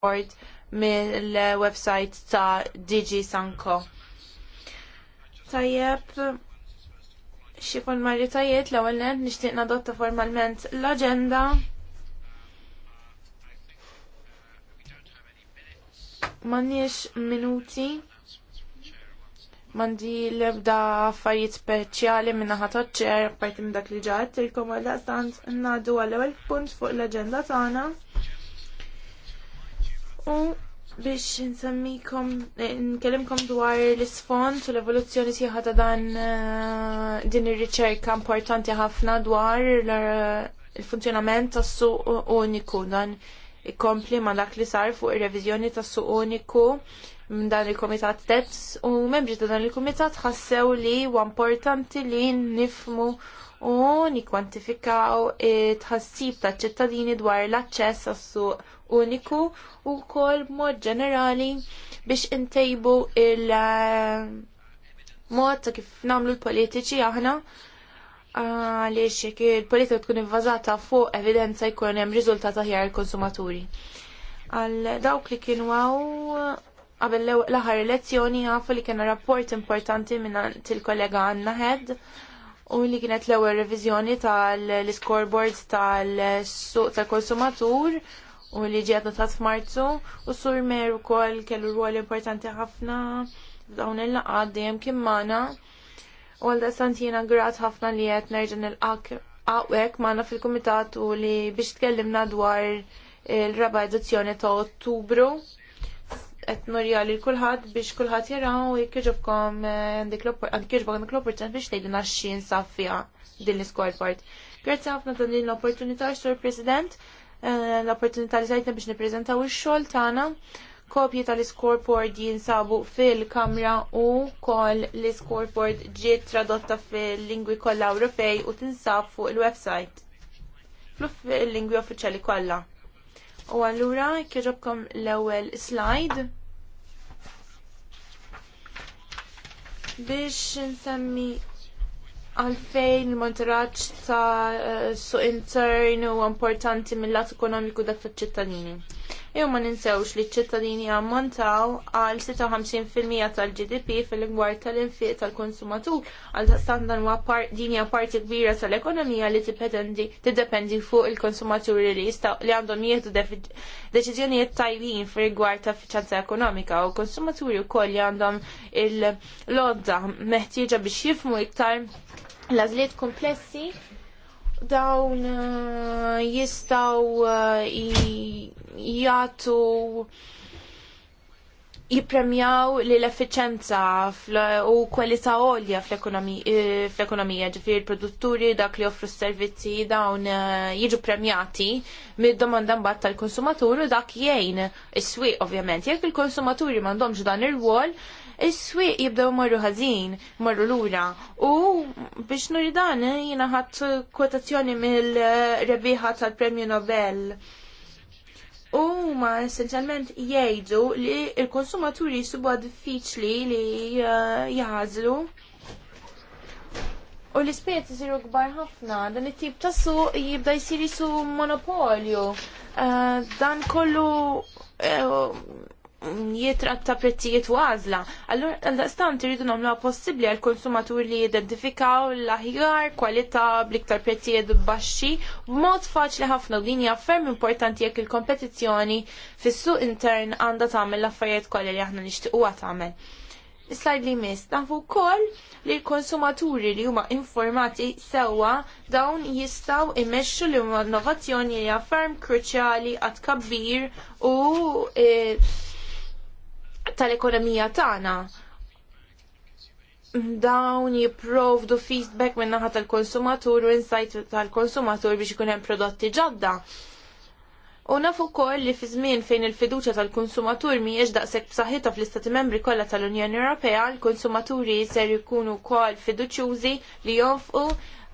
support mill-website ta' DG Sanko. Tajjeb, xi formalitajiet l-ewwel nett nixtieq nadotta formalment l-aġenda. M'għandniex minuti mandi ebda affarijiet speċjali minna ħatoċċer parti minn dak li ġat il komoda tant nadu għall-ewwel punt fuq l-aġenda tagħna. U biex nsemmikom, nkellimkom dwar l-isfond u l-evoluzzjoni sieħa ta' dan eh, din ir-riċerka importanti ħafna dwar il-funzjonament tas suq uniku dan ikompli ma dak li sar fuq ir-reviżjoni tas suq uniku minn dan il-Komitat TEPS u membri ta' dan il-Komitat ħassew li huwa importanti li nifmu u nikwantifikaw it-ħassib ta' ċittadini dwar l-aċċess għas-suq uniku u kol mod ġenerali biex intejbu il-mod eh, ta' kif namlu l-politiċi aħna għaliex jekk il-politika tkun ivvażata fuq evidenza jkun hemm riżultat aħjar il-konsumaturi. Għal dawk li kienu għaw qabel l-aħħar elezzjoni għafu li kien rapport importanti minn il-kollega Anna Head u li kienet l-ewwel reviżjoni tal-scoreboards tal-suq tal-konsumatur. tal suq tal konsumatur u li ġi adottat f'Marzu u sur Mer ukoll kellu rwol importanti ħafna f'dawn il-laqgħat dejjem kien magħna. U għalda jiena grat ħafna li qed nerġa' nilqak hawnhekk maħna fil komitat u li biex tkellimna dwar il-raba ta' Ottubru qed norjali li kulħadd biex kulħadd jaraw u jiġobkom eh, għandek l-opportunità biex tgħidilna x'in saf din l-squad Grazie Grazzi ħafna ta' din l-opportunità, Sur President l-opportunità li sajtna biex nippreżentaw ix-xogħol tagħna. Kopji tal-scoreboard jinsabu fil-kamra u kol l-scoreboard ġiet tradotta fil-lingwi kollha Ewropej u tinsab fuq il-website. Fluff fil lingwi uffiċjali kollha. U għallura, kieġobkom l-ewwel slide. biex nsemmi għalfejn il monteraċ ta' eh, su intern u importanti mill-lat ekonomiku dak tal-ċittadini. Jew ma ninsewx li ċ-ċittadini ammontaw għal 56% tal-GDP fil-gwar tal-infiq tal-konsumatur għal standan wa din hija parti kbira tal-ekonomija li tiddependi fuq il-konsumaturi li jistaw li għandhom jieħdu deċiżjonijiet tajbin fil-gwar ta' effiċenza ekonomika u konsumaturi wkoll li għandhom il-lodda meħtieġa biex jifmu iktar l l-azliet komplessi dawn eh, jistaw eh, jgħatu jipremjaw li l-effiċenza u kwalità għolja eh, fl-ekonomija ġifir produtturi dak li offru s-servizzi dawn jiġu premjati mid-domanda mbatt tal-konsumatur u dak jgħin is-swieq ovvjament. Jekk il-konsumaturi m'għandhomx dan ir wol is-swieq jibdew morru ħażin, morru lura. U biex nuri dan jiena ħadd kwotazzjoni mill-rebbieħa tal-Premju Nobel. U ma essenzjalment jgħidu li l konsumaturi jisibu diffiċli li eh, jaħazlu. U l-ispiet jisiru kbar ħafna, dan it-tip ta' suq jibda jisiri su monopolju. Eh, dan kollu eh, jitrat ta' prezzijiet għażla. Allora, għal-dastant irridu nomlu possibli għal-konsumatur li jidentifikaw l-aħjar, kwalità bliktar prezzijiet baxxi, b'mod faċli ħafna u din jafferm importanti jekk il-kompetizzjoni fis-suq intern għandha tagħmel l-affarijiet kollha li aħna nixtiequha tagħmel. Slajd li mis, nafu kol li l-konsumaturi li huma informati sewa dawn jistaw li l-innovazzjoni li għaffarm kruċjali għat kabbir u eh, tal-ekonomija tagħna. Dawn jipprovdu feedback minn naħa tal-konsumatur u insight tal-konsumatur biex ikun hemm prodotti ġodda. U nafu ukoll li fi żmien fejn il-fiduċja tal-konsumatur mhijiex daqshekk b'saħħitha fl-Istati Membri kollha tal-Unjoni Ewropea, l-konsumaturi ser jkunu wkoll fiduċjużi li jonfqu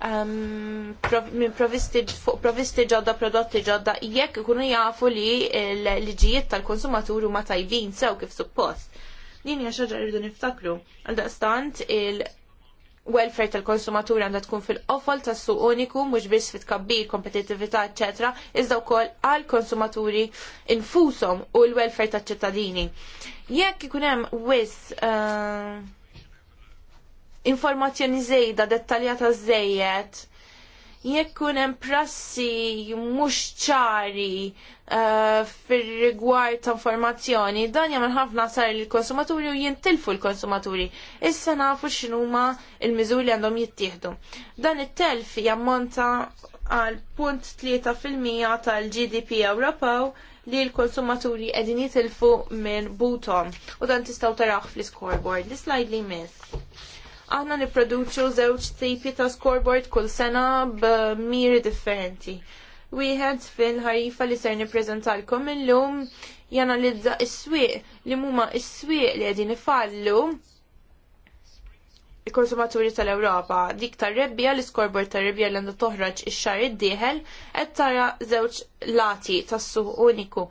Ehm, minn provisti ġodda prodotti ġodda jekk ikunu jafu li l-liġijiet tal-konsumatur huma tajbin sew kif suppost. Din hija xaġa rridu niftakru. għal-daqstant il-welfare tal-konsumatur għandha tkun fil-qofol tas-suq uniku mhux biss fit-kabbir, kompetittività, eċetera, iżda wkoll għall-konsumaturi infushom u l-welfare tal-ċittadini. Jekk ikun hemm wis uh informazzjoni żejda dettaljata żejjed. Jekk kun hemm prassi mhux ċari uh, fir-rigward ta' informazzjoni, dan jagħmel ħafna sar lill-konsumaturi u jintilfu l-konsumaturi. Issa nafu x'inhuma l-miżuri li għandhom jittieħdu. Dan it-telf jammonta għal punt 3% tal-GDP Ewropew li l-konsumaturi qegħdin jitilfu minn butom. U dan tistgħu taraħ fl-scoreboard. L-slide li miss. Aħna nipproduċu żewġ tipi ta' scoreboard kull sena b'miri differenti. Wieħed fil-ħarifa li ser nippreżentalkom illum janalizza s-swieq li huma s-swieq li qegħdin ifallu il-konsumaturi tal-Ewropa. Dik tar-rebbija l-iskorbor tar-rebbija li għandu toħraġ ix xahar id-dieħel qed tara żewġ lati tas-suq uniku.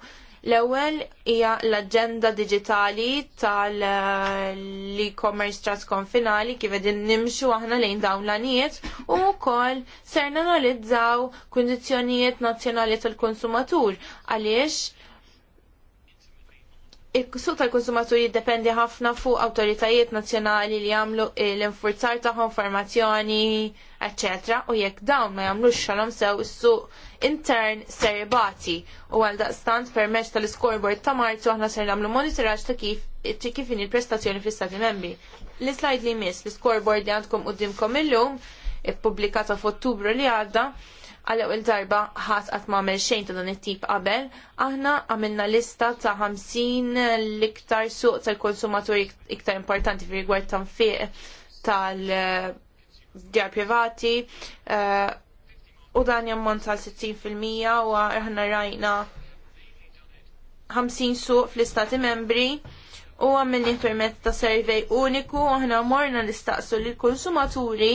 L-ewwel hija l-aġenda diġitali tal-e-commerce transkonfinali kif qegħdin nimxu aħna lejn dawn l-anijiet u wkoll ser nanalizzaw kundizzjonijiet nazzjonali tal-konsumatur għaliex il-suq tal-konsumatur jiddependi ħafna fuq awtoritajiet nazzjonali li jagħmlu l-infurzar tagħhom informazzjoni, etc. u jekk dawn ma jagħmlux xalhom sew is-suq intern ser bati u għal daqstant permezz tal-scoreboard ta' Marzu aħna ser nagħmlu monitoraġġ ta' kif kif il-prestazzjoni fl stati Membri. L-slide li miss, l-scoreboard li għandkom qudiemkom illum, ippubblikata f'Ottubru li għadda, għal il darba ħadd qatt ma xejn ta' dan it-tip qabel, aħna għamilna lista ta' 50 l-iktar suq tal-konsumaturi iktar importanti fi rigward ta' fiq tal-djar privati eh, u dan jammont tal 60% u aħna rajna 50 suq fl-istati membri u għamilni permezz ta' survey uniku aħna morna nistaqsu lill konsumaturi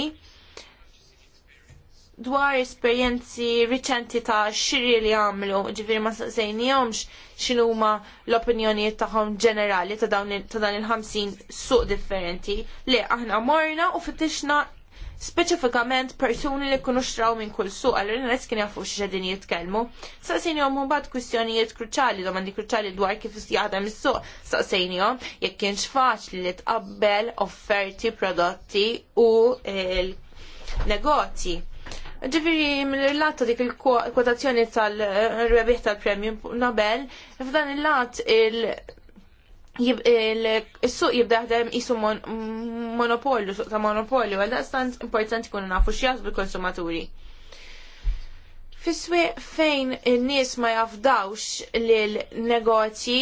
dwar esperjenzi riċenti ta' xiri li għamlu, ġifiri ma saqsejnijomx xinuma l-opinjoniet tagħhom ġenerali ta' dan il ħamsin suq differenti. li aħna morna u fittixna specifikament persuni li kunu xtraw minn kull suq, għallin res kien jaffu xġedin jitkelmu. Saqsejnijom un bad kwistjonijiet kruċali, domandi kruċali dwar kif jgħadam is-suq. Saqsejnijom jekk kienx faċli li tqabbel offerti, prodotti u il-negozji Ġifiri, mill-lat dik il-kwotazzjoni tal-rebiħ tal-premju Nobel, f'dan il-lat il- lat il suq jibda jaħdem jisu monopolju, suq ta' monopolju, għal stant importanti kunu nafu x'jaż bil-konsumaturi. Fiswe fejn il-nis ma jafdawx l-negozji,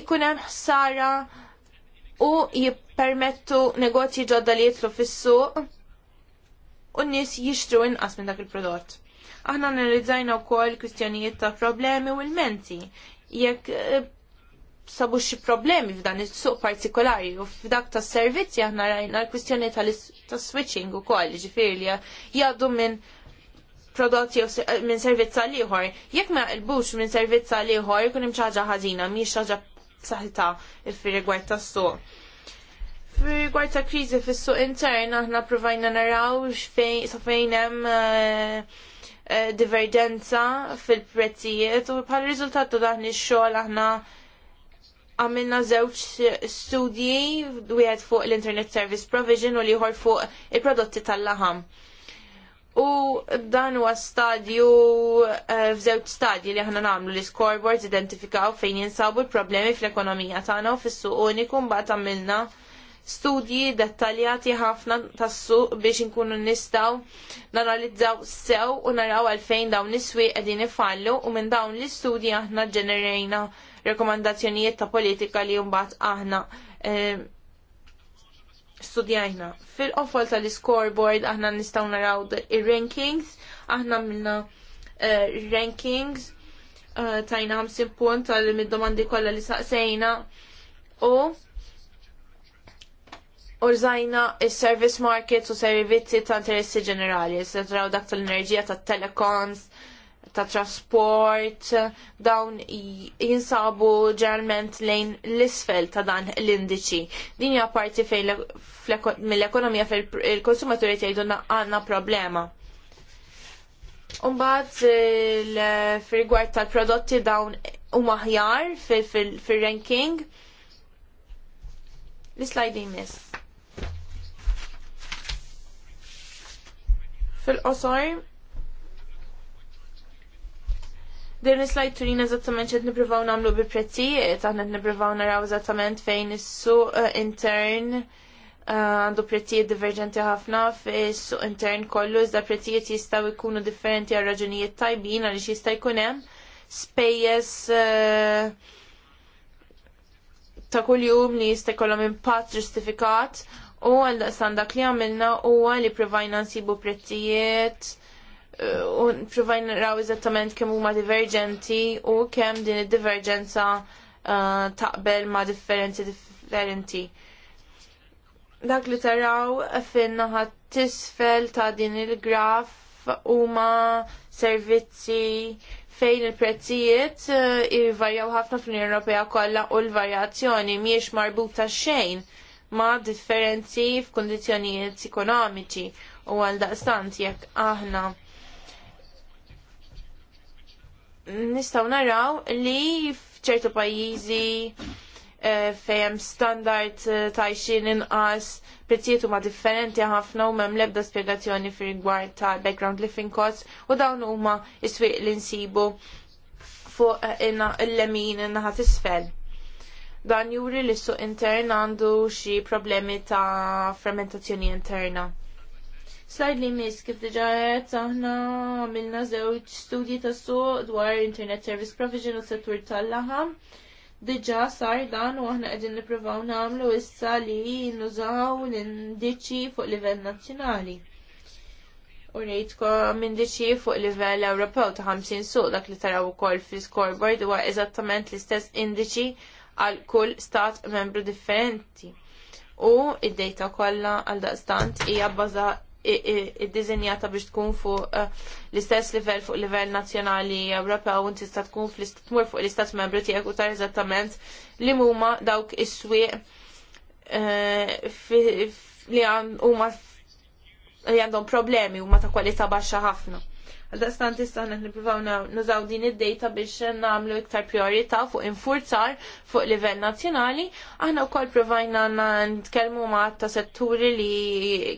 ikunem ħsara u jippermettu negozji ġodda li jitlu fis-suq u n nis jixtru inqas minn dak il-prodott. Aħna u wkoll kwistjonijiet ta' problemi u l-menti. Jekk eh, sabu xi problemi f'dan is-suq partikolari u f'dak tas servizzi aħna rajna l kustjoni tas-switching ukoll, ġifieri li jgħaddu minn prodotti eh, minn servizza għal ieħor. Jekk ma il-bux minn servizza għal ieħor ċaġa hemm xi ħaġa ħażina mhijiex firigwajt ta' fir tas-suq. F'rigward ta' kriżi fis-suq intern aħna provajna naraw sa fejn hemm eh, eh, divergenza fil-prezzijiet u bħal riżultat ta' dan ix-xogħol aħna għamilna żewġ studji wieħed fuq l-Internet Service Provision u liħor fuq il-prodotti tal-laħam. U dan huwa stadju eh, f'żewġ stadji li aħna nagħmlu li scoreboards identifikaw fejn jinsabu l-problemi fl-ekonomija tagħna u fis-suq uniku mbagħad għamilna studji dettaljati ħafna tassu biex inkunu nistgħu nanalizzaw sew u naraw għalfejn dawn niswi għedin ifallu u minn dawn l-istudji aħna ġenerejna rekomandazzjonijiet ta' politika li mbagħad aħna eh, studjajna. Fil-qofol tal-scoreboard aħna nistgħu naraw ir-rankings, aħna minna eh, rankings eh, tajna 50 punt tal-domandi kollha li saqsejna u Urżajna il-service markets u servizzi ta' interessi ġenerali, s-sentraw dak tal-enerġija ta' telecoms, ta' trasport, dawn jinsabu ġeralment lejn l-isfel ta' dan l-indiċi. Din hija parti fejn mill-ekonomija fejn il-konsumaturi jgħidu għandna problema. Umbat fil-rigward tal-prodotti dawn u maħjar fil-ranking. L-slide miss. Fil-qosor, Din is-slajd turin eżattament xed nippruvaw nagħmlu bi prezzijiet, aħna qed nippruvaw naraw eżattament fejn is-suq eh, intern eh, għandu prezzijiet diverġenti ħafna fis-suq intern kollu iżda prezzijiet jistgħu jkunu differenti għal raġunijiet tajbin għaliex jista' jkun hemm spejjeż eh, ta' kuljum li jista' jkollhom impatt ġustifikat U għal dak li għamilna u li provajna nsibu prezzijiet u provajna raw eżattament kemm huma divergenti u kemm din id-divergenza uh, taqbel ma' differenzi differenti. Dak li taraw finna ħat tisfel ta' din il-graf huma servizzi fejn il-prezzijiet uh, ir-varjaw ħafna fl-Unjoni Ewropea kollha u l-varjazzjoni mhijiex marbuta xejn ma' differenzi f'kundizzjonijiet ekonomiċi u għal daqstant jekk aħna nistaw naraw li f'ċertu pajjiżi eh, fejem standard eh, ta' xin inqas prezzijiet huma differenti ħafna u m'hemm l-ebda spjegazzjoni fir rigward tal-background living costs u dawn huma is swieq li nsibu fuq eh, il-lemin in-naħa tisfel. Dan juri li suq intern għandu xi problemi ta' fermentazzjoni interna. Slajd li mis kif diġajet aħna għamilna żewġ studji ta' suq dwar Internet Service Provision u settur tal-laħam. Diġa sar dan u aħna qegħdin nippruvaw nagħmlu issa li nużaw l-indiċi fuq livell nazzjonali. U rejtkom indiċi fuq livell Ewropew ta' 50 suq dak li taraw ukoll fil-scoreboard huwa eżattament l-istess indiċi għal kull stat membru differenti. U id-data kollha għal daqstant hija bbaża id-dizinjata biex tkun fuq eh, l-istess livell fuq livell nazzjonali Ewropew u tista' tkun tmur fuq l-istat membru tiegħek u tar eżattament li huma dawk is-swieq eh, li huma li għandhom problemi huma ta' kwalità baxxa ħafna. Għal-dastan tistaħna niprivaw nużaw din id-data biex namlu iktar priorita fuq infurzar fuq livell nazjonali. Aħna u koll provajna nitkelmu ma' ta' setturi li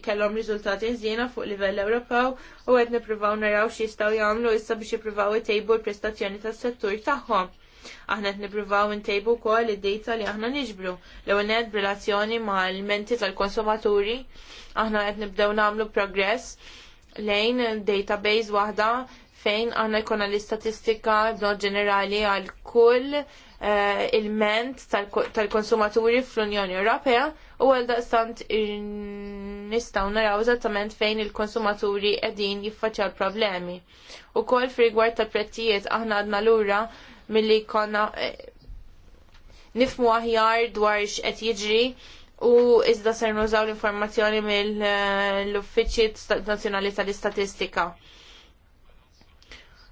kellhom riżultati nżjena fuq livell Ewropew u għed niprivaw naraw xistaw jamlu issa biex it-tejbu l-prestazzjoni ta' settur tagħhom. Aħna qed nippruvaw intejbu wkoll id-data li aħna niġbru l net b'relazzjoni mal-menti tal-konsumaturi. Aħna qed nibdew nagħmlu progress lejn database waħda fejn għanna jkun l-istatistika b'nod ġenerali għal kull eh, il-ment tal-konsumaturi fl-Unjoni Ewropea u għal daqstant nistaw naraw eżattament fejn il-konsumaturi edin jiffaċċjaw problemi. U kol frigwar ta' prezzijiet aħna għadna lura milli konna eh, nifmu aħjar dwar x'qed jiġri u iżda ser nużaw l-informazzjoni mill-Uffiċċji Nazzjonali tal-Istatistika.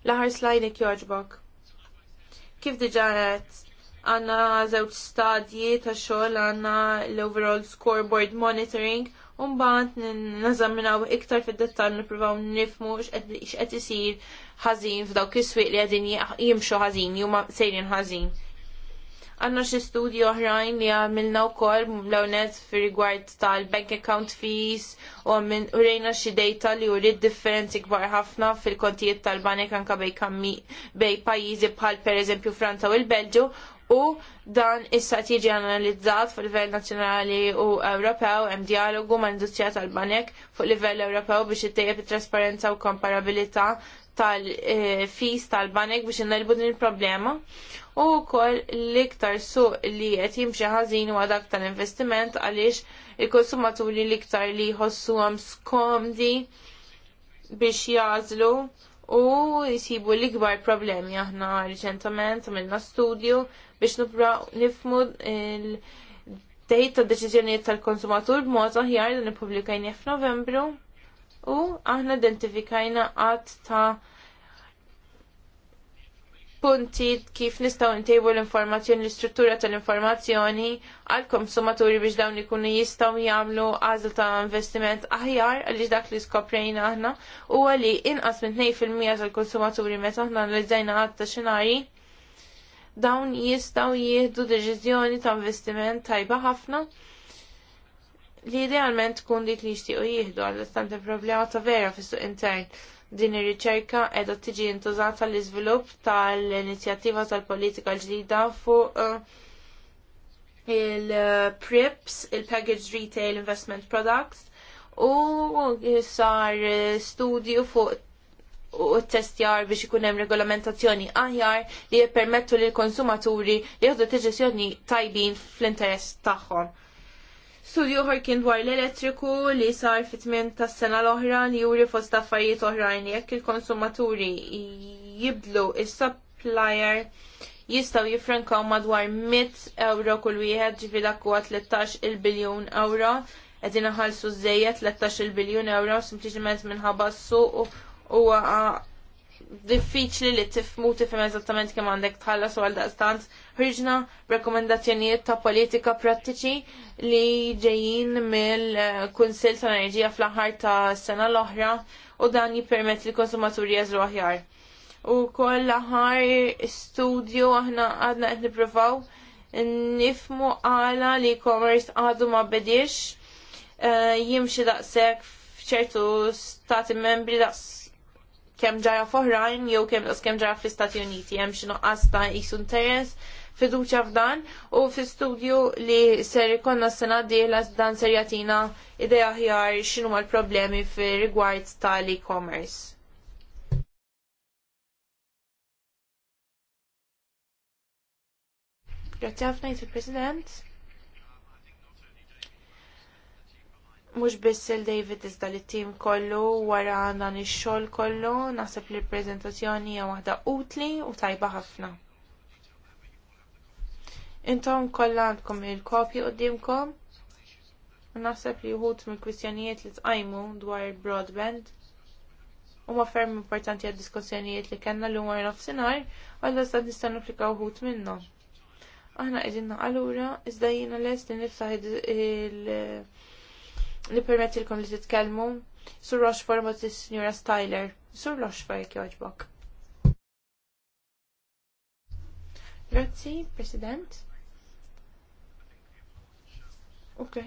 L-aħħar slide jogħġbok. Kif għedt għanna żewġ stadji ta' xogħol għandna l-overall scoreboard monitoring u mbagħad nażaminaw iktar fid-dettall nippruvaw nifmu x'qed isir ħażin f'dawk is-swieq li qegħdin jimxu ħażin, huma sejrin ħażin Għanna xi studji oħrajn li għamilna wkoll l-għonet fi rigward tal-bank account fees u rejna xi data li urid differenzi kbar ħafna fil-kontijiet tal-banek anka bej kammi bej pajjiżi bħal pereżempju Franza u l-Belġu u dan issa tiġi analizzat fuq livell nazzjonali u Ewropew hemm dialogu ma' industrija tal-banek fuq livell Ewropew biex ittejjeb it-trasparenza u komparabilità tal-fis eh, tal-banek biex innelbu din il-problema u wkoll l-iktar suq li qed jimxi ħażin huwa dak tal-investiment għaliex il-konsumaturi l-iktar li jħossuhom skomdi biex jażlu u jisibu l-ikbar problemi aħna reċentament għamilna studju biex nifmu il- teħid ta' deċiżjonijiet tal-konsumatur b'mod aħjar li nippubblikajni f'Novembru u aħna identifikajna għad ta' punti kif nistgħu ntejbu l-informazzjoni, l-istruttura tal-informazzjoni għall konsumaturi biex dawn ikunu jistgħu jagħmlu għazl ta' investiment aħjar għaliex dak li skoprejna aħna u għalli inqas minn 2% tal-konsumaturi meta aħna l għad ta' xinari dawn jistgħu jieħdu deċiżjoni ta' investiment tajba ħafna li idealment tkun dik li jixtiequ jieħdu għal istante problema ta' vera fis-suq intern Din ir-riċerka qiegħda tiġi intużata l-iżvilupp tal-inizjattiva tal-politika ġdida fuq eh, il-PRIPS, il-Package Retail Investment Products, u sar studju fuq u testjar biex ikun hemm regolamentazzjoni aħjar li jippermettu lil konsumaturi li jieħdu deċiżjoni tajbin fl-interess tagħhom. Studju oħor kien dwar l-elettriku li sar fit-tmien tas-sena l-oħra li juri fost affarijiet oħrajn jekk il-konsumaturi jibdlu il supplier jistaw jifrankaw madwar 100 euro kull wieħed ġifi dak huwa 13 il-biljun euro qegħdin ħalsu żejjed 13 il-biljun euro sempliċement minħabba s-suq u diffiċli li tifmu tifhem eżattament kemm għandek tħallas u għal daqstant ħriġna rekomendazzjonijiet ta' politika prattiċi li ġejjin mill-Kunsill ta' Enerġija fl-aħħar ta' sena l-oħra u dan jippermett li konsumaturi jeżlu aħjar. U koll aħħar studju aħna għadna qed nippruvaw nifmu għala li e-commerce għadu ma bediex eh, jimxi daqshekk f'ċertu stati membri daqs kemm ġara foħrajn jew kemm os kem ġara fl-Istati Uniti hemm xi nuqqas ta' qisu interess fiduċa f'dan u fi studju li ser ikonna s-sena diħla dan ser jatina ideja ħjar xinu ma l-problemi fil rigward tal-e-commerce. Grazie tutti, President. mux il David iżda li tim kollu wara dan ix-xogħol kollu, naħseb li l-preżentazzjoni hija waħda utli u tajba ħafna. Intom kollha għandkom il-kopji qudiemkom. Naħseb li wħud mill-kwistjonijiet li tqajmu dwar broadband huma ferm importanti għad diskussjonijiet li kellna l wara nofsinhar, għalla sa nistgħu nipplikaw wħud minnhom. Aħna qegħdin naqalura iżda jiena lest nifsaħ il- Nipermettilkom li titkellmu sur Rochefort ma tis signora Styler. Sur Rochefort jekk jogħġbok. Grazzi, President. Ok,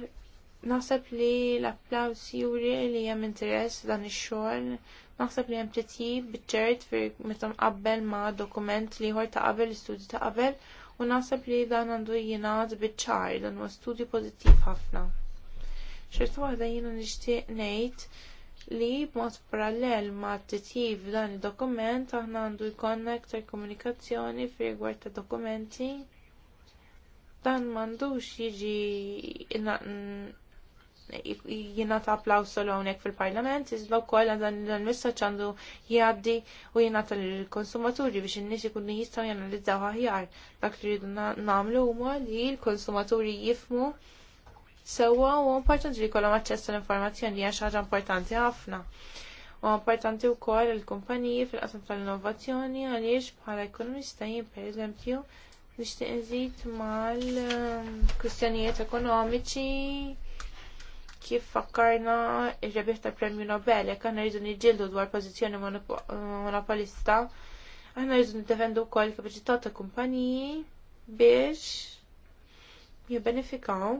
naħseb li l applaus juri li hemm interess dan ix-xogħol, naħseb li hemm titjib biċ fir meta qabbel ma' dokument li jħor ta' l studi ta' qabel, u naħseb li dan għandu jingħad biċ dan ma studju pozitiv ħafna. Xert waħda jiena nixtieq ngħid li b'mod parallel ma' t-titjib dan id-dokument aħna għandu jkollna iktar komunikazzjoni fi rigward ta' dokumenti. Dan m'għandux jiġi jingħata ta' applawso hawnhekk fil-parlament, iżda wkoll dan il-messaġġ għandu jgħaddi u jingħata lill konsumaturi biex in-nies ikunu jistgħu janalizzaw aħjar dak li jridu nagħmlu huma li l-konsumaturi jifhmu sewwa u importanti li jkollhom għacċessu l informazzjoni hija xi ħaġa importanti ħafna. U importanti wkoll il-kumpaniji fil-qasam tal-innovazzjoni għaliex bħala ekonomista jien pereżempju nixtieq nżid mal ehm, kustjonijiet ekonomiċi kif fakkarna il-rebiħ tal-Premju Nobel jekk għanna rridu niġġieldu dwar pożizzjoni monopolista, aħna rridu niddefendu wkoll kapaċità ta' kumpaniji biex jibbenefikaw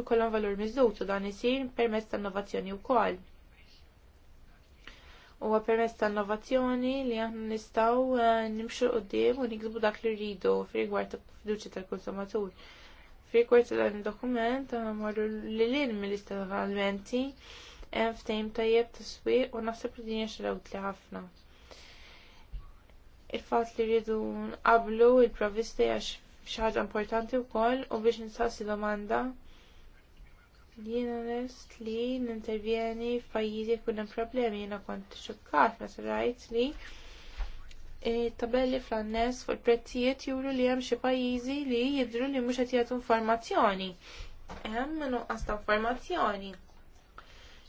u kollon valur miżdut u dan isir permezz ta' innovazzjoni wkoll. Huwa permezz ta' innovazzjoni li aħna nistgħu eh, nimxu dim u nikzbu dak li rridu f'rigward ta' fiduċi tal-konsumatur. F'rigward ta' dan id-dokument aħna marru lil mill-istavalmenti hemm eh, ftehim tajjeb ta' swieq u naħseb li din li ħafna il-fat li rridu nqablu il-provisti għax xaħġa importanti wkoll u biex nistaqsi domanda Jiena lest li nintervjeni f'pajjiżi jkun hemm problemi jiena kont xokkat meta rajt li e, tabelli fl-annes fuq il-prezzijiet juru li hemm xi pajjiżi li jidhru li mhux qed jagħtu informazzjoni. Hemm nuqqas ta' informazzjoni.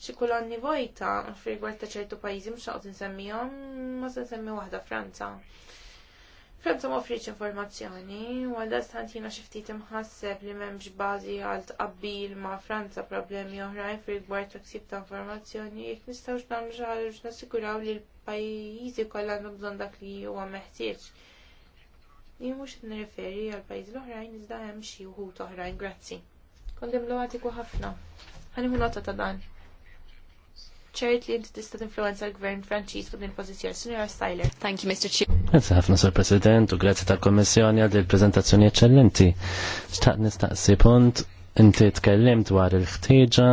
Xi kolonni vojta f'rigward ta' ċertu pajjiżi mhux qed insemmihom ma se nsemmi waħda Franza. Franza ma informazzjoni, u għal stantina xiftit imħasseb li memx bazi għal tqabbil ma Franza problemi oħrajn fil rigward ta' ksib ta' informazzjoni, jek nistawx namlu xaħal biex nasiguraw li l-pajizi kollha għandhom bżon dak li huwa meħtieġ. Jien mhux nirriferi għal pajjiż l-oħrajn iżda hemm xi wħud oħrajn, grazzi. Kondim l-għatiku ħafna. Għanimu nota ta' dan ċert li inti tista' tinfluenza l-Gvern Franċiż fuq din pożizzjoni. Sinjora Styler. Thank you, Mr. Chief. Grazie ħafna, Sur President, u grazie tal-Kommissjoni għal il preżentazzjoni eccellenti. Xtaqt nistaqsi punt, inti tkellim dwar il-ħtieġa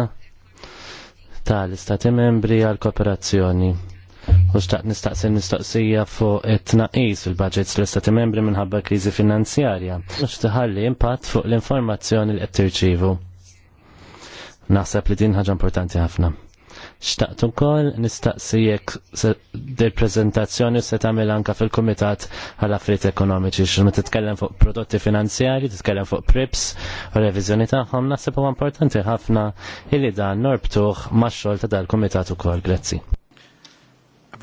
tal-Istati membri għal kooperazzjoni u xtaqt nistaqsi mistoqsija fuq it-tnaqis fil-budgets l-istati membri minħabba kriżi finanzjarja. Mux tħalli impatt fuq l-informazzjoni li qed tirċivu. Naħseb li din ħaġa importanti ħafna. Xtaqt ukoll nistaqsijek del prezentazzjoni se tagħmel anka fil-Kumitat għal affrit ekonomiċi x'ma titkellem fuq prodotti finanzjari, titkellem fuq prips u reviżjoni tagħhom naħseb huwa importanti ħafna illi dan norbtuħ max-xogħol ta' dal-Kumitat ukoll. Grazzi.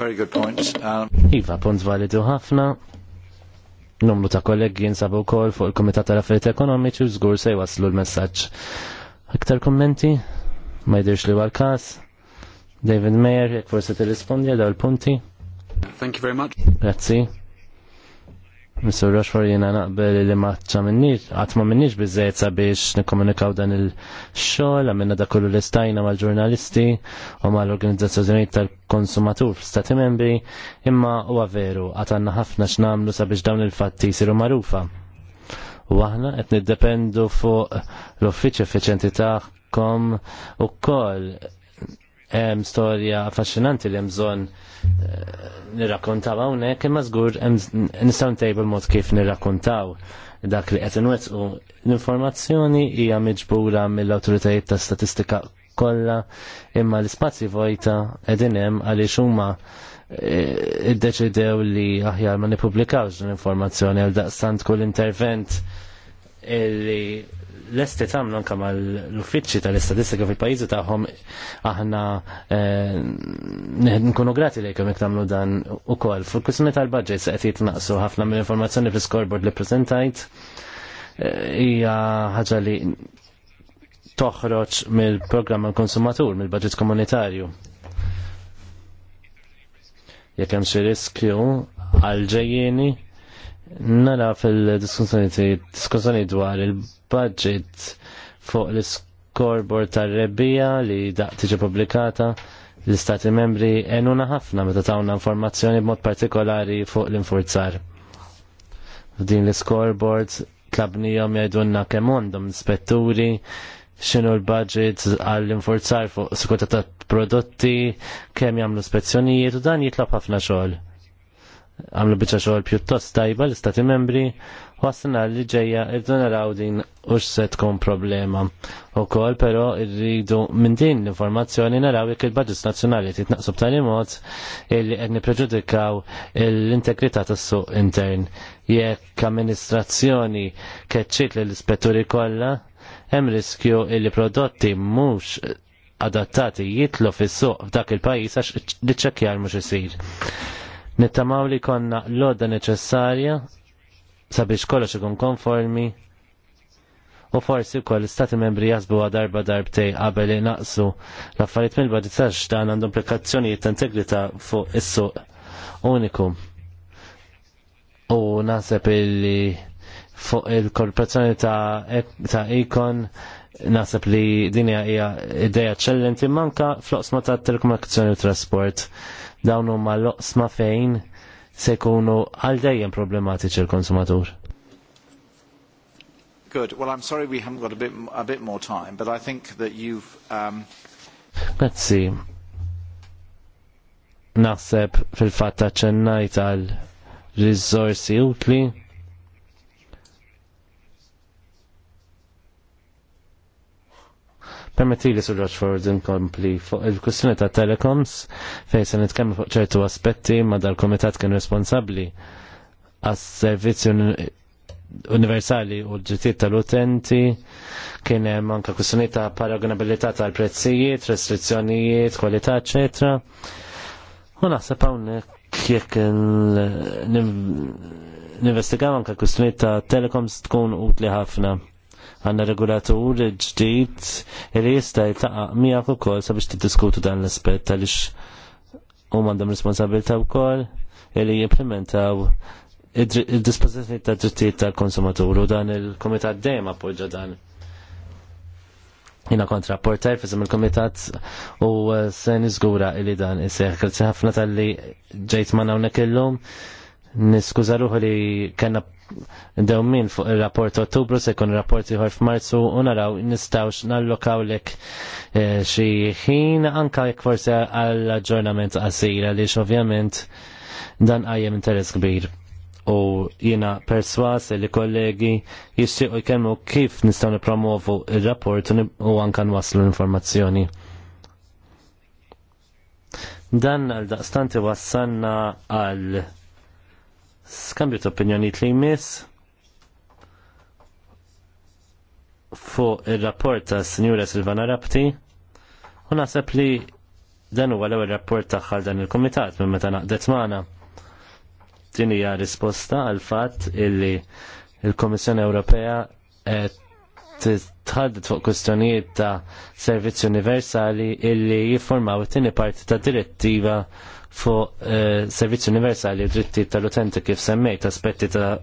Very good point. Um, iva, punt validu ħafna. Numru ta' kollegi jinsabu wkoll fuq il-Kumitat tal-Affarijiet Ekonomiċi u żgur se jwaslu l-messaġġ. Aktar kommenti? Ma jidhirx li għal każ David Mayer, jek forse t-rispondi għal punti. Thank you very much. Grazzi. Mr. Rochefort jena naqbel li maċċa minnix, għatma minnix bizzejt sabiex nikomunikaw dan il-xol, għamilna da kollu l-istajna mal-ġurnalisti u mal-organizzazzjoni tal-konsumatur f'stati membri, imma huwa veru, għatanna ħafna x'namlu sabiex dawn il-fatti siru marufa. U aħna qed niddependu fuq l-uffiċ effiċenti u koll hemm storja affaxxinanti li hemm bżonn eh, nirrakkontaw hawnhekk imma żgur nistgħu ntejbu l-mod kif nirrakkontaw dak li qed inwettqu. L-informazzjoni hija miġbura mill-awtoritajiet ta' statistika kollha imma l-ispazji vojta qegħdin hemm għaliex huma eh, iddeċidew li aħjar ma nippubblikawx din l-informazzjoni għal daqstant kull intervent illi l-esti tamlu anka mal l-uffiċċji tal-istatistika fil-pajizi tagħhom aħna eh, nkunu grati li jekk tagħmlu dan ukoll. Fil-kwistjoni tal-budget se qed naqsu ħafna mill-informazzjoni fil scoreboard li preżentajt eh, hija ħaġa li toħroġ mill-programm għal-konsumatur, mill-budget komunitarju. Jekk hemm xi riskju għal ġejjieni nara fil-diskussjoni dwar il-budget fuq l-scoreboard tar-rebbija li daq tiġi publikata l-istati membri enuna ħafna meta tawna informazzjoni b'mod partikolari fuq l-infurzar. F'din l-scoreboard tlabnijom jgħidunna kemm għandhom l-ispetturi xinu l-budget għall-infurzar fuq sikurta ta' prodotti, kemm jagħmlu spezzjonijiet u dan jitlob ħafna xogħol għamlu bieċa xogħol pjuttost tajba l-istati membri għasna li ġeja irdu naraw din u se tkun problema. U kol pero irridu minn din l-informazzjoni naraw jekk il-budgets nazzjonali titnaqsu b'tali mod illi qed preġudikaw l-integrità tas-suq intern. Jekk amministrazzjoni keċċit l-ispetturi kollha, hemm riskju illi prodotti mhux adattati jitlu fis-suq f'dak il-pajjiż għax l mhux isir Nittamaw li konna l-odda neċessarja sabiex kollox ikun konformi u forsi kol istati membri jazbu darba darbtej qabel naqsu l-affarijiet mill-badizzax dan għandu implikazzjonijiet ta' integrita fuq is-suq uniku. U naħseb illi fuq il-korporazzjoni ta' ikon e- Nasab li din hija ideja ċellenti manka fl-oqsma ta' telekomunikazzjoni u trasport. Dawn huma l-oqsma fejn se jkunu għal dejjem problematiċi l-konsumatur. Good. Well, I'm sorry we haven't got a bit, a bit more time, but I think that you've... Um... see. Naħseb fil-fatta ċennajt għal rizorsi utli Permetti li sur Ford inkompli fuq il-kwistjoni ta' telecoms fejn se nitkellmu fuq ċertu aspetti ma dal-komitat kien responsabbli għas servizzi universali u l-ġitiet tal-utenti kien hemm anke kwistjoni ta' paragonabilità tal-prezzijiet, restrizzjonijiet, kwalità, eċetera. U naħseb hawnhekk jekk ninvestigaw anke kwistjoni ta' telecoms tkun utli ħafna għanna regulatur ġdid li jista' jiltaqa' miegħek ukoll sabiex tiddiskutu dan l-aspett għaliex huma għandhom responsabilità wkoll li jimplementaw id dispozizjoni ta' drittijiet tal-konsumatur u dan il-komitat dejjem appoġġa dan. Jina kontra portajr fizem il-komitat u eh, se niżgura li dan iseħ. Grazzi ħafna tal-li ġejt ma' hawnhekk illum. Niskuza ruħu li kena dewmin fuq il-rapport ottubru se kun rapport iħor f'Marzu u naraw nistawx nallokaw lek eh, xi ħin anka jekk forsi għall-aġġornament qasir li ovvjament dan qajjem interess kbir u jina perswas li kollegi jistiqu jkemmu kif nistgħu nipromovu il-rapport u anka nwaslu l-informazzjoni. Dan għal daqstanti wassanna għal skambju ta' opinjoniet li jmiss fuq il-rapport ta' Sinjura Silvana Rapti u naħseb li dan huwa l-ewwel rapport tagħha dan il-kumitat minn meta naqdet magħna. Din hija risposta għal fatt illi il komissjoni Ewropea tħaddet fuq kwistjonijiet ta' servizzi universali illi jiffurmaw it-tieni parti ta' direttiva fuq eh, servizzi universali u dritti tal-utenti kif semmejt aspetti ta'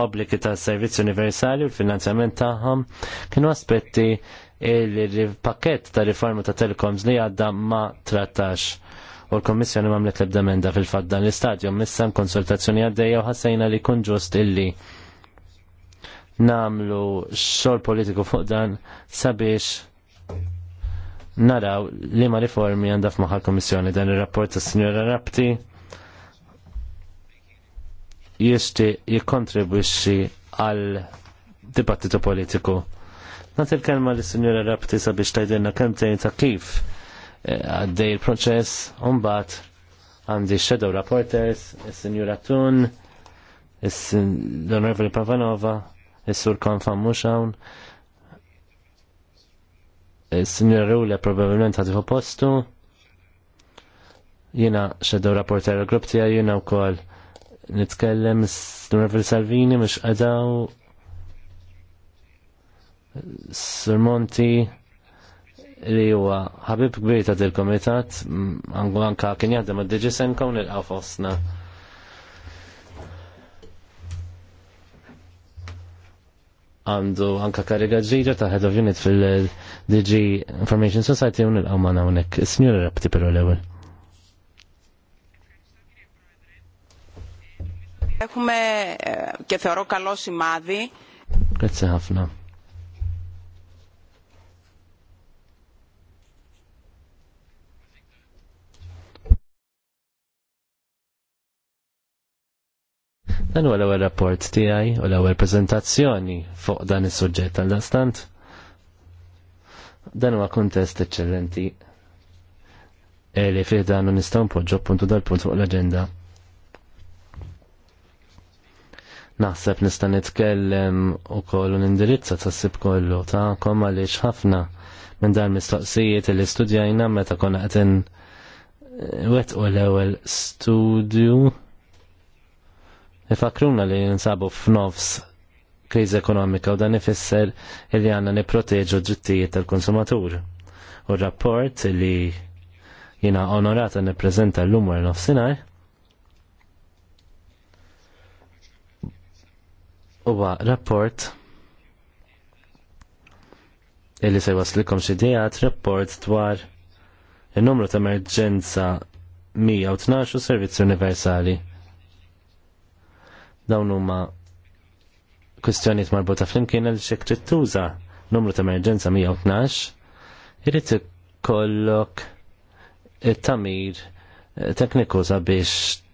obbligi ta' servizzi universali u l-finanzjament tagħhom kienu aspetti il-pakket ta' riforma ta' telecoms li għadda ma trattax u l-Kommissjoni mamlet l ebdamenda fil fadda dan l-istadju missam konsultazzjoni għaddejja u ħassejna li kun ġust illi namlu xol politiku fuq dan sabiex naraw li ma riformi għandha f'maħal kommissjoni dan ir-rapport tas signora Rapti jisti jikontribwixxi għal dibattitu politiku. Nat il-kelma li Signora Rapti sabiex tajdenna kemm tgħid ta' kif eh, għaddej il-proċess umbat għandi shadow reporters, il-Signora Tun, l-onorevoli Pavanova, il sur Konfam Mushaun. Signor Rule probabilment ħadħu postu. Jena xeddu rapporter il-grupp tiegħi jena u kol nitkellem s-Nurvil Salvini mux għadaw Surmonti li huwa ħabib kbir ta' dil-komitat għangu anka kien jaħdem għad-Digi Senko nilqaw fosna. għandu anke kariga ġira ta' head of unit fil- DG Information Society un il-qawman għonek. Signora rap pero l-ewel. Έχουμε και θεωρώ καλό σημάδι. Grazie ħafna. Dan u l ewel rapport tijaj u l ewel prezentazzjoni fuq dan is-suġġett għal stant. Dan huwa kontest eċċellenti e li fih dan nistgħu npoġġu puntu dal-punt fuq l-aġenda. Naħseb nista' nitkellem ukoll u nindirizza tassib kollu tagħkom għaliex ħafna minn dan mistoqsijiet li studjajna meta konna qed wet u l ewwel studju. Ifakruna li nsabu f'nofs kriżi ekonomika u dan ifisser li għandna nipproteġu drittijiet tal-konsumatur. U rapport li jina onorata nippreżenta l-lum war nofsinhar huwa rapport illi se waslikom xi dijat rapport dwar il-numru ta' emerġenza 112 u servizzi universali. Dawn huma kwestjoniet marbuta flimkien l xek tuża numru ta' emerġenza 112 irrid ikollok it-tamir eh, tekniku sabiex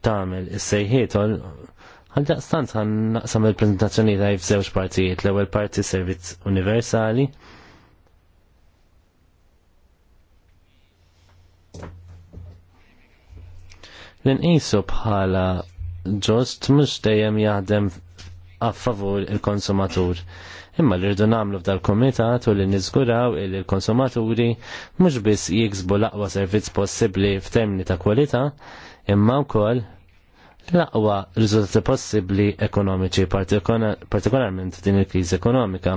tagħmel is-sejħiet għal daqstant għan naqsam il-prezentazzjoni ta' f'żewġ partijiet l-ewwel parti servizz universali l-inqisu bħala ġost mux dejjem jaħdem għaffavur il-konsumatur. Imma li rridu namlu f'dal komitat u li niżguraw il konsumaturi mhux biss jiksbu l-aqwa servizz possibbli f'termini ta' kwalità, imma wkoll l-aqwa riżultati possibbli ekonomiċi partikolarment din il-kriżi ekonomika.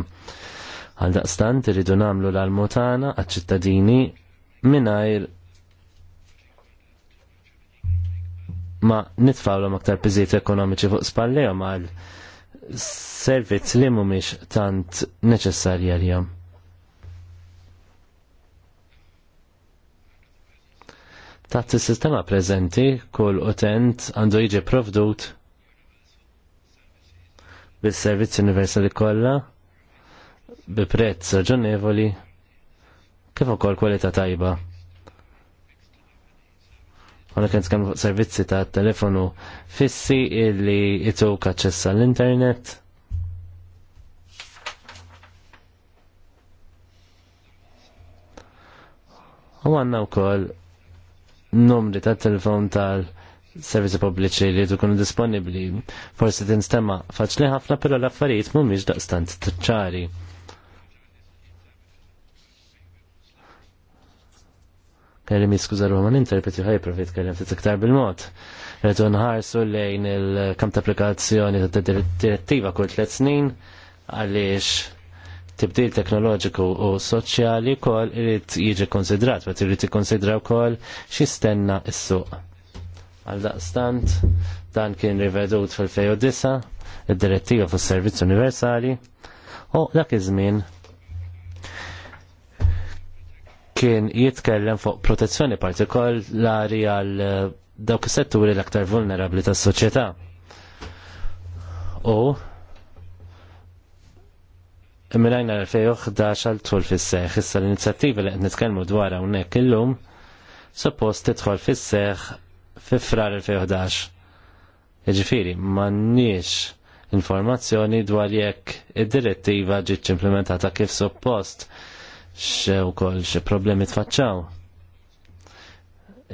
Għal daqstant irridu namlu l-almutana għal ċittadini mingħajr ma nitfawlu maktar piżiet ekonomiċi fuq spallejhom għal servizz li mhumiex tant neċessarji għalihom. Taħt is-sistema preżenti kull utent għandu jiġi provdut bis-servizzi universali kollha bi prezz raġonevoli kif ukoll kwalità tajba għana kien tkellmu servizzi ta' telefonu fissi illi jituk aċċess l internet U għanna wkoll numri ta' telefon tal-servizzi pubbliċi li kunu disponibbli. Forsi tinstema faċli ħafna, però l-affarijiet mhumiex daqstant ċari. kelli miskuza ruħu ma ninterpreti ħaj profit kelli ftit iktar bil-mod. Rridu nħarsu lejn il-kam ta' applikazzjoni ta' direttiva kull tliet snin għaliex tibdil teknoloġiku u soċjali kol irid jiġi konsidrat, bet irid jikkonsidra wkoll x'istenna s-suq. Għal daqstant dan kien rivedut fil-2009 id-direttiva fis-servizz universali u dak iż-żmien kien jitkellem fuq protezzjoni partikolari għal eh, dawk is-setturi l-aktar vulnerabbli tas-soċjetà. U Minajna l-2011 għal tul fis-seħ, issa l-inizjattiva li qed nitkellmu dwar hawnhekk illum suppost tidħol fis-seħ fi frar 2011. Jiġifieri m'għandniex informazzjoni dwar jekk id-direttiva ġietx implementata kif suppost xew kol xe problemi tfaċċaw.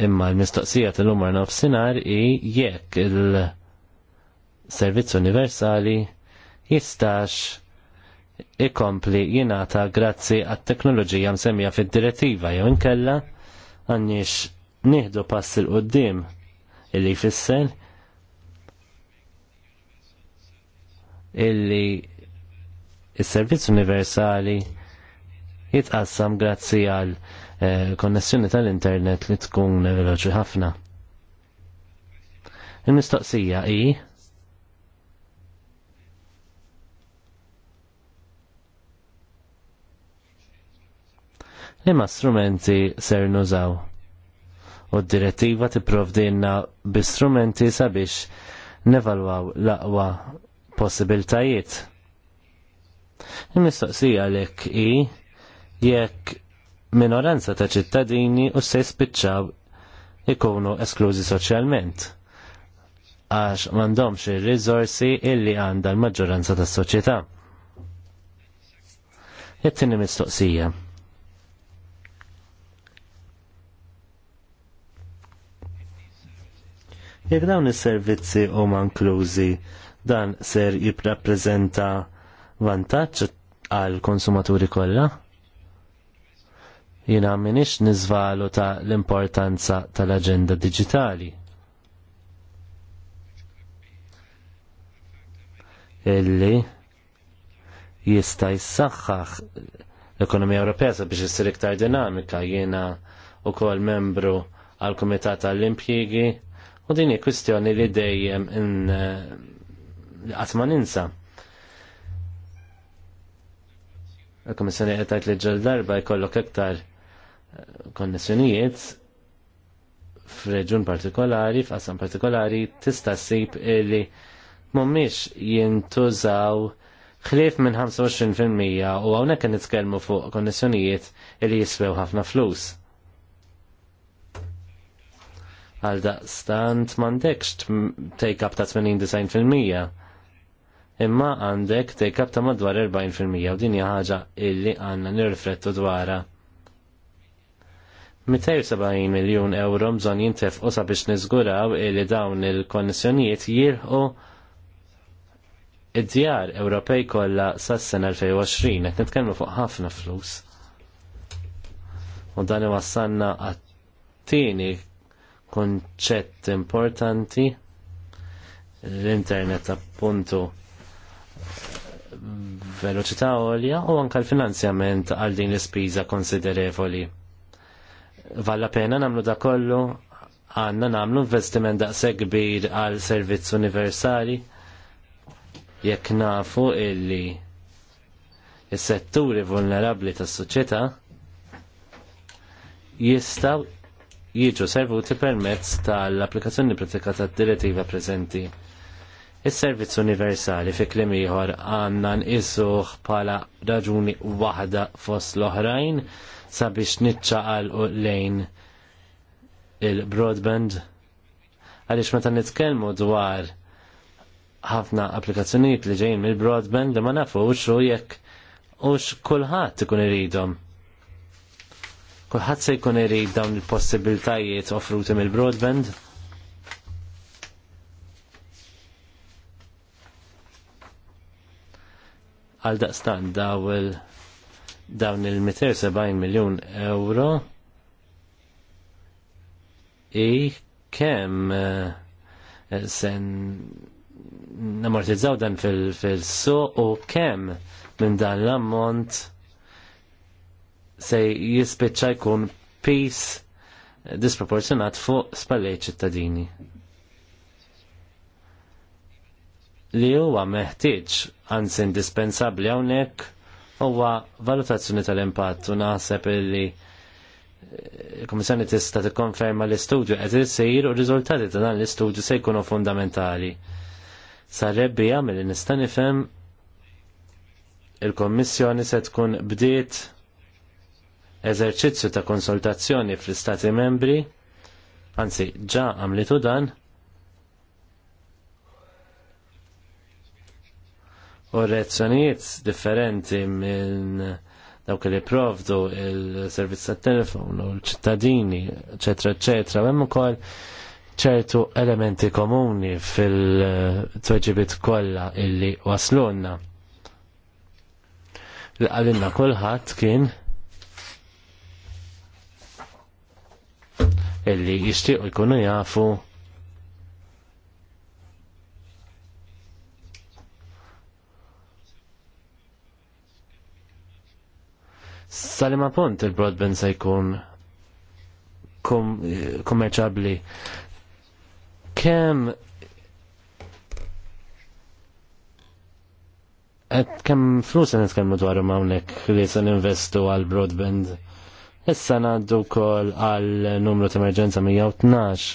Imma l-mistoqsija tal-umar nofsinar i jekk il-servizz universali jistax ikompli jinata grazzi għat teknoloġija msemmija fid-direttiva jew inkella għannix nieħdu pass il qoddim illi jfisser illi il-servizz universali jitqassam grazzi għal eh, konnessjoni tal-internet li tkun veloċi ħafna. Il-mistoqsija i? li ma strumenti ser nużaw. U d-direttiva provdinna bi strumenti sabiex nevalwaw l-aqwa possibiltajiet. Il-mistoqsija lek i jekk minoranza ta' ċittadini u se jispiċċaw ikunu esklużi soċjalment għax mandomx il-rizorsi illi għanda l-maġġoranza tas soċjetà Jettini mistoqsija. Jek dawn is-servizzi huma inklużi dan ser jipprappreżenta vantaġġ għal konsumaturi kollha? Jina minix nizvalu ta' l-importanza tal-agenda digitali. Illi jista' jissaħħaħ l-ekonomija Ewropea sabiex issir iktar dinamika jiena ukoll membru għal kumitat tal-impjigi u din hi kwistjoni li dejjem in eh, qatt ma ninsa. Il-Kummissjoni qed tgħid li ġel darba jkollok iktar konnessjonijiet f'reġun partikolari, f'qasam partikolari, tista' ssib illi mhumiex jintużaw ħlief minn 25% u hawnhekk kien nitkellmu fuq konnessjonijiet li jiswew ħafna flus. Għal daqstant m'għandekx take-up ta' 80 fil-mija, imma għandek take-up ta' madwar 40% u din hija ħaġa illi għandna nirriflettu dwarha 270 miljon euro mżon jintef usa biex nizguraw li dawn il-konnessjonijiet jirħu id-djar Ewropej kollha sas-sena 2020 qed nitkellmu fuq ħafna flus. U dan wassanna għat-tieni konċett importanti l-internet appuntu veloċità għolja u anka l-finanzjament għal din l-ispiża konsiderevoli Valla pena namlu da kollu għanna namlu investiment daqse kbir għal servizz universali jekk nafu illi il setturi vulnerabli tas soċieta jistaw jiġu servuti permezz tal-applikazzjoni pratika tad-direttiva preżenti. Is-servizz universali fi klim ieħor għandna nqisuh bħala raġuni waħda fost l-oħrajn sabiex għal u lejn il-broadband għaliex meta nitkellmu dwar ħafna applikazzjonijiet li ġejjin mill-broadband li ma nafux u jekk u kullħat ikun iridhom. Kulħadd se jkun irid dawn il-possibiltajiet offruti mill-broadband. Għal daqstan daw il- dawn il-270 miljon euro i kem eh, sen namortizzaw dan fil-suq u kem minn dan l-ammont se jispiċċa jkun pis disproporzjonat fuq spallej ċittadini. Li huwa meħtieġ anzi indispensabbli hawnhekk huwa valutazzjoni tal-impatt u naħseb li eh, il-Komissjoni tista' tikkonferma l-istudju qed isir u r-riżultati ta' dan l-istudju se jkunu fundamentali. Sarrebbi jagħmel li nista' nifhem il-Kommissjoni se tkun bdiet eżerċizzju ta' konsultazzjoni fl-Istati membri, anzi ġa għamlitu dan, u reazzjonijiet differenti minn dawk li provdu il-servizz tat telefon u l-ċittadini, eccetera, eccetera, u hemm ukoll ċertu elementi komuni fil-tweġibit kollha illi waslunna. Li għalinna kulħadd kien illi jixtiequ jkunu jafu Salima punt il-broadband se jkun kummerċabli. Kem kem flus se nitkellmu dwar hawnhekk li se ninvestu għal broadband. Issa ngħaddu wkoll għal numru ta' emerġenza 112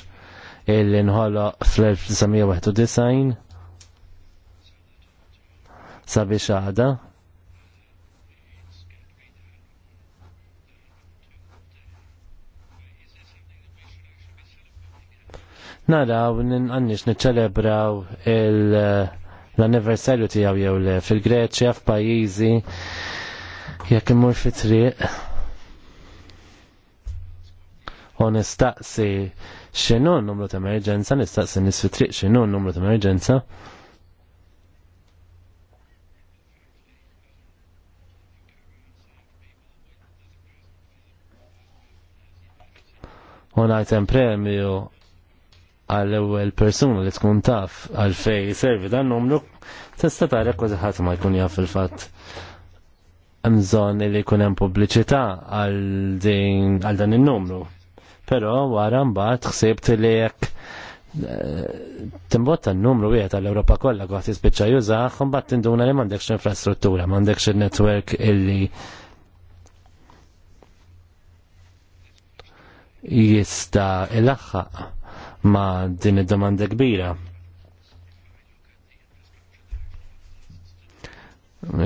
illi nħoloq fl-1991 sabiex għada naraw n niċċelebraw eh, l-anniversarju tiegħu jew le fil-Greċja f'pajjiżi jek imur fi triq u nistaqsi x'inhu n-numru ta' emerġenza, nistaqsi nis fi triq x'inhu n-numru ta' emerġenza. U premju għal ewwel persuna li tkun taf għal fej servi dan numru tista' tara kważi ħadd ma jkun jaf fil-fatt bżonn li jkun hemm pubbliċità għal dan in-numru. Però wara mbagħad ħsibt li jekk eh, timbotta n-numru wieħed għall ewropa kollha għat jispiċċa jużaħ, mbagħad tinduna li m'għandekx infrastruttura, m'għandekx il-netwerk illi jista' il-aħħaq ma' din id-domanda kbira.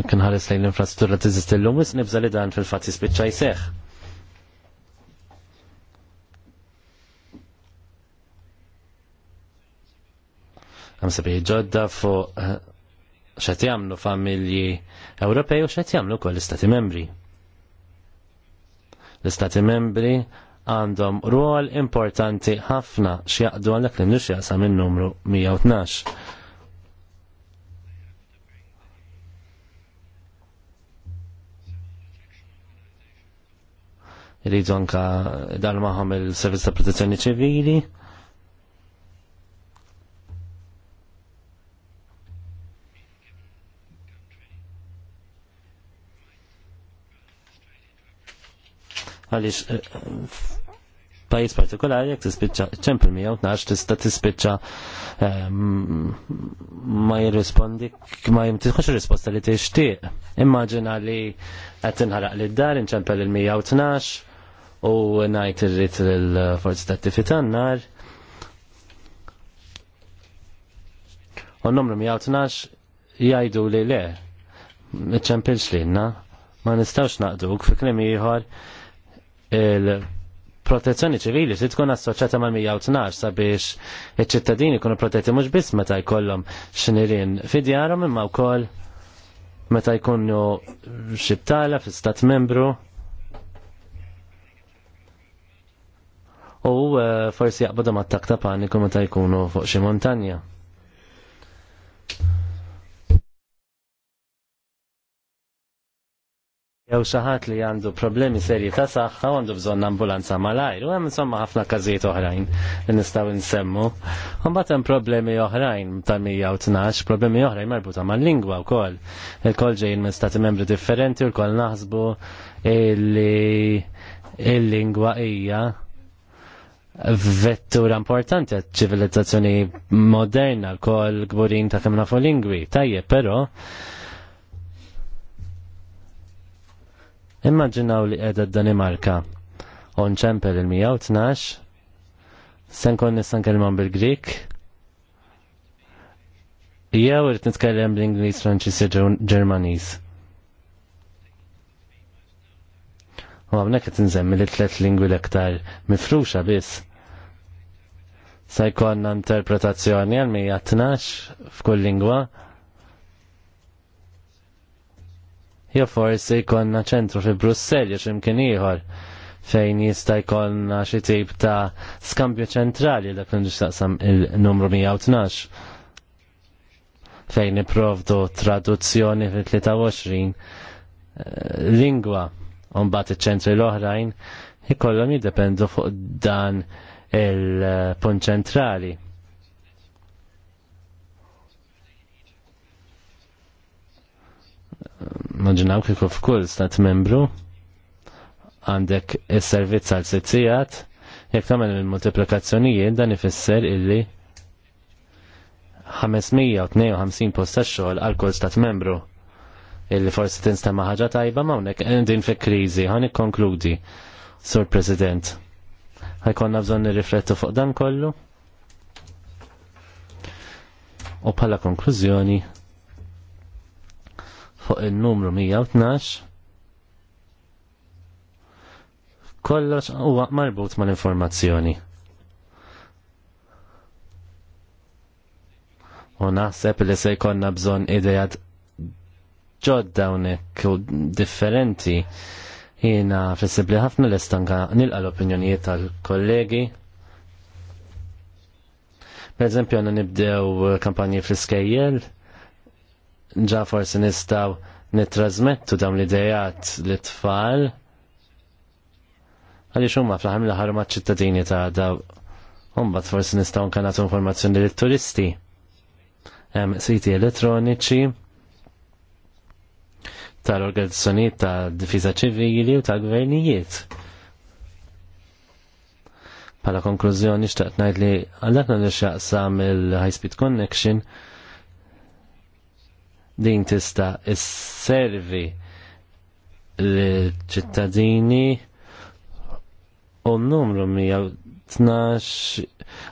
Kien ħares lejn l-infrastruttura tiżist illum wis nibża li dan fil-fatt jispiċċa jseħħ. Għam sabi ġodda fu eh, x'qed jagħmlu familji Ewropej u x'qed jagħmlu kol l-Istati Membri. L-Istati Membri għandhom rol importanti ħafna x'jaqdu għal dak li nixjaqsa minn numru 112. Iridu anka dal maħom il-Servizz ta' Protezzjoni Ċivili. għalix eh, pajis partikolari jekk tispiċċa ċempel miegħu tnax tista' tispiċċa ehm, ma jirrispondi ma jimtieħux risposta li tixtieq. Immaġina li qed li d-dar inċempel il-112 u ngħid irrit l forzi tat-tifitan nar. U n-numru 112 jgħidu li le, ċempilx li ma nistawx naqduk fi klim ieħor il- protezzjoni ċivili se tkun assoċjata mal-112 sabiex iċ-ċittadini jkunu protetti mhux biss meta jkollhom xnirin fidjarhom imma wkoll meta jkunu xibtala fi stat membru. U eh, forsi jaqbadu ma' ta' paniku meta jkunu fuq xi montanja. jew xaħat li għandu problemi serji ta' saħħa u għandu bżonn ambulanza mal-ajru, hemm insomma ħafna każijiet oħrajn li nistgħu nsemmu. Mbagħad hemm problemi oħrajn ta' 112, problemi oħrajn marbuta mal-lingwa wkoll. il koll ġejjin minn stati membri differenti u l naħsbu li il-lingwa hija vettura importanti għat ċivilizzazzjoni moderna l koll gburin ta' kemm nafu lingwi. Tajjeb, però Immaġinaw li qiegħda d-Danimarka on ċemper il-112 sen kon nissan kelman bil-Grik jew irid nitkellem bl-Ingliż, Franċiż u Ġermaniż. U hawnhekk qed inżemmi li tliet lingwi l-aktar mifruxa biss. Se jkollna interpretazzjoni għal 112 f'kull lingwa Jo forsi jkollna ċentru fi Brussell jew x'imkien ieħor fejn jista' jkollna xi tip ta' skambju ċentrali dak li nixtaqsam il-numru 112 fejn iprovdu traduzzjoni fil-23 eh, lingwa un bat iċ-ċentri l-oħrajn ikollhom jiddependu fuq dan il-punt ċentrali. maġinaw kif f'kull stat membru għandek is-servizz għal sitzijat, jekk tagħmel il-multiplikazzjonijiet dan ifisser illi 552 post xogħol għal kull stat membru illi forsi tinstema' ħaġa tajba m'hawnhekk din fi kriżi ħan ikkonkludi, Sur President. Ħajkonna bżonn nirriflettu fuq dan kollu. U bħala konklużjoni, fuq il-numru 112 kollox huwa marbut mal-informazzjoni. U naħseb li se jkollna bżonn idejat ġodda hawnhekk u differenti jiena li ħafna l-istanka nilqa l-opinjonijiet tal-kollegi. Per eżempju għanna nibdew kampanji fl-iskejjel, ġa forsi nistaw nitrasmettu dawn l-idejat li tfal għalli xumma fl ħamil ħarma ċittadini ta' daw umbat forsi nistaw nkanatu informazzjoni li turisti hemm siti elettroniċi tal-organizzazzjonijiet ta' difiża ċivili u ta' gvernijiet. Pala konklużjoni xtaqt ngħid li għallakna l xaqsam il-High Speed Connection din tista' s-servi l-ċittadini u n-numru 112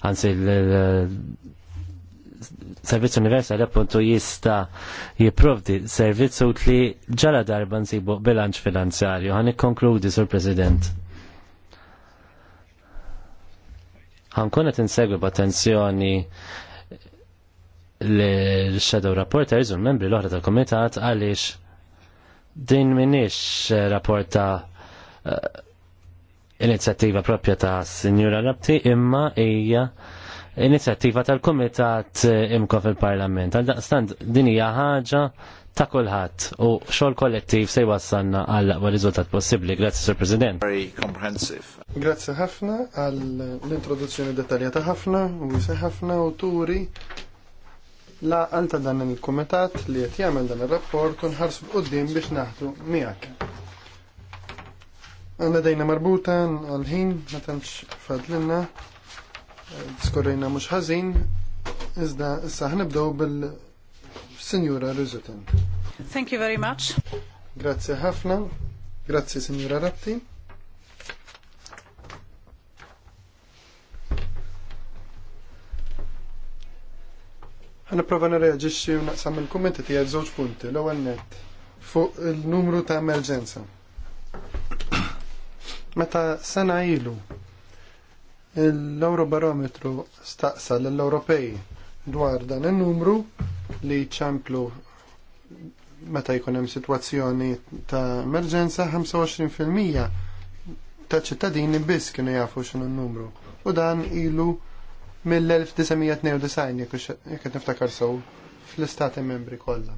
anzi l-Servizz Universali appunto jista jipprovdi servizz tli ġala darba nsibu bilanċ finanzjarju. Għan konkludi Sur President. ħankunet insegwi b'attenzjoni l-Shadow Reporters u membri l-oħra tal-Komitat għaliex din minix eh, rapporta uh, eh, inizjattiva propja ta' Sinjura Rabti imma hija inizjattiva tal-Komitat eh, imko fil-Parlament. Għal-daqstand din hija ħaġa ta' kulħadd u xogħol kollettiv se jwassalna għal aqwa riżultat possibbli. Grazzi, Sur President. Very comprehensive. Grazzi ħafna għall introduzzjoni dettaljata ħafna, u ħafna u turi la ta' dan il-komitat li qed jgħamil dan il rapport u nħarsu l-qudiem biex naħtu miegħek. Għanna dejna marbuta għal-ħin, ma tantx fadlilna, diskorrejna mux ħażin, iżda issa ħnibdew bil-Sinjura Rizutin. Thank you very much. Grazie ħafna. Grazie, Sinjura Ratti. Għana prova nirreagġiċi u naqsam il-kommenti tijaj zoċ punti, l ewwel net, fuq il-numru ta' emerġenza. Meta sena ilu, l-Eurobarometru staqsa l europej dwar dan il-numru li ċamplu meta jkun hemm sitwazzjoni ta' emerġenza 25% ta' ċittadini biss kienu jafu xinu n-numru. U dan ilu mill-1992 jekk qed niftakar sew fl-istati membri kollha.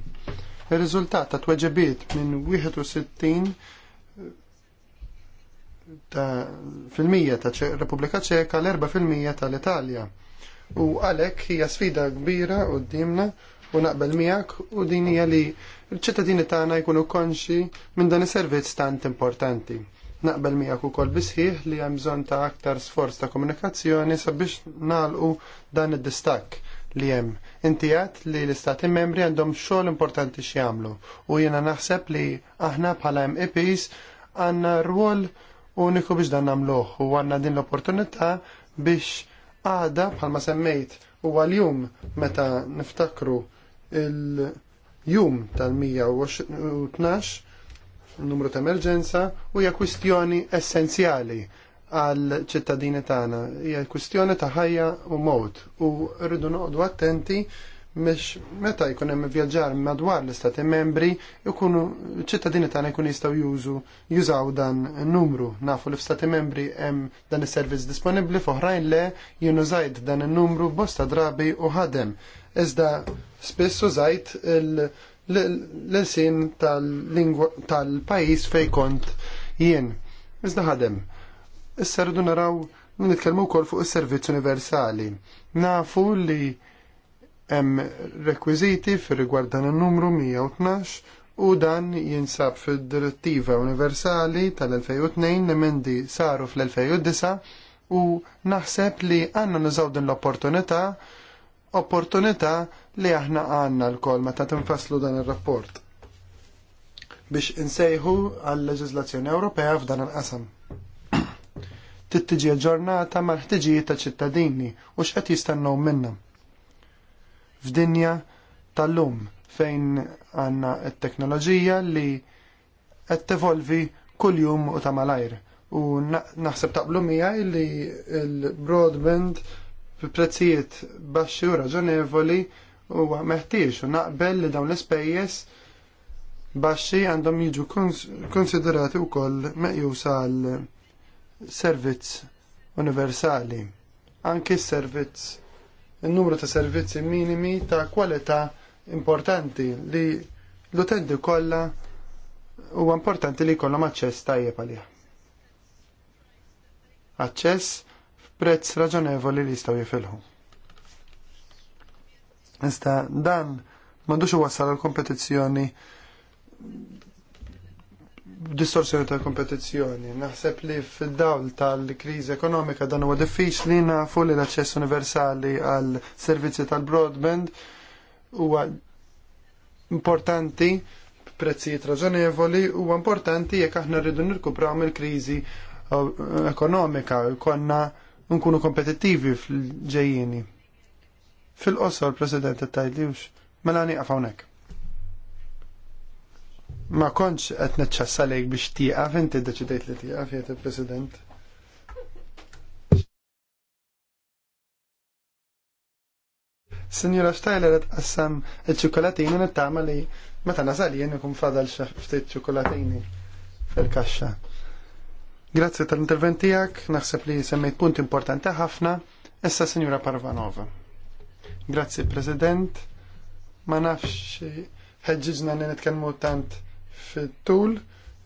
Ir-riżultat ta' tweġibiet minn 61 ta' fil-mija ta' Repubblika Ċeka l-4 fil-mija tal-Italja. U għalhekk hija sfida kbira d-dimna u naqbel miegħek u din hija li l-ċittadini tagħna jkunu konxi minn dan is-servizz tant importanti. Naqbel miegħek ukoll bisħiħ li hemm bżonn ta' aktar sforz ta' komunikazzjoni sabiex nagħlqu dan id-distakk li hemm. Inti għat li l-istati membri għandhom xogħol importanti x'jagħmlu u jiena naħseb li aħna bħala MEPs għandna rwol uniku biex dan nagħmluh u għandna din l-opportunità biex għada bħalma semmejt u għal-jum meta niftakru il-jum tal-112 numru ta' emerġenza u hija kwistjoni essenzjali għal ċittadini tagħna. Hija kwistjoni ta' ħajja u mod u rridu noqogħdu attenti biex meta jkun hemm vjaġġar madwar l-istati membri jkunu ċittadini tagħna jkun jistgħu jużu jużaw dan in-numru. Nafu li f'stati membri hemm dan is-servizz disponibbli f'oħrajn le jienu żajt dan in-numru bosta drabi u ħadem. Iżda spiss użajt il- l sin tal-pajis fej kont jien. Iżda ħadem. Issa rridu naraw nitkellmu wkoll fuq is-servizz universali. Nafu li hemm rekwiżiti fir rigward dan in-numru 112 u dan jinsab fid-Direttiva Universali tal-2002 li mendi saru fl-2009 u naħseb li għandna nużaw din l-opportunità opportunità li aħna għanna l-kol meta tinfaslu dan ir-rapport biex insejħu għal-leġizlazzjoni Ewropea f'dan il-qasam. Tittiġi ġurnata mal-ħtiġijiet ta' ċittadini u x'qed jistennew minna. F'dinja tal-lum fejn għanna t-teknoloġija li qed tevolvi kuljum u ta' malajr. U naħseb taqblu mija li l-broadband fil prezzijiet baxxi u raġonevoli u meħtiex u naqbel li dawn l-ispejjeż baxxi għandhom jiġu konsiderati wkoll meqjusa għal servizz universali. Anki s-servizz, il-numru ta' servizzi minimi ta' kwalità importanti li l-utenti kollha u importanti li jkollhom aċċess tajjeb għalija. Aċċess prezz raġonevoli li jistgħu jifilħu. Nista, dan m'għandux iwassal għal kompetizzjoni distorsjoni tal kompetizzjoni. Naħseb li fid-dawl tal-kriżi ekonomika dan huwa diffiċli nafu li l-aċċess universali għal servizzi tal-broadband huwa importanti prezzijiet raġonevoli huwa importanti jekk aħna rridu nirkupraw mill-kriżi uh, ekonomika konna nkunu kompetittivi fil-ġejjini. Fil-qosor, President, tajliwx, mela nieqaf hawnhekk. Ma konċ qed neċċassa lejk biex tieqaf inti ddeċidejt li tieqaf jgħid il-President. Signora Steiler qed qassam iċ n nittama li meta nasal jien ikun fadal ftit ċokolatini fil-kaxxa. Grazzi tal interventijak naħseb li semmejt punt importanti ħafna, issa Sinjura Parvanova. Grazzi President, ma nafx ħeġġiġna li nitkellmu tant fit-tul,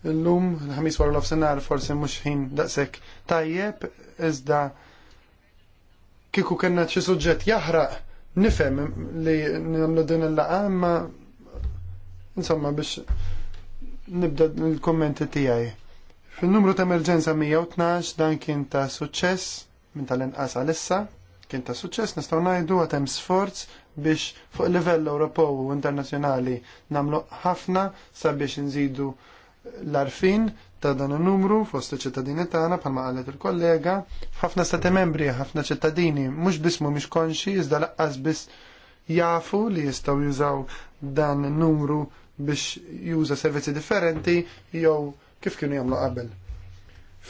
illum l-ħamis wara l-ofsenar forsi mhux ħin daqshekk tajjeb, iżda kieku kellna xi suġġett jaħraq nifhem li nagħmlu din il-laqgħa imma insomma biex nibda l-kommenti tiegħi. Fil-numru ta' emerġenza 112 dan kien ta' suċċess minn tal-inqas għalissa, kien ta' suċċess nistgħu ngħidu għad hemm sforz biex fuq livell Ewropew u internazzjonali nagħmlu ħafna sabiex nżidu l-arfin ta' dan il-numru fost il-ċittadini tagħna bħalma qalet il-kollega, ħafna stati membri, ħafna ċittadini mhux biss mhumiex konxi iżda laqqas biss jafu li jistgħu jużaw dan il-numru biex juża servizzi differenti jew kif kienu jagħmlu qabel.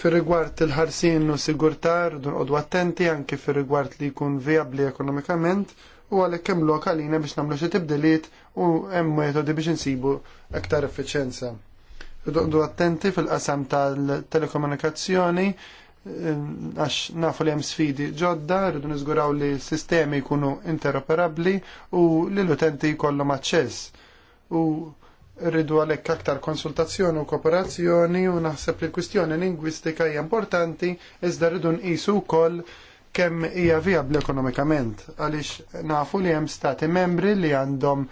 Fir rigward il-ħarsin u sigurtar dun qodu attenti anke fir rigward li jkun viabli ekonomikament u għalhekk hemm lokalina biex nagħmlu xi tibdiliet u hemm metodi biex insibu aktar effiċjenza. Doqdu attenti fil-qasam tal-telekomunikazzjoni għax nafu li hemm sfidi ġodda, rridu niżguraw li s sistemi jkunu interoperabbli u li l-utenti jkollhom aċċess. U rridu għalhekk aktar konsultazzjoni u kooperazzjoni u naħseb li l-kwistjoni lingwistika hija importanti iżda rridu nqisu wkoll kemm hija viabli ekonomikament għaliex nafu li hemm stati membri li għandhom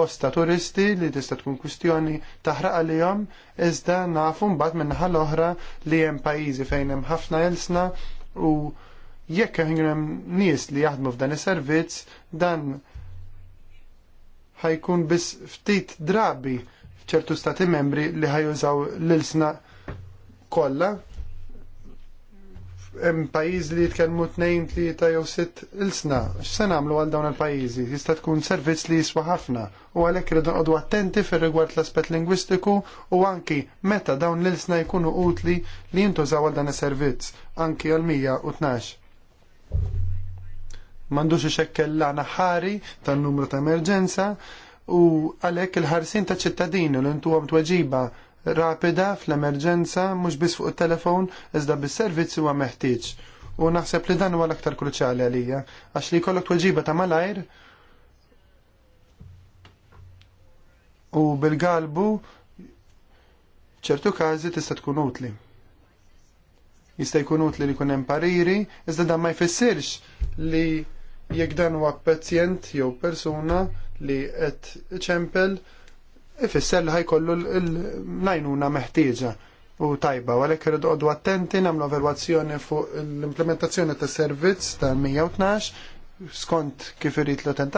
bosta turisti li tista' tkun kwistjoni taħraq għalihom iżda nafu mbagħad minnaħa l-oħra li hemm pajjiżi fejn hemm ħafna elsna u jekk hemm nies li jaħdmu f'dan is-servizz dan ħajkun biss ftit drabi f'ċertu stati membri li ħajużaw l-ilsna kollha. Hemm pajjiż li jitkellmu tnejn tlieta jew sitt ilsna. X'se nagħmlu għal dawn il-pajjiżi? Jista' tkun servizz li jiswa ħafna u għalhekk irid noqogħdu attenti fir-rigward l-aspett lingwistiku u anki meta dawn l-ilsna jkunu utli li jintużaw għal dan is-servizz anki għal 112 mandux ixekkel l ħari tan-numru ta' emerġenza u għalhekk il-ħarsin ta' ċittadini l intuhom tweġiba rapida fl-emerġenza mhux biss fuq it-telefon iżda bis servizzi huwa meħtieġ. U naħseb li dan huwa l-aktar kruċjali għalija għax li jkollok tweġiba ta' malajr u bil-galbu ċertu każi tista' tkun utli jista' jkun utli li jkun hemm pariri, iżda dan ma jfissirx li jekk dan huwa pazjent jew persuna li qed ċempel ifisser li ħajkollu l-najnuna meħtieġa u tajba, għalhekk rridu għoddu attenti nagħmlu evalwazzjoni fuq l-implementazzjoni tas servizz ta' 112 skont kif irid l-utent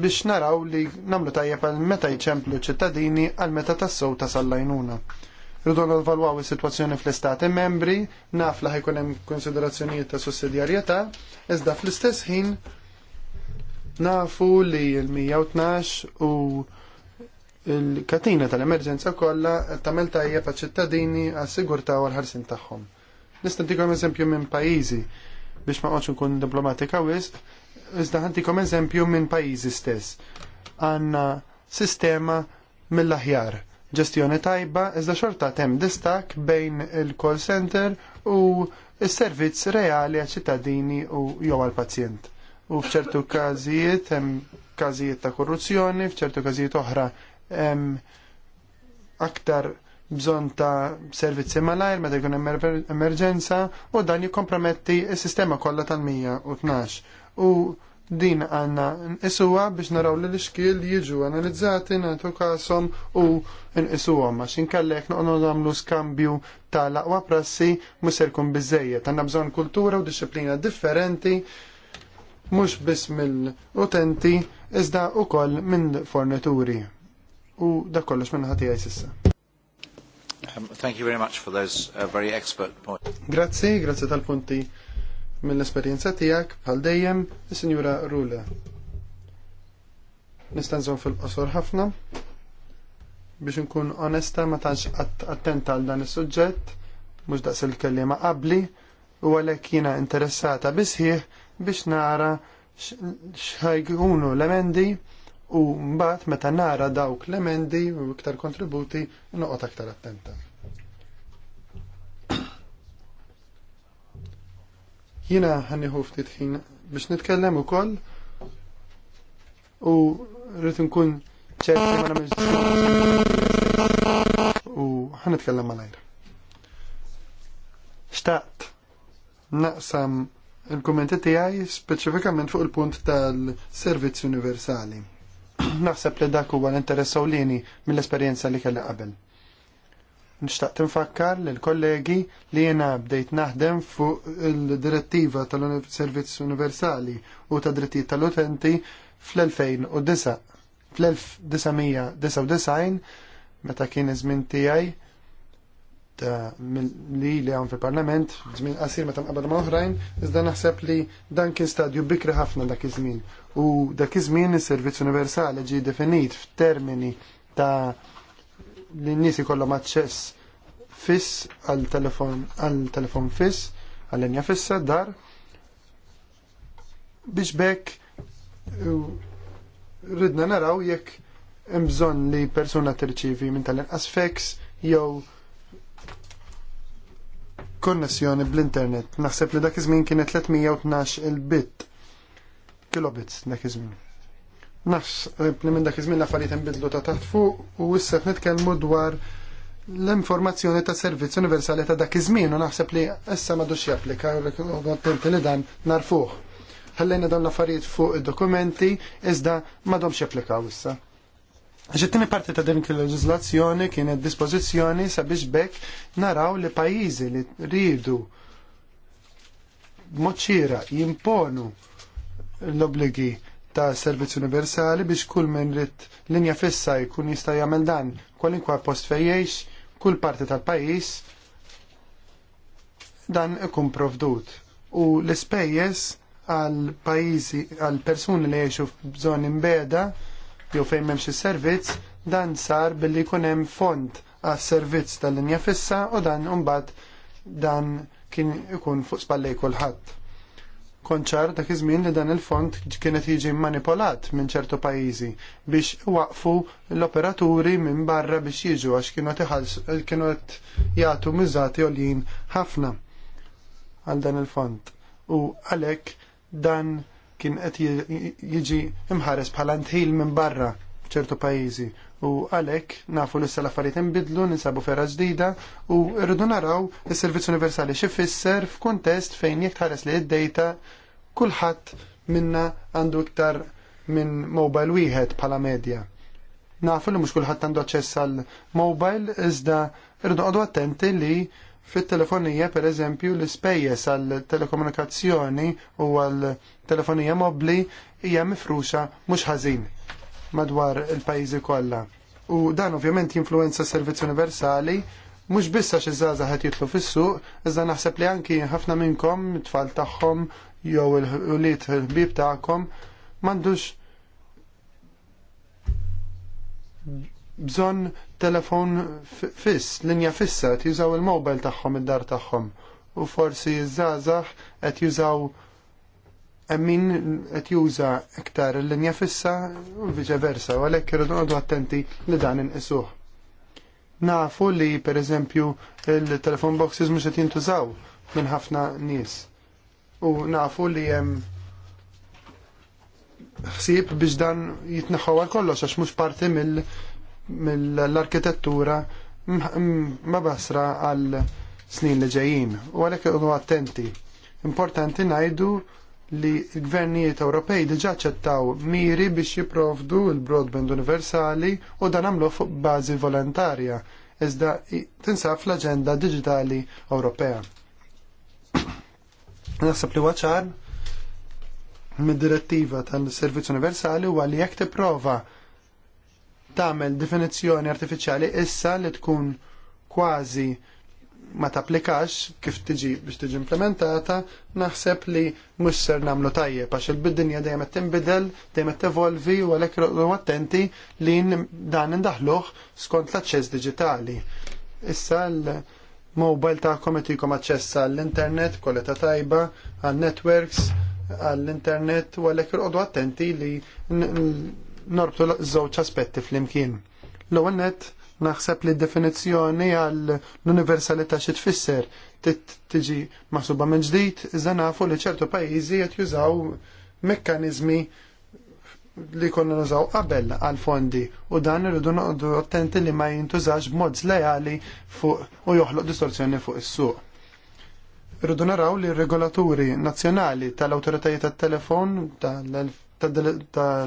biex naraw li namlu tajjeb għal meta jċemplu ċittadini għal meta tassow ta' sallajnuna. Rridu nvalwaw is-sitwazzjoni fl-istati membri, naf li ħajkun hemm konsiderazzjonijiet ta' sussidjarjetà, iżda fl-istess ħin nafu li l-112 u il-katina tal-emerġenza kollha tagħmel tajjeb għaċ-ċittadini għas-sigurtà u għall-ħarsin tagħhom. Nista' ntikom eżempju minn pajjiżi biex ma qodx nkun diplomatika wisq, iżda ħantikom eżempju minn pajjiżi stess. Għandna sistema mill-aħjar ġestjoni tajba, iżda xorta tem distak bejn il-call center u s-servizz reali għal ċittadini u jew għal pazjent. U fċertu każijiet hemm każijiet ta' korruzzjoni, fċertu każijiet oħra hemm aktar bżonn ta' servizzi malajr meta jkun emerġenza u dan jikkomprometti s-sistema kollha tal-112. U din għanna nqisuwa biex naraw li l-iskil jiġu analizzati natu kasom u ma għax n-għonu namlu skambju ta' laqwa prassi muser kun bizzejiet. Għanna bżon kultura u disciplina differenti mux biss mill-utenti iżda u koll minn fornituri. U da kollox minn ħati għaj sissa. Um, thank you very much for those uh, very expert points. Grazie, grazie tal-punti mill-esperjenza tiegħek bħal dejjem is-Sinjura Rula. Nistanżon fil-qosor ħafna biex nkun onesta ma tantx attenta għal dan is-suġġett mhux daqs il-kelliema qabli u għalhekk jiena interessata bisħieħ biex nara x'ħajkunu l-emendi u mbagħad meta nara dawk l-emendi u iktar kontributi noqgħod aktar attenta. Jiena ħanniħu ftit ħin biex nitkellem ukoll u rrid nkun ċerti ma nagħmilx u ħanitkellem malajr. Xtaqt naqsam il-kummenti tiegħi speċifikament fuq il-punt tal-servizz universali. Naħseb li dak huwa l-interess mill-esperjenza li kellha qabel. Nishtaq tinfakkar lill kollegi li jena bdejt naħdem fuq il-direttiva tal-servizz universali u ta' drittijiet tal-utenti fl-2009. Fl-1999 meta kien iż-żmien tiegħi li li għan fil-parlament, zmin qasir ma tamqabad ma' oħrajn, iżda naħseb li dan kien stadju bikri ħafna dak iż-żmien. U dak iż-żmien is-servizz universali ġie definit f'termini ta' li n-nies ikollhom aċċess fiss għal telefon għal telefon fiss għal linja fissa dar biex bekk ridna naraw jekk hemm bżonn li persuna tirċivi minn tal-inqas fax jew konnessjoni bl-internet. Naħseb li dak iż-żmien kienet 312 il-bit kilobits dak iż-żmien. Nafx eh, li minn dak iż-żmien l-affarijiet inbidlu ta' taħt fuq u issa qed nitkellmu dwar l-informazzjoni ta' servizz universali ta' dak iż-żmien u naħseb li issa m'għadux japplika u attenti li dan narfuh. Ħallejna dawn l-affarijiet fuq id-dokumenti iżda m'għadhomx japplikaw issa. Ġittini parti ta' din il-leġizlazzjoni kienet dispożizzjoni sabiex bekk naraw li pajjiżi li rridu moċira jimponu l-obligi ta' servizz universali biex kull minn rit linja fissa jkun jista' jagħmel dan kwalinkwa post fejjex, kull parti tal-pajjiż dan ikun provdut. U l-ispejjeż għal pajjiżi għal persuni li jgħixu f'bżonn imbeda jew fejn m'hemmx is-servizz dan sar billi jkun hemm fond għas servizz tal-linja fissa u dan mbagħad dan kien ikun fuq spallej kulħadd konċar dak iż-żmien li dan il-fond kienet jiġi manipolat minn ċertu pajjiżi biex waqfu l-operaturi minn barra biex jiġu għax kienu qed jagħtu miżati għoljin ħafna għal dan il-fond. U għalhekk dan kien qed jiġi imħares bħala ntħil minn barra f'ċertu pajjiżi u għalhekk nafu li issa l-affarijiet inbidlu ninsabu ferra ġdida u rridu naraw is-servizz universali xi fisser f'kuntest fejn jekk tħares li id-dejta kulħadd minna għandu iktar minn mobile wieħed bħala medja. Nafu li mhux kulħadd għandu aċċess għal mobile iżda rridu għadu attenti li fit-telefonija per eżempju l-ispejjeż għal telekomunikazzjoni u għal telefonija mobli hija mifruxa mhux ħażin madwar il-pajjiżi kollha. U dan ovvjament jinfluenza servizz universali mhux biss għax iż-żgħażagħ qed jitlu fis-suq, iżda naħseb li anki ħafna minnkom it-tfal tagħhom jew il-ħuliet il-ħbieb taħkom, m'għandux bżonn telefon fiss, linja fissa, t jużaw il-mobile tagħhom id-dar tagħhom. U forsi iż-żgħażagħ qed jużaw min qed juża iktar il-linja fissa u versa u għalhekk irridu noqogħdu attenti li dan inqisuh. Nafu li pereżempju il-telefon boxes mhux qed jintużaw minn ħafna nies. U nafu li hemm ħsieb biex dan jitneħħu għal kollox għax mhux parti mill-arkitettura basra għal snin li ġejjin. U għalhekk irridu attenti. Importanti ngħidu li l-gvernijiet Ewropej diġa ċettaw miri biex jiprovdu l-broadband universali u dan għamlu fuq bażi volontarja, iżda tinsab fl-Aġenda Digitali Ewropea. Naħseb li waċar mid-direttiva tal-servizz universali huwa li jekk tipprova tagħmel definizzjoni artifiċjali issa li tkun kważi ma tapplikax kif tiġi biex tiġi implementata, naħseb li mux ser nagħmlu tajje pax il-bid-dinja dejjem qed tinbidel, dejjem qed evolvi u għalhekk irqgħu attenti li dan indaħluh skont l-aċċess digitali. Issa l-mobile ta' qed jkom għall-internet, kolleta tajba, għall networks għall-internet u għalhekk irqgħu attenti li norbtu żewġ aspetti flimkien. L-ewwel net Naħseb li d-definizzjoni għal l-universalità xi tfisser tiġi maħsuba minn ġdid, iżda nafu li ċertu pajjiżi qed jużaw mekkaniżmi li konna nużaw qabel għal fondi u dan irridu noqdu attenti li ma jintużax b'mod lejali fuq u joħloq distorsjoni fuq is-suq. Irridu naraw li r-regolaturi nazzjonali tal-awtoritajiet tal telefon tal-1900 tal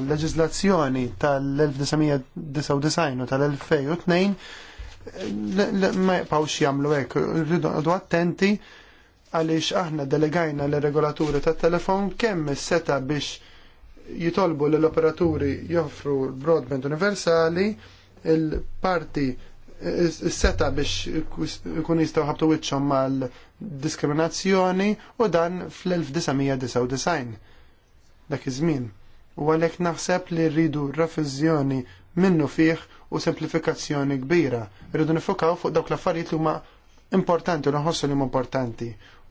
leġizlazzjoni tal-1999 u tal-2002 ma jibqawx jagħmlu hekk, rridu attenti għaliex aħna delegajna l-regolaturi tat-telefon kemm is-seta biex jitolbu l-operaturi joffru broadband universali il-parti s-seta biex ikun jistaw ħabtu wiċċhom mal-diskriminazzjoni u dan fl-1999. Dak iż-żmien u għalhekk naħseb li rridu rafiżjoni minnu fiħ u semplifikazzjoni kbira. Rridu nifokaw fuq dawk l-affarijiet li huma importanti u naħossu li huma importanti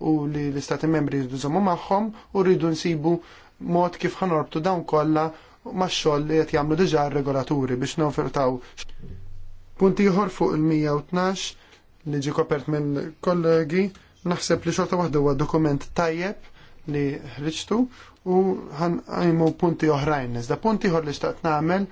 u li l-istati membri jżommu magħhom u rridu nsibu mod kif ħanorbtu dawn kollha max li qed jagħmlu diġà r-regolaturi biex nofirtaw. Punti ieħor fuq il-112 li ġi kopert mill-kollegi naħseb li xorta waħda huwa dokument tajjeb li ħriġtu u għajmu punti oħrajn. Nizda punti ħor li xtaqt nagħmel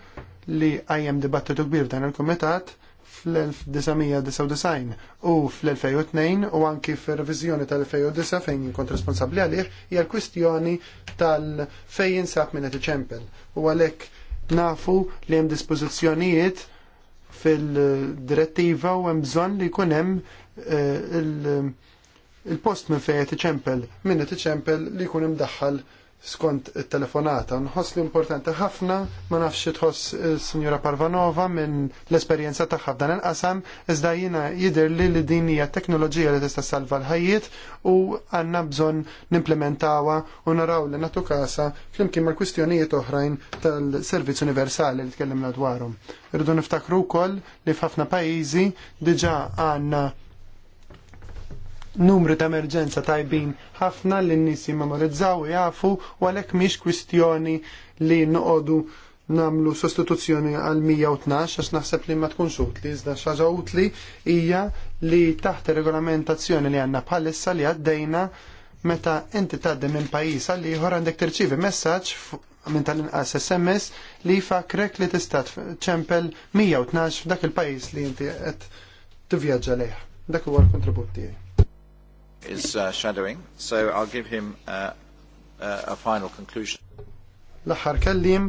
li għajjem dibattitu kbir dan il-komitat fl-1999 u fl-2002 u anki fil-revizjoni tal-2009 fejn kont responsabli għalih hija l-kwistjoni tal-fejn jinsab minn iċempel. U għalhekk nafu li hemm dispożizzjonijiet fil-direttiva u hemm bżonn li jkun hemm eh, il- il-post minn fejn tiċempel, qed tiċempel li jkun imdaħħal skont il-telefonata. Nħoss li importanti ħafna, ma nafx tħoss eh, signora Parvanova minn l-esperienza tagħha f'dan il-qasam, iżda jiena jidher li li din hija teknoloġija li tista' salva l-ħajjiet u għandna bżonn nimplementawha u naraw li nagħtu kasa flimkien mal-kwistjonijiet oħrajn tal-servizz universali li tkellimna dwarhom. Irridu niftakru wkoll li f'ħafna pajjiżi diġà għandna numru ta' emerġenza tajbin ħafna li n-nies jimmemorizzaw jafu u għalhekk mhix kwistjoni li noqogħdu namlu sostituzzjoni għal 112 għax naħseb li ma tkunx utli iżda xaġa utli hija li taħt regolamentazzjoni li għandna bħalissa li għaddejna meta inti tgħaddi minn pajjiż għal ieħor għandek tirċivi messaġġ minn tal-inqas SMS li jfakrek li tista' ċempel 112 f'dak il-pajjiż li inti qed tivvjaġġa lejh. Dak huwa l-kontribut tiegħi is uh, shadowing, so I'll give him uh, uh, a final conclusion. L-aħħar kellim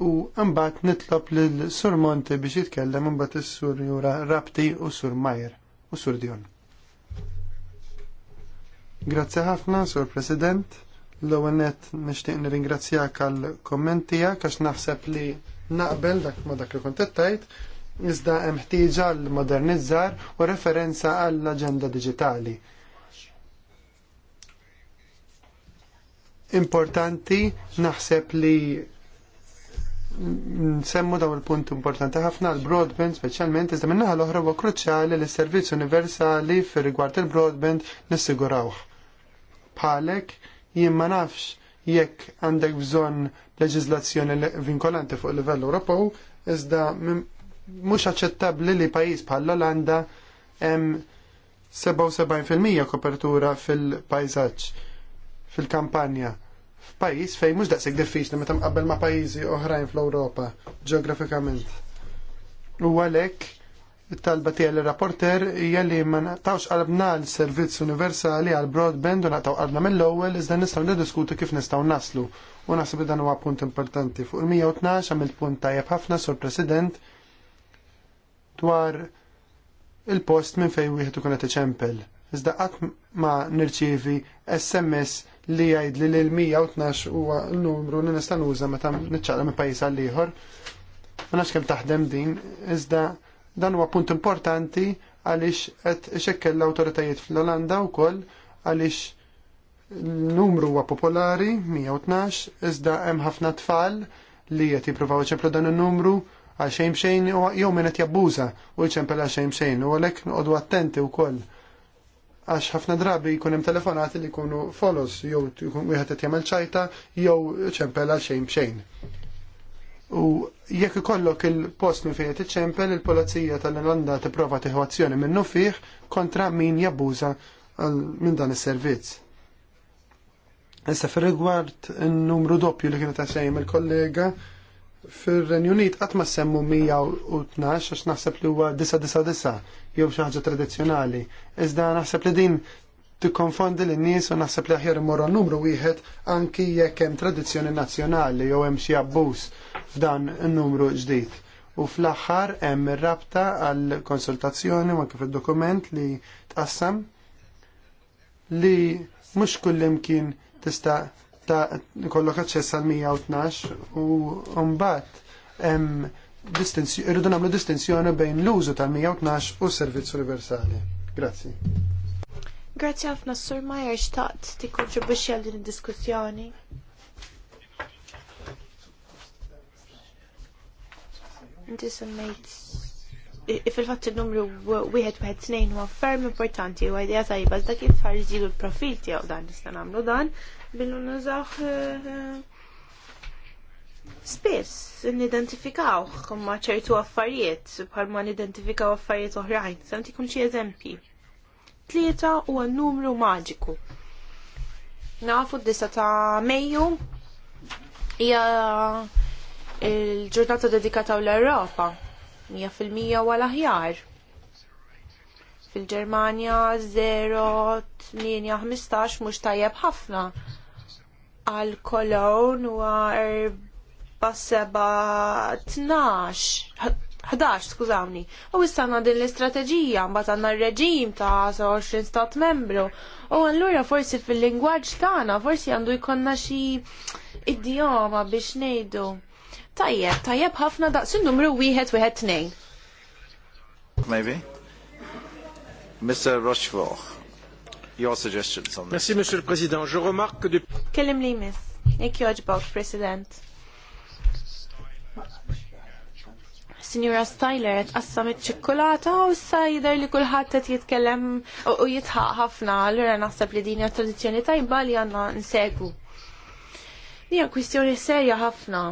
u mbagħad nitlob lil Sur Monte biex jitkellem imbagħad is-Sur Jura Rabti u Sur Majer u Sur Dion. Grazzi ħafna, Sur President. L-ewwel nett nixtieq nirringrazzjak għal kommenti għax naħseb li naqbel dak ma dak li kont tgħid, iżda hemm ħtieġa l-modernizzar u referenza għall-aġenda diġitali importanti naħseb li nsemmu daw il-punt importanti ħafna l-broadband speċjalment iżda minnaħa l-oħra huwa kruċjali li s-servizz universali fir rigward il-broadband nissigurawh. Bħalek jien ma nafx jekk għandek bżonn leġiżlazzjoni vinkolanti fuq livell Ewropew iżda mhux aċċettabbli li pajjiż bħal l-Olanda hemm 77% kopertura fil-pajsaġġ fil-kampanja f'pajjiż fejn mhux daqshekk diffiċli meta mqabbel ma' pajjiżi oħrajn fl-Ewropa ġeografikament. U għalhekk it-talba tiegħi l-rapporter hija li ma naqtawx qalbna l-servizz universali għal broadband u naqtaw qalbna mill-ewwel iżda nistgħu niddiskutu kif nistgħu naslu. U naħseb dan huwa punt importanti. Fuq il-112 għamilt punt tajjeb ħafna sur President dwar il-post minn fejn wieħed ikun qed iċempel iżda qatt ma nirċievi SMS li jgħid li l-112 huwa l-numru li nista' nuża meta niċċaqla minn pajjiż għal ieħor. Ma nafx kemm taħdem din, iżda dan huwa punt importanti għaliex qed ixekkel l-awtoritajiet fl-Olanda wkoll għaliex l-numru huwa popolari, 112, iżda hemm ħafna tfal li qed jippruvaw iċemplu dan in-numru għal xejn xejn jew min qed jabbuża u jċempel għal xejn xejn u għalhekk noqogħdu attenti wkoll għax ħafna drabi jkun hemm telefonati li jkunu follows jew wieħed qed jagħmel ċajta jew ċempel għal xejn b'xejn. U jekk ikollok il-post minn fejn iċċempel, il pulizija tal-Irlanda tipprova tieħu azzjoni minnu fih kontra min jabbuża minn dan is-servizz. Issa fir-rigward in-numru doppju li kienet għasejm il-kollega Fir-Renju Unit qatt ma semmu 112 għax naħseb li huwa disa jew xi ħaġa tradizzjonali. Iżda naħseb li din tikkonfondi lin-nies u naħseb li aħjar imorru numru wieħed anki jekk hemm tradizzjoni nazzjonali jew hemm xi abbuż f'dan in-numru ġdid. U fl-aħħar hemm ir-rabta għal konsultazzjoni ma kif id-dokument li tqassam li mhux kullimkien tista' Ta' kollok aċċess għal 112 u mbagħad hemm irridu nagħmlu distinzjoni bejn l-użu tal-112 u s-servizz universali. Grazzi. Grazzi ħafna Sur Majer xtaqt tikkontribwixxi għal din id-diskussjoni. Inti semmejt fatt il-numru wieħed wieħed tnejn huwa ferm importanti u idea tajba dak kif ħarġilu l-profil tiegħu dan nista' nagħmlu dan billu nużaw n eh, nidentifikawh komma ċertu affarijiet bħalma nidentifikaw affarijiet oħrajn. Santikum xi eżempji. Tlieta huwa numru maġiku. Nafu d-disa ta' Mejju hija il-ġurnata dedikata l-Europa. Mija fil-mija għal aħjar fil ġermanja 0815 8 mux tajjeb ħafna għal Cologne huwa erba' tnax 11, skużawni. U issa għandna din l-istrateġija, mbagħad għandna r-reġim ta' 20 stat membru. U allura forsi fil-lingwaġġ tagħna forsi għandu jkollna xi idjoma biex ngħidu. Tajjeb, tajjeb ħafna daqsin numru wieħed wieħed tnejn. Maybe. Mr. Rochefort your suggestions on this. Merci, Monsieur le Président. Je remarque que depuis... Kellim li miss. Ik President. Signora Styler tqassam iċ-ċikkolata u issa jidher li kulħadd qed jitkellem u jitħaq ħafna allura naħseb li din hija tradizzjoni tajba li għandna nsegwu. Hija kwistjoni serja ħafna.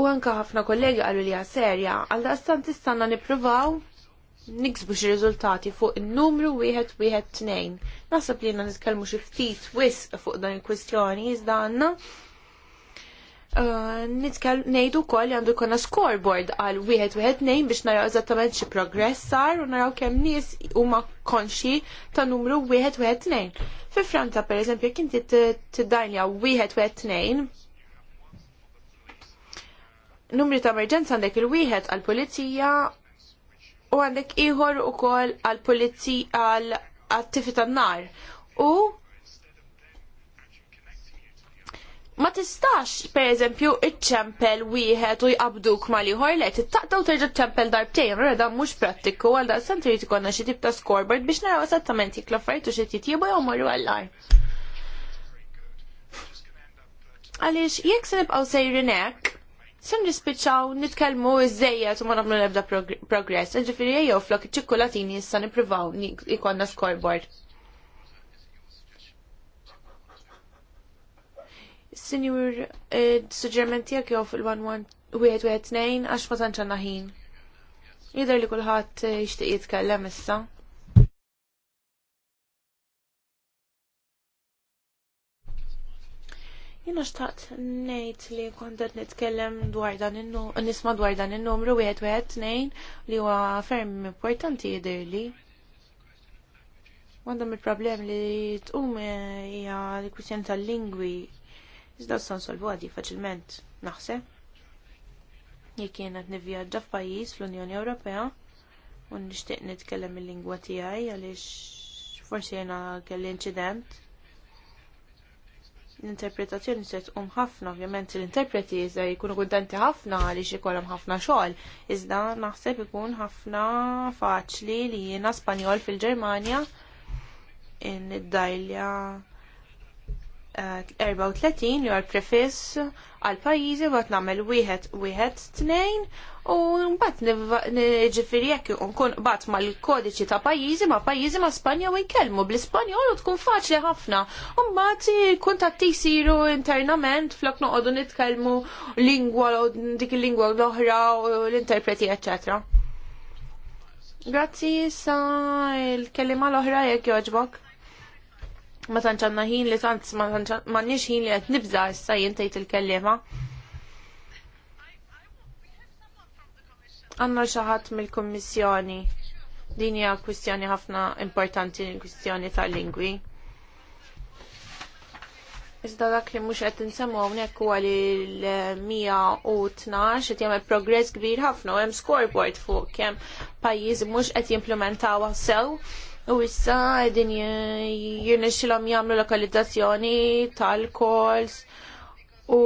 U anka ħafna kollegi qalu li hija serja, għal daqstant tistanna niprovaw niksbu xi riżultati fuq in-numru wieħed wieħed tnejn. Naħseb li jiena nitkellmu xi ftit wisq fuq dan il-kwistjoni iżda għandna Uh, nitkell nejdu kol għandu jkollna scoreboard għal wieħed wieħed nejn biex naraw eżattament xi progress sar u naraw kemm nies huma konxi ta' numru wieħed wieħed nejn. Fi Franza pereżempju jekk inti tiddajnja wieħed wieħed nejn, numri ta' emerġenza għandek il-wieħed għal pulizija u għandek ieħor ukoll għal pulizzi għal attività nar. U ma tistax, per eżempju, ċempel wieħed u jqabduk ma liħor le, taqdaw terġa' ċempel darbtejn, u da mhux prattiku għal da s-sentri ikollna xi tip ta' scoreboard biex naraw esattament jekk l-affarijiet u xi titjibu jew marru għall Għaliex jekk se nibqgħu sejrinek sem nispiċċaw nitkellmu iżejjed tu ma nagħmlu nebda progress. Ġifieri jgħu flok iċ-ċikkulatini issa nippruvaw ikonna scoreboard. Sinjur, suġġermenti jekk jgħu fil-1-1-2 għax ma tantx għandna ħin. li kullħat eh, jixtieq jitkellem issa. Jina xtaqt nejt li kontet nitkellem dwar dan nisma dwar dan il-numru wieħed wieħed tnejn li huwa ferm importanti jidirli. Għandhom il-problem li tqum eh, hija l-kwistjoni tal-lingwi iżda s solvu għadi faċilment naħseb. Jekk kienet nivvjaġġa f'pajjiż fl-Unjoni Ewropea u nixtieq nitkellem il-lingwa tiegħi għaliex forsi jena kelli inċident l-interpretazzjoni se tqum ħafna, ovvjament l-interpreti se jkunu kuntenti ħafna għaliex ikollhom ħafna xogħol. Iżda naħseb ikun ħafna faċli li jiena Spanjol fil-Ġermanja in id-dajlja 34 eh, li għal prefiss għal pajizi bat namel wieħed wieħed tnejn u mbagħad ġifieri jekk nkun bat mal-kodiċi ta' pajjiżi ma' pajjiżi ma' Spanja u jkellmu bl-Ispanjol u tkun faċli ħafna. U mbagħad kuntatti jsiru internament flok noqogħdu nitkellmu lingwa dik il-lingwa l-oħra u l-interpreti eċċetera. Grazzi sa il-kelima l-oħra jekk joġbok ma tanċanna ħin li tant ma nix ħin li għet nibza issa jintajt il-kellima. Għanna xaħat mill-kommissjoni. Din hija kwistjoni ħafna importanti kwistjoni tal-lingwi. Iżda dak li mhux qed insemmu hawnhekk huwa li l-112 qed jagħmel progress kbir ħafna u hemm scoreboard fuq kemm pajjiż mhux qed jimplementaw sew. So U issa għedin jirnexilom jamlu lokalizzazzjoni tal kols u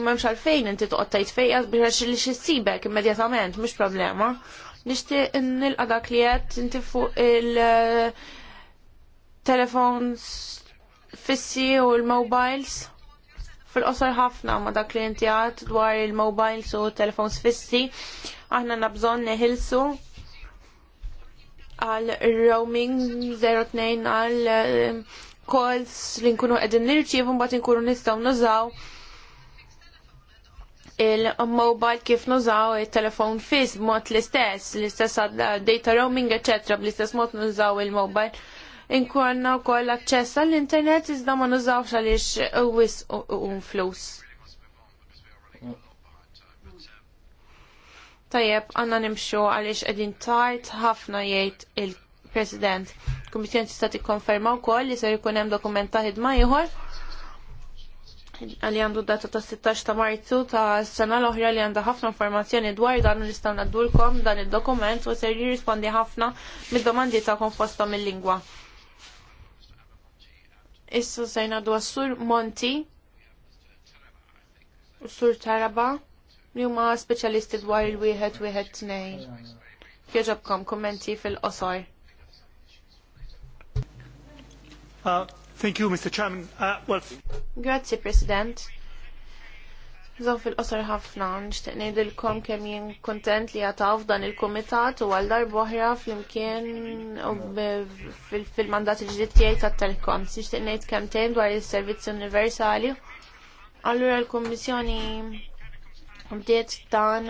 memx għalfejn inti toqtajt fejqas biex li xissibek immedjatament, mux problema. Nishti nilqa dak li għed inti fuq il-telefons fissi u l-mobiles fil-qosor ħafna ma dak li inti għad dwar il-mobiles u telefons fissi aħna nabżon neħilsu għal roaming 02 għal um, calls li nkunu qegħdin nirċievu mbagħad inkunu nistgħu nużaw il-mobile kif nużaw il-telefon fizz, mod l-istess, l-istess uh, data roaming, etc. bl-istess mod nużaw il-mobile. Inkunna wkoll aċċess għall-internet iżda ma nużawx għaliex wis u flus. tajjeb għanna nimxu għaliex qegħdin tajt ħafna jgħid il-President. Kummissjoni tista' tikkonferma wkoll li se jkun hemm dokument ta' ħidma ieħor għalli għandu data ta' 16 ta' marzu ta' s-sena l-oħra li għandha ħafna informazzjoni dwar dan li stan għaddulkom dan il-dokument u se jirrispondi ħafna mid-domandi ta' konfosta mill-lingwa. Issa sejna dwar Sur Monti, Sur Taraba, li huma speċjalisti dwar il-wieħed wieħed tnejn. Jogħġobkom kummenti fil-qosor. Uh, thank you, Mr. Chairman. Uh, well... Grazie, President. Zaw fil-qosor ħafna, nixtieq nejdilkom kem jien kontent li jataw dan il komitat u għal darba oħra fl-imkien fil-mandat il-ġdid tiegħi tat-telkom. Nixtieq ngħid kem tejn dwar il servizzi universali. Allura l-Kummissjoni bdiet dan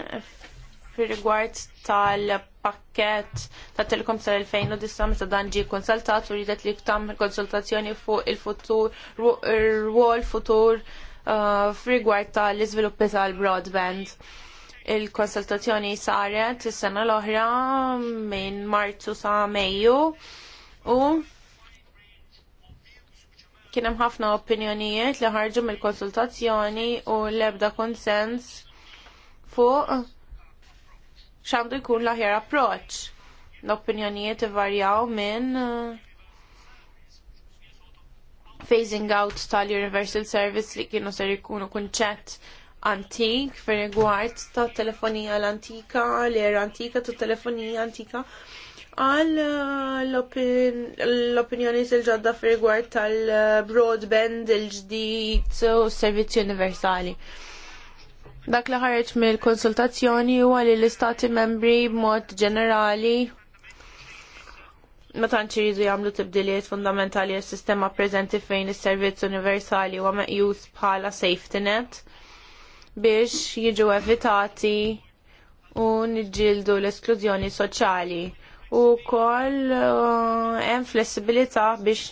fir-rigward tal-pakket ta' telekom tal-2009 meta dan ġie konsultat u ridet li ktam konsultazzjoni fuq il-futur, r-rwol futur uh, fir-rigward tal-iżviluppi tal-broadband il-konsultazzjoni saret is-sena l-oħra minn Marzu sa' Mejju u kien hemm ħafna opinjonijiet li ħarġu mill-konsultazzjoni u l-ebda konsens fuq x'għandu jkun l-aħjar approċċ. L-opinjonijiet ivarjaw minn uh, phasing out tal-Universal Service li kienu ser jkunu kunċett antik fir rigward ta' telefonija l-antika, l-era antika, ta' telefonija antika għal uh, l-opinjoni il-ġodda fir rigward tal-broadband uh, il ġdid u servizzi universali. Dak li ħareġ mill-konsultazzjoni huwa li l-istati membri b'mod ġenerali ma tantx iridu jagħmlu tibdiliet fundamentali għal sistema preżenti fejn is-servizz universali huwa meqjus bħala safety net biex jiġu evitati u niġġieldu l-esklużjoni soċjali u wkoll uh, hemm uh, flessibilità biex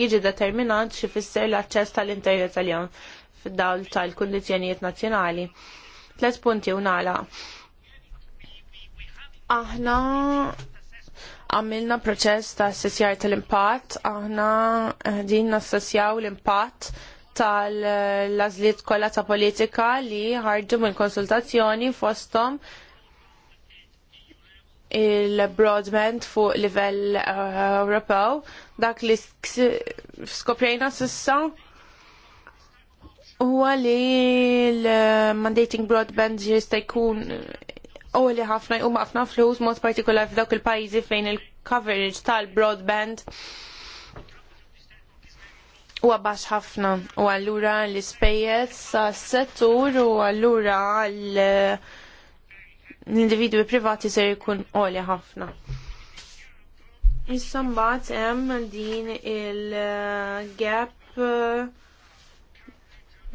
jiġi determinant xi fisser l-aċċess tal-internet tal-jom fid-dawl tal-kundizzjonijiet nazzjonali. Tlet punti u nala. Aħna għamilna proċess ta' sessjar tal-impatt, aħna eh, din nassessjaw l-impatt tal-lażliet kollha ta' politika li ħarġu mill konsultazzjoni fosthom il-broadband fuq livell eh, Ewropew dak li skoprejna sissa huwa li l-mandating broadband jista' jkun għoli eh, ħafna jqum ħafna flus mod partikolar f'dawk il-pajjiżi fejn il-coverage tal-broadband huwa baxx ħafna u allura l-ispejjeż sas-settur u allura l-individwi privati ser jkun li ħafna. Issa mbagħad hemm din il-gap eh,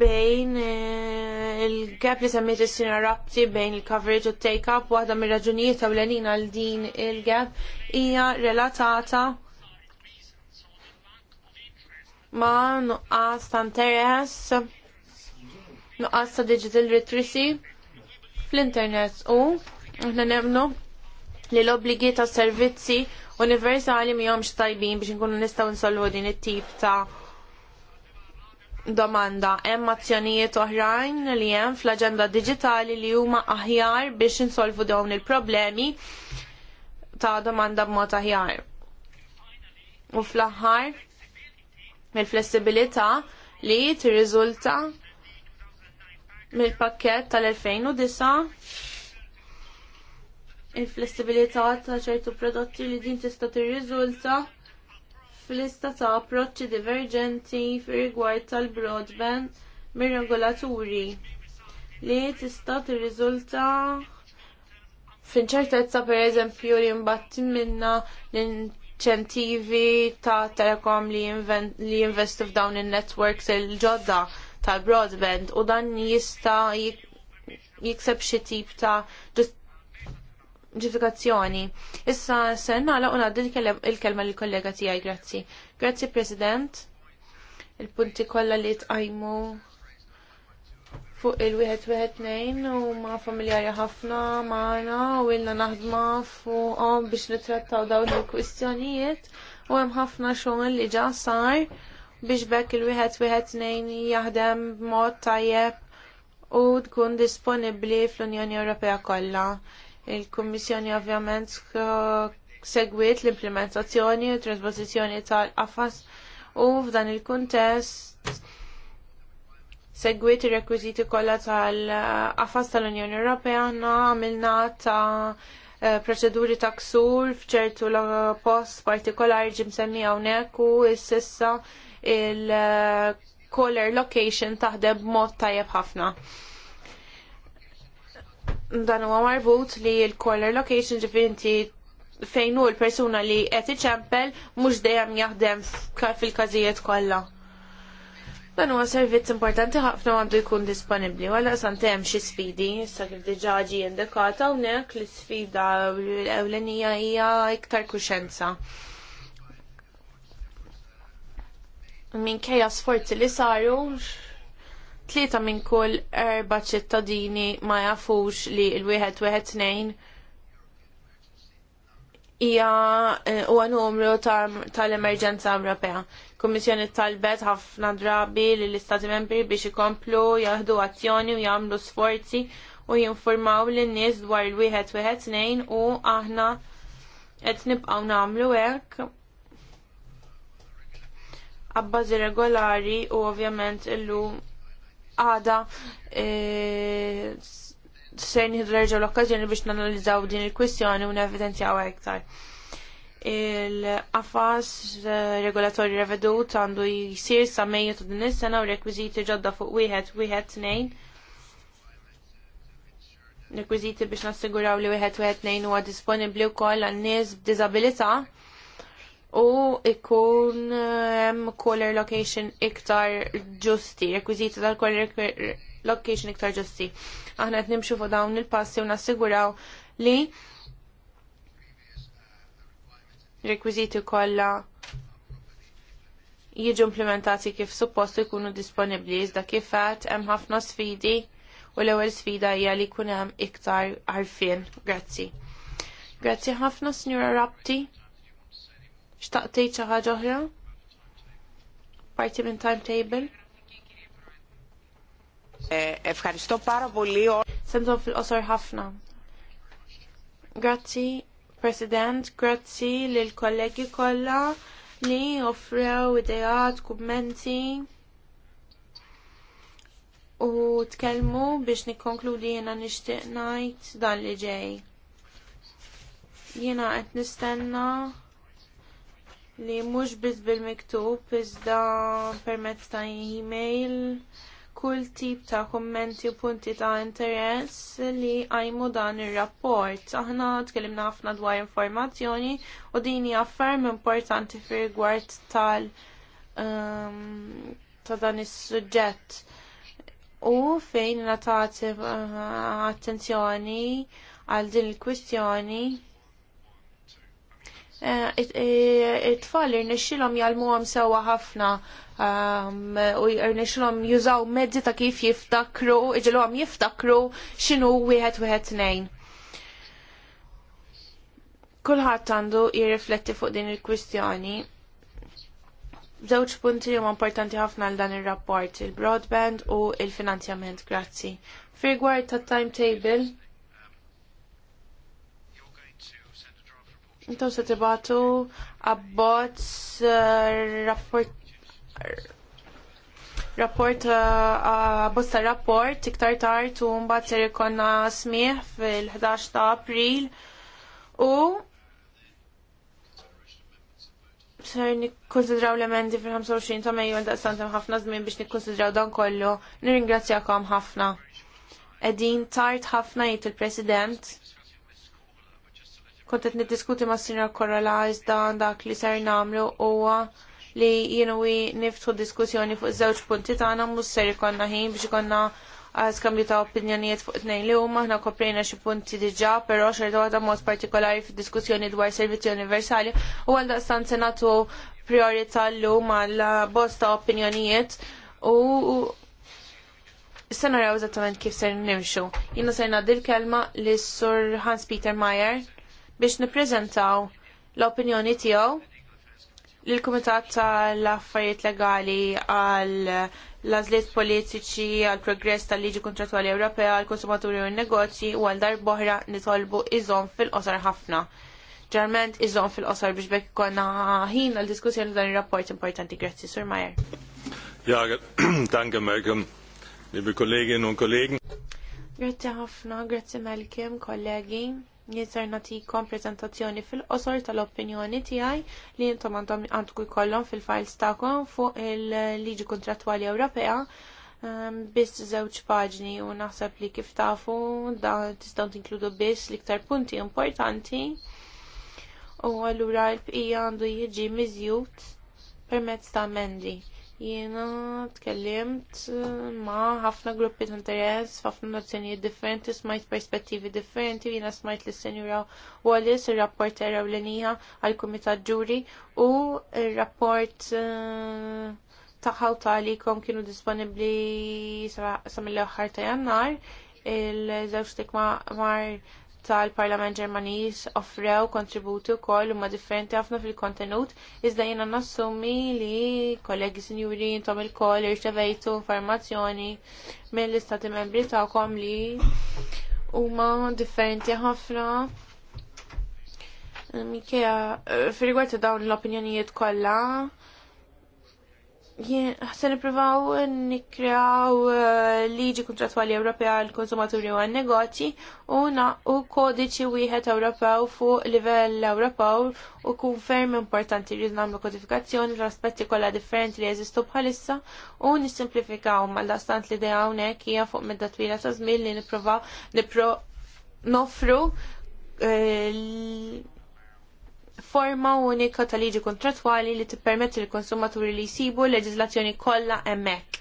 bejn eh, il-gap li semmiet is-sina rabti bejn il-coverage u take-up waħda mir-raġunijiet ewlenin għal din il-gap hija relatata ma nuqqas ta' interess nuqqas ta' digital literacy fl-internet u aħna nemnu li l-obbligi ta' servizzi universali mihomx tajbin biex nkunu nistgħu nsolvu din it-tip ta' domanda hemm azzjonijiet oħrajn li hemm fl-aġenda diġitali li huma aħjar biex insolvu dawn il-problemi ta' domanda b'mod aħjar. U fl-aħħar il-flessibilità li tirriżulta mill-pakkett tal-2009 il-flessibilità ta' ċertu prodotti li din tista' tirriżulta fl-lista ta' approċċi diverġenti fir-rigward tal-broadband mir-regolaturi li tista' tirriżulta f'inċertezza pereżempju li mbatti minna l-inċentivi ta' telekom li, jinvestu f'dawn in-networks il-ġodda tal-broadband u dan jista' jikseb xi tip ta' ġust ġifikazzjoni. Issa senna nagħlaq u il-kelma lill kollega tiegħi, grazzi. Grazzi President. Il-punti kollha li tqajmu fuq il-wieħed wieħed nejn u ma familjari ħafna magħna u ilna naħdma fuqhom biex nittrattaw dawn il-kwistjonijiet u hemm ħafna xogħol li ġa sar biex bekk il-wieħed wieħed nejn jaħdem b'mod tajjeb u tkun disponibbli fl-Unjoni Ewropea kollha. Il-Kummissjoni ovvjament segwit l-implementazzjoni u trasposizjoni tal-qafas u f'dan il-kuntest segwit ir-rekwiżiti kollha tal-qafas tal-Unjoni Ewropea għandna għamilna ta' eh, proċeduri ta' ksur f'ċertu post partikolari ġim semmi hawnhekk u issa sissa il eh, color location taħdem mod tajjeb ħafna dan huwa marbut li l-collar location ġifinti fejn hu l-persuna li qed iċempel mhux dejjem jaħdem fil-każijiet kollha. Dan huwa servizz importanti ħafna għandu jkun disponibbli wala sant hemm xi sfidi, issa kif diġà ġi indikata hawnhekk l-isfida ewlenija hija iktar kuxenza. Minkejja sforzi li saru tlieta minn kull erba' ċittadini ma jafux li l-wieħed wieħed tnejn hija eh, huwa numru tal-emerġenza Ewropea. Kummissjoni talbet ħafna drabi lill istati membri biex ikomplu jaħdu azzjoni u jagħmlu sforzi u jinformaw lin nies dwar il-wieħed wieħed tnejn u aħna qed nibqgħu nagħmlu hekk abbażi regolari u ovvjament illum għada e, sejn nħidreġaw l-okkazjoni biex nanalizzaw din il-kwistjoni u nevidenzjaw iktar. Il-qafas e, regolatori revedut għandu jisir sa' mejju ta' din is-sena u rekwiżiti ġodda fuq wieħed wieħed tnejn. Rekwiżiti biex nassiguraw li wieħed wieħed tnejn huwa disponibbli wkoll għan-nies b'diżabilità u ikun um, color location iktar ġusti, rekwiziti tal color location iktar ġusti. Aħna qed nimxu fuq dawn il-passi u nassiguraw li rekwiziti kollha jiġu implementati kif suppost ikunu disponibbli iżda kif kifat hemm ħafna sfidi u l-ewwel sfida hija li jkun hemm iktar għarfien. Grazzi. Grazzi ħafna, Sinjura Rapti. Xtaqtejt xi ħaġa oħra? Parti minn timetable? Efkaristo para bulli Sentom fil-qosor ħafna. Grazzi, President, grazzi lil kollegi kollha li offrew idejat, kummenti u tkellmu biex nikkonkludi jena nixtieq ngħid dan li ġej. Jiena qed nistenna li mhux biss bil-miktub iżda permezz ta' email kull tip ta' kummenti u punti ta' interess li għajmu dan ir-rapport. Aħna tkellimna ħafna dwar informazzjoni u din hija ferm importanti fir-rigward tal- um, ta' dan is-suġġett u fejn natati uh, eh, attenzjoni għal din il-kwistjoni Eh, it-tfal irnexxilhom jalmuhom sewwa ħafna um, u irnexxilhom jużaw mezzi ta' kif jiftakru, iġilhom jiftakru x'inhu wieħed wieħed tnejn. Kulħadd għandu jirrifletti fuq din il-kwistjoni. Żewġ punti huma importanti ħafna għal dan ir-rapport, il-broadband u il-finanzjament, grazzi. rigward tat timetable Intom se tibatu abbozz eh, rapport rapport eh, abbozz ta' rapport iktar tard u mbagħad ser ikonna smieħ fil-11 ta' April u ser nikkonsidraw l-emendi fil-25 ta' Mejju għal santem ħafna żmien biex nikkonsidraw dan kollu. Nirringrazzjakom ħafna. Edin tard ħafna jgħid il-President kontet niddiskuti ma' Sinjor Korola iżda dak li ser namlu u li jienwi niftħu diskussjoni fuq żewġ punti tagħna mus ser ikonna ħin biex ikonna eh, skambju ta' opinjonijiet fuq tnejn li huma aħna koprejna xi punti diġà, però da' għada mod partikolari fid-diskussjoni dwar servizzi universali u għalda daqstan se nagħtu priorità llum għal bosta opinjonijiet u sena naraw eżattament kif ser nimxu. Jiena ser ngħaddi l-kelma lis sur Hans Peter Meyer biex niprezentaw l-opinjoni tiegħu l-Kumitat tal-Affarijiet Legali għal l-azliet politiċi għal progress tal-liġi kontratwali Ewropea għal konsumaturi u negozji u għal dar boħra nitolbu iżom fil-qosar ħafna. Ġarment iżom fil-qosar biex bekk konna ħin għal diskussjoni dan il-rapport importanti. Grazzi, Sur Majer. Ja, danke, Malcolm. Liebe Kollegin und Kollegen. Grazie ħafna, grazie Malcolm, kollegi jizzer natikom prezentazzjoni fil-qosor tal-opinjoni tiegħi li jintom għandhom għandku jkollhom fil-files tagħkom fuq il-liġi kontrattwali Ewropea um, biss żewġ paġni u naħseb li kif tafu da tistgħu tinkludu biss l-iktar punti importanti u allura l-bqija għandu jiġi miżjud permezz ta' mendi. Jiena tkellimt ma' ħafna gruppi ta' interess, ħafna nazzjonijiet differenti, smajt perspettivi differenti, jena smajt li senjura Wallis, il-rapportera u l-enija għal komitat Ġuri u il-rapport eh, taħħaw kom kienu disponibli sa' mill ta' jannar il-żewġ tik mar tal-Parlament Ġermaniż offrew kontributi wkoll huma differenti ħafna fil-kontenut, iżda jiena nassumi li kollegi sinjuri intom il-koll irċevejtu informazzjoni mill-istati membri tagħkom li huma differenti ħafna Mikea, fil-rigward dawn l-opinjonijiet kollha, Ħse niprivaw nikreaw eh, liġi kontratwali Ewropea għal konsumaturi u għan-negozji u naqqu kodiċi wieħed Ewropew fuq livell Ewropew u kun ferm importanti li nagħmlu kodifikazzjoni l-aspetti kollha differenti li jeżistu bħalissa u nissimplifikaw mal-dastant li dejja hawnhekk hija fuq medda twila ta' żmien li nipprova nipro nofru eh, forma unika ta' liġi kontratwali li tippermetti lill konsumaturi li jsibu l-leġiżlazzjoni kollha hemmhekk.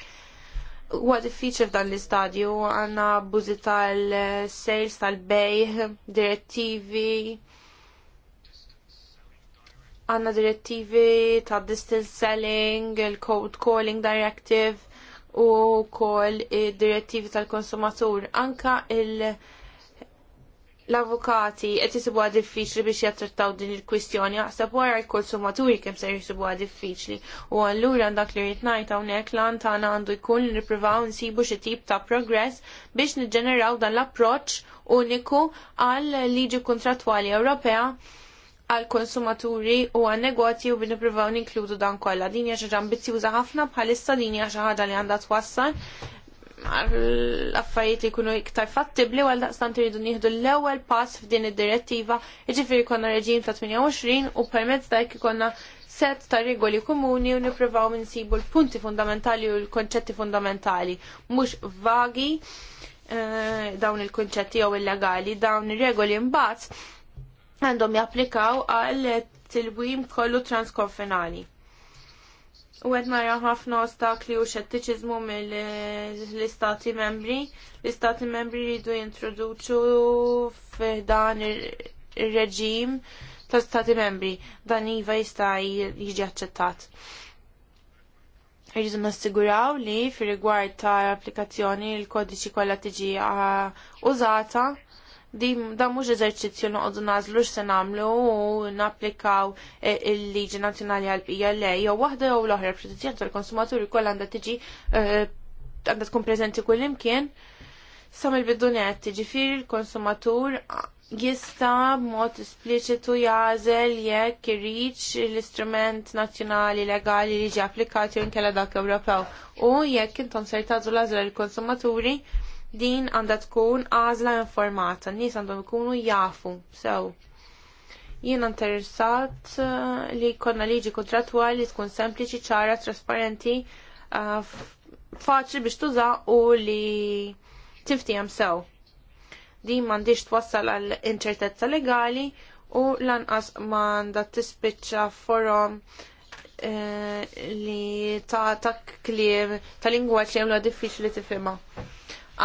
Huwa diffiċli f'dan l-istadju għandna abbużi tal-sales tal bej direttivi, għandna direttivi ta' distance selling, il-code calling directive u wkoll id direttivi tal-konsumatur. Anka il- l-avukati qed għad diffiċli biex jattrattaw din il-kwistjoni għasab wara l-konsumaturi kemm se għad diffiċli u allura dak li rrid ngħid hawnhekk lan tagħna għandu jkun li nippruvaw nsibu xi tip ta' progress biex niġġeneraw dan l-approċċ uniku għal liġi kontrattwali Ewropea għal konsumaturi u għal negozji u b'nipruvaw ninkludu dan kollha. Din hija xi ġa ambizzjuża ħafna bħalissa din hija xi ħaġa li għandha twassal l-affarijiet li jkunu iktar fattibli għal daqstant iridu nieħdu l-ewwel pass f'din id-direttiva, jiġifieri konna reġim ta' 28 u permezz dak jekk ikonna set ta' regoli komuni u nippruvaw minsibu l-punti fundamentali u l-konċetti fundamentali, mhux vagi eh, dawn il-konċetti jew illegali, dawn ir-regoli mbagħad għandhom japplikaw għal tilwim kollu transkonfinali u għed marja ħafna ostakli u xettiċizmu mill-istati membri. L-istati membri rridu jintroduċu f'dan il-reġim ta' stati membri. Dan iva jista' jiġi aċċettat. Iridu nassiguraw li fir rigward ta' applikazzjoni l-kodiċi kollha tiġi ah, użata da mhux eżerċizzju noqogħdu nażlu x'se nagħmlu u napplikaw e, il-liġi nazzjonali għal PLA jew waħda jew l-oħra protezzjoni tal-konsumaturi kollha għandha tiġi e, għandha tkun preżenti kull imkien. Sam il-bidu net, ġifir il-konsumatur jista b'mod spliċitu jażel jekk irriċ l-istrument nazzjonali legali li ġi applikati u nkella dak Ewropew. U jekk intom se tagħżu l-għażel il-konsumaturi, din għandha tkun għażla informata, n-nies għandhom ikunu jafu, sew. Jiena interessat eh, li jkollna liġi kontratwali li tkun sempliċi, ċara, trasparenti, eh, faċli biex tuża u li tiftijem sew. Din m'għandix twassal għal inċertezza legali u lanqas m'għandha tispiċċa forom eh, li ta' ta' kliem ta' lingwaċ li għamlu diffiċli tifhimha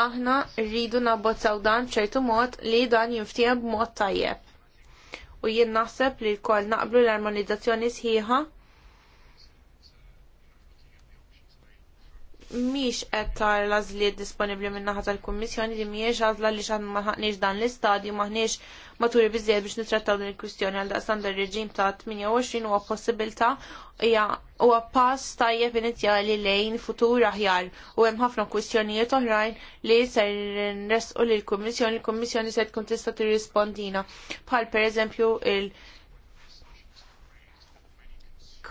aħna rridu nabbozzaw dan ċertu mod li dan jinftieħ b'mod tajjeb. U jien naħseb li l-kol naqblu l-armonizzazzjoni sħiħa miex qed tar l-għażliet disponibbli min naħa tal-Kummissjoni li mhijiex għażla li xaħna ma ħaqniex dan l-istadju ħniex maturi biżjed biex nittrattaw din il-kwistjoni għal daqstan ir-reġim ta' 28 huwa possibilità hija huwa pass tajjeb inizjali lejn futur aħjar u hemm ħafna kwistjonijiet oħrajn li ser nresqu lil kummissjoni il-Kummissjoni se tkun tista' tirrispondina bħal pereżempju il-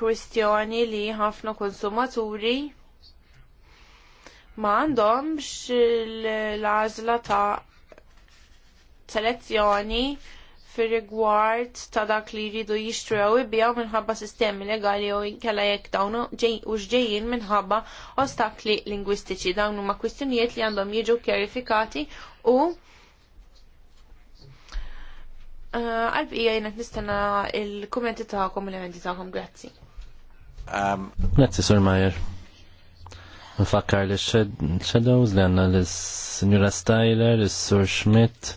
kwistjoni li ħafna konsumaturi ma għandhomx l-għażla ta' selezzjoni fir rigward ta' dak li jridu jixtrew ibijaw minħabba sistemi legali u kella jekk dawn u ġejjin minħabba ostakli lingwistiċi. Dawn huma kwistjonijiet li għandhom jiġu kjarifikati u uh, ija jenet nistana il-kommenti ta'kom u l-elementi ta'kom. Grazzi. Um, Grazzi, Sur Sormajer. Nfakkar li shadows li għanna l-Signora Styler, l-Sur Schmidt,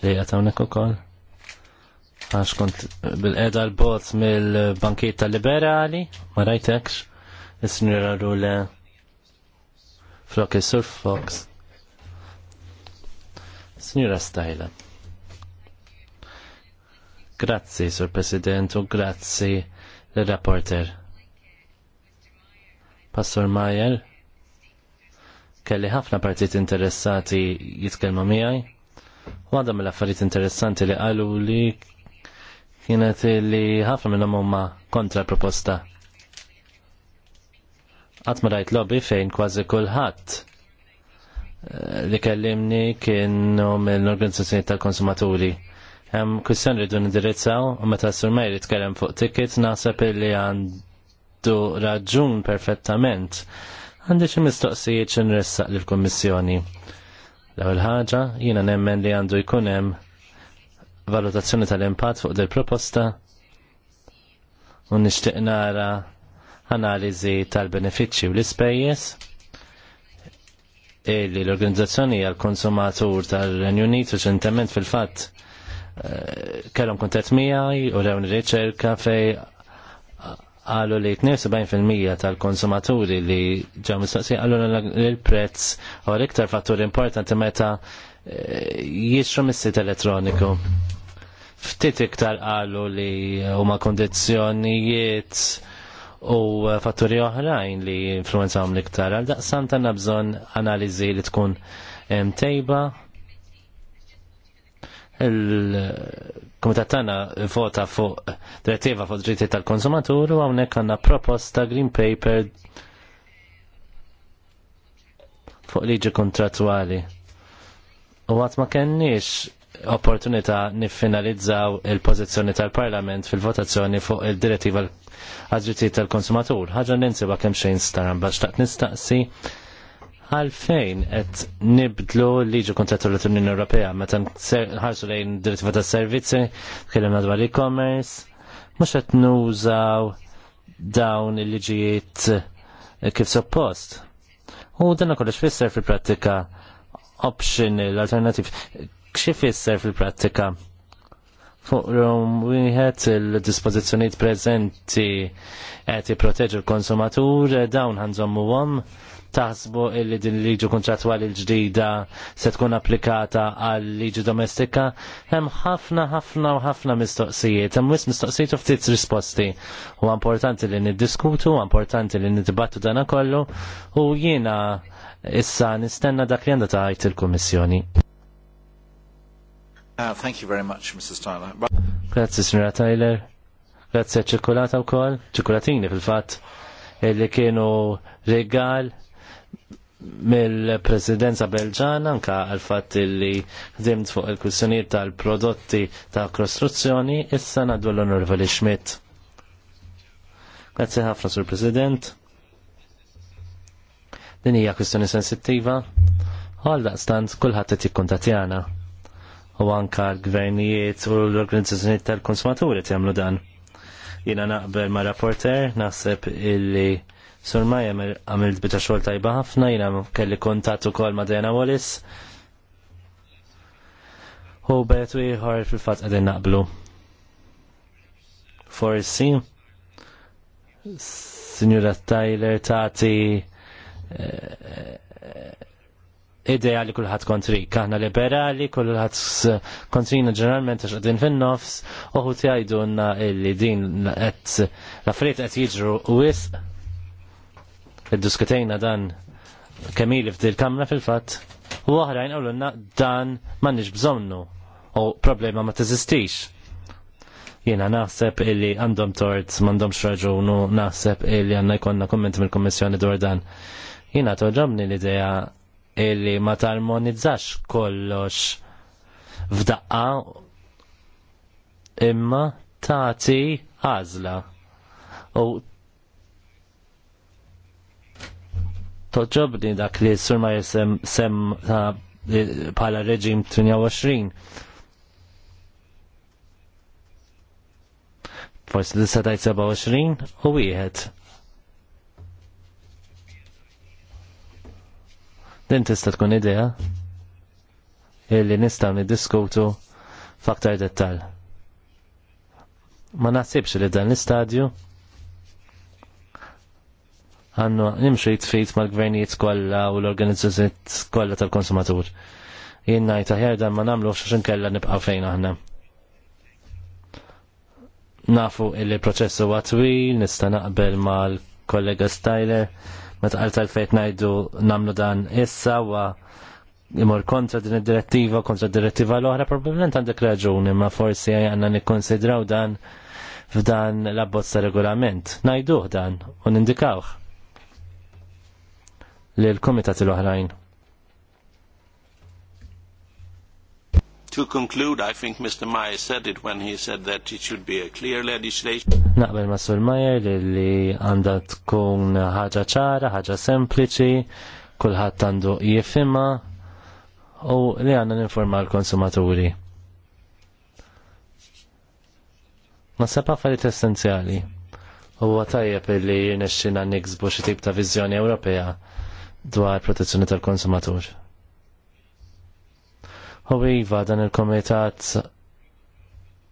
li għatawnek u koll. Għax kont bil-edha l-bot mill-bankita liberali, ma rajtekx, l-Signora Rule, Flok sur Fox. Signora Styler. Grazzi, Sur President, u grazzi l-rapporter Pastor Majer, kelli ħafna partit interessati jitkellmu miegħi. U għadha mill-affarijiet interessanti li qalu li kienet li ħafna minnhom huma kontra proposta. Qatt ma rajt lobby fejn kważi kulħadd eh, li kellimni kienu mill-organizzazzjoni tal-konsumaturi. Hemm kwistjoni rridu nindirizzaw u meta s-surmej tkellem fuq ticket naħseb li għand Tu raġun perfettament. Għandi xi mistoqsijiet xi nressaq lill-Kummissjoni. L-ewwel ħaġa jiena nemmen li għandu jkun hemm valutazzjoni tal-impatt fuq del proposta u nixtieq nara analiżi tal-benefiċċji u l-ispejjeż li l-organizzazzjoni għal-konsumatur tal-Renju Unit reċentement fil-fatt eh, kellhom kuntet miegħi u rew riċerka fej għallu li 72% tal-konsumaturi li ġaw mistoqsi għallu li l-prezz u l-iktar fattur importanti meta eh, jisru mis-sit elettroniku. Ftit iktar għallu li huma kondizjonijiet u fatturi oħrajn li influenzawm l-iktar. Għal daqsan tanna bżonn analiżi li tkun eh, tejba il-komitat tagħna vota fuq direttiva fuq dritti tal-konsumatur u hawnhekk għandna proposta green paper fuq liġi kontrattwali. U għat ma kenniex opportunità niffinalizzaw il-pożizzjoni tal-Parlament fil-votazzjoni fuq il-direttiva għad-drittijiet tal-konsumatur. Ħaġa ninsiba kemm xejn staramba xtaqt nistaqsi għalfejn qed nibdlu liġi kontrattu l-Unjoni Ewropea meta nħarsu lejn direttiva tas servizzi, tkellimna l e-commerce, mhux qed nużaw dawn il-liġijiet eh, kif suppost. U dan kollox fisser fil-prattika option l-alternativ. Xi fisser fil-prattika? Fuq rum wieħed il-dispożizzjonijiet prezenti qed jipproteġu l-konsumatur dawn għom taħsbu illi din il-liġu kontratwali l-ġdida se tkun applikata għal liġi domestika, hemm ħafna ħafna u ħafna mistoqsijiet, hemm wis mistoqsijiet u ftit risposti. U importanti li niddiskutu, u importanti li niddibattu dana kollu, u jiena issa nistenna dak li għandha taħajt il-Kummissjoni. Uh, thank you very much, Mrs. Tyler. Grazie, signora Tyler. Grazie ċirkolata u kol, ċirkolatini fil-fat, illi kienu regal mill-presidenza belġana anka għal-fat li dimt fuq il-kwissjoniet tal-prodotti ta' kostruzzjoni issa naddu l-onorvali Schmidt. Grazie ħafna sur president Din hija kwistjoni sensittiva. Għal daqstant kulħadd qed jikkuntatjana. U anka l-gvernijiet u l-organizzazzjonijiet tal-konsumaturi jagħmlu dan. Jiena naqbel ma' rapporter naħseb illi Sur Maja għamilt bita xogħol tajba ħafna, jiena kelli kontatt ukoll ma' Dana Wallis. U bet u ieħor fil-fatt għadin naqblu. Forsi Sinjura Tyler tagħti eh, ideja li kullħat kontri. Kaħna liberali, kullħat kontrina ġeneralment għax għadin fin-nofs, uħu tjajdu na illi din l għet qed jiġru wisq id-diskutejna dan kemili f'dil kamra fil-fatt u l għawlunna dan mannix bżonnu u problema ma teżistix. Jena naħseb illi għandhom tort, mandomx xraġunu, naħseb illi għanna jkonna komment mill-Kommissjoni dwar dan. Jena toġomni l-idea illi ma tarmonizzax kollox f'daqqa imma tati għazla u toġobni dak li s-sur ma jesem sem ah, bħala reġim 28. Forsi li setajt 27 u wieħed. Din tista' tkun idea illi nistgħu niddiskutu f'aktar dettal. Ma naħsibx li dan l-istadju għannu nimxu jitfit mal-gvernijiet kollha u l-organizzazzjoniet kollha tal-konsumatur. Jien ngħid dan ma namlu xaxin kella nibqa' fejn aħna. Nafu illi proċess huwa twil, nista' naqbel mal-kollega Styler, meta qal tal-fejt ngħidu nagħmlu dan issa wa imur kontra din id-direttiva, kontra d-direttiva l-oħra, probabbilment għandek raġuni, ma forsi għanna nikkonsidraw dan f'dan l-abbozz ta' regolament. Najduh dan u nindikawh l kumitati l-oħrajn. To conclude, I think Mr. Meyer said it when he said that it should be a clear legislation. Naqbel ma' Sur Meyer li għandha tkun ħaġa ċara, ħaġa sempliċi, kulħadd għandu jifhimha u li għandna informa l-konsumaturi. Ma sab affarijiet essenzjali. Huwa tajjeb li nexxina niksbu xi tip ta' viżjoni Ewropea dwar protezzjoni tal-konsumatur. U iva dan il-komitat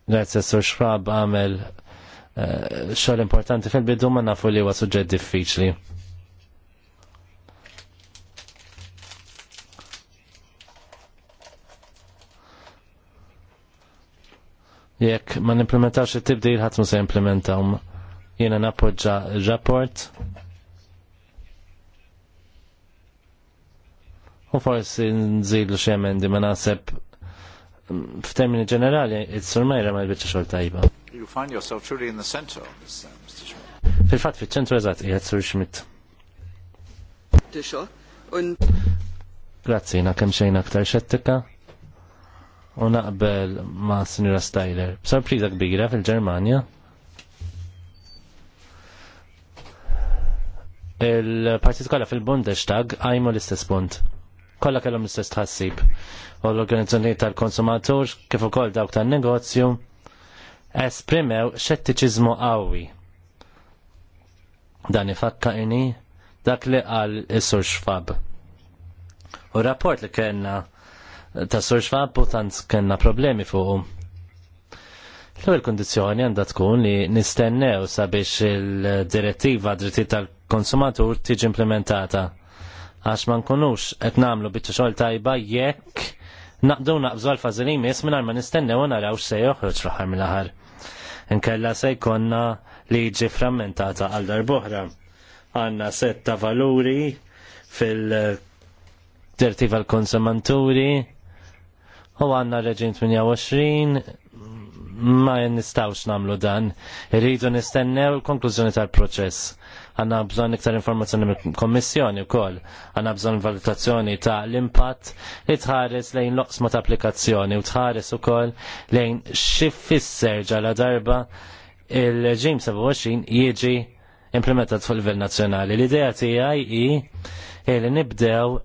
l-assessor Xrab għamel eh, xogħol importanti fil-bidu ma nafu li huwa suġġett diffiċli. Jekk ma nimplementax it-tibdil ħadd se jimplementawm. Um, jiena nappoġġa r-rapport. u forsi nżilu xemendi ma naħseb mm, f'termini ġenerali it-sur Mejra ma jbicċa xogħol tajba. You find yourself truly in the center of this, uh, Mr. Schmidt. Fil-fatt fiċ-ċentru eżatt qiegħed Sur Schmidt. Grazzi, na kemm xejn aktar xettika u naqbel ma' Sinjura Styler. B'sorpriża kbira fil-Ġermanja. Il-partit kollha fil-Bundestag għajmu l-istess punt. Kolla kellhom l-istess tħassib. U l-organizzazzjoni tal-konsumatur kif ukoll dawk tan-negozju esprimew xettiċiżmu qawwi. Dan ifakkaqini dak li qal is-Sur Schwab. U rapport li kellna ta' Sur Schwab u tant kellna problemi fuq L-ewwel kundizzjoni għandha tkun li nistennew sabiex il-direttiva drittijiet tal-konsumatur tiġi implementata għax ma nkunux qed nagħmlu biċċa xogħol tajba jekk naqdu naqbżu għal fażilin mis mingħajr ma nistennew naraw se joħroġ fl mill-aħħar. Inkella se jkollna ġi frammentata għal darbohra. Għanna setta valuri fil-tertiva l konsumanturi u għanna reġin 28 ma nistawx namlu dan. Rridu nistennew il-konklużjoni tal-proċess għanna bżon iktar informazzjoni mill kommissjoni u koll, għanna bżon valutazzjoni ta' l-impatt li tħares lejn loqsma ta' applikazzjoni u tħares u koll lejn xifisser ġala darba il-ġim 27 jieġi implementat fuq livell nazzjonali. L-idea tiegħi hi li nibdew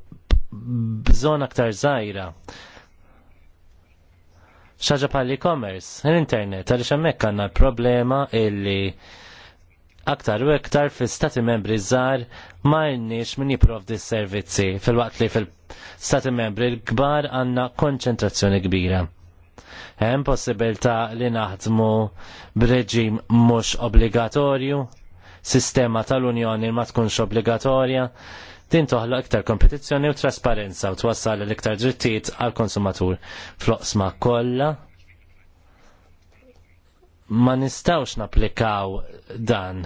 bżon aktar zaħira. Xaġa pal e-commerce, l-internet, għaliex hemmhekk għandna problema illi aktar u aktar fil stati membri żgħar ma jnix min jiprovdi s-servizzi fil-waqt li fil-stati membri l-kbar għandna konċentrazzjoni kbira. Hemm possibilità li naħdmu b'reġim mhux obbligatorju, sistema tal-Unjoni ma tkunx obbligatorja, din toħloq iktar kompetizzjoni u trasparenza u twassal l-iktar drittijiet għal konsumatur floqsma kollha ma nistawx napplikaw dan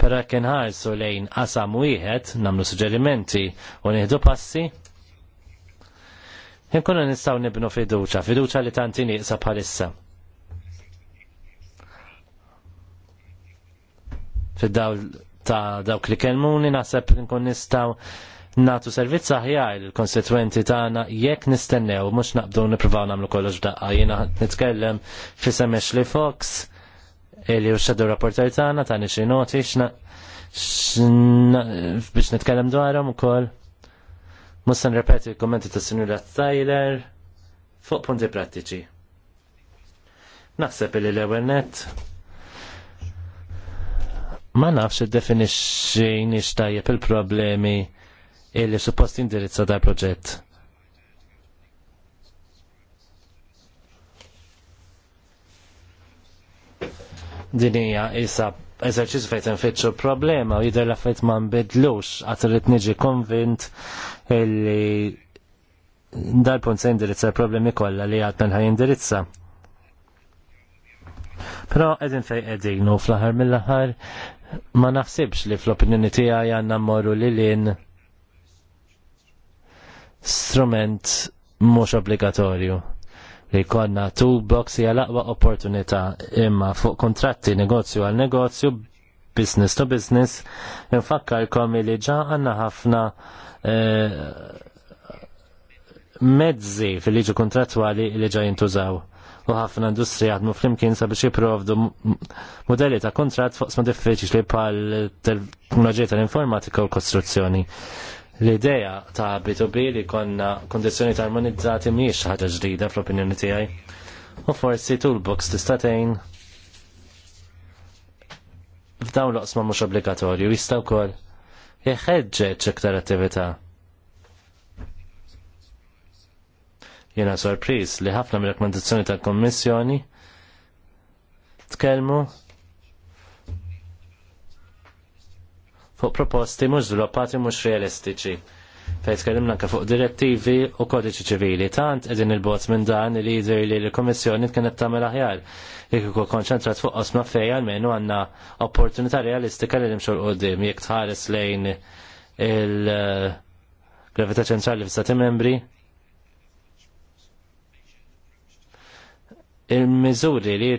Pera kien ħarsu lejn qasam wieħed namlu suġġerimenti u nieħdu passi. Jinkunu nistgħu nibnu fiduċa, fiduċa li tanti nieqsa bħalissa. Fiddaw ta' dawk li kelmuni naħseb nkun nistgħu natu servizz aħjar il-konstituenti tagħna jekk nistennew mhux naqbdu nippruvaw nagħmlu kollox daqqa jiena nitkellem fi semex li Fox Eli u xeddu rapporter tagħna tani xi noti biex nitkellem dwarhom ukoll. Musta nrepeti l-kommenti ta' Sinjura Tyler fuq punti prattiċi. Naħseb li l-ewwel net ma nafx iddefinixxi tajjeb il-problemi illi suppost indirizza dal proġett Din hija isa eżerċiż fejt nfittxu problema u jider la fejt ma nbidlux għad irid niġi konvint illi dal-punt se indirizza l-problemi kollha li għadna nħaj indirizza. Però qegħdin fejn qegħdin u fl-aħħar mill-aħħar ma naħsibx li fl-opinjoni tiegħi għandna mmorru li lin strument mhux obbligatorju li konna toolbox hija l-aqwa opportunità imma fuq kontratti negozju għal negozju business to business infakkarkom li ġa għanna ħafna eh, mezzi fil-liġi kontrattwali li ġa jintużaw u ħafna industri għadmu fl-imkien sabiex jiprovdu modelli ta' kontrat fuq sma diffiċli pal teknoloġija tal-informatika u kostruzzjoni. L-idea ta' B2B li konna kondizjoni ta' armonizzati miex ħaġa ġdida fl-opinjoni tiegħi. U forsi toolbox tista' tgħin f'dawn l-oqsma mhux obbligatorju jista' wkoll jeħeġġeġ iktar attività. Jena sorpriż li ħafna mir rekomendazzjoni tal-Kommissjoni tkellmu fuq proposti mhux żviluppati mhux realistiċi. Fejn tkellimna anke fuq direttivi u kodiċi ċivili. Tant qegħdin il bots minn dan il jidher li l-Kummissjoni kienet tagħmel aħjar. Jekk ikun konċentrat fuq qosma fejn għalmenu għandna opportunità realistika li nimxu l-qudiem jekk tħares lejn il-gravità ċentrali f'stati membri, il-mizuri li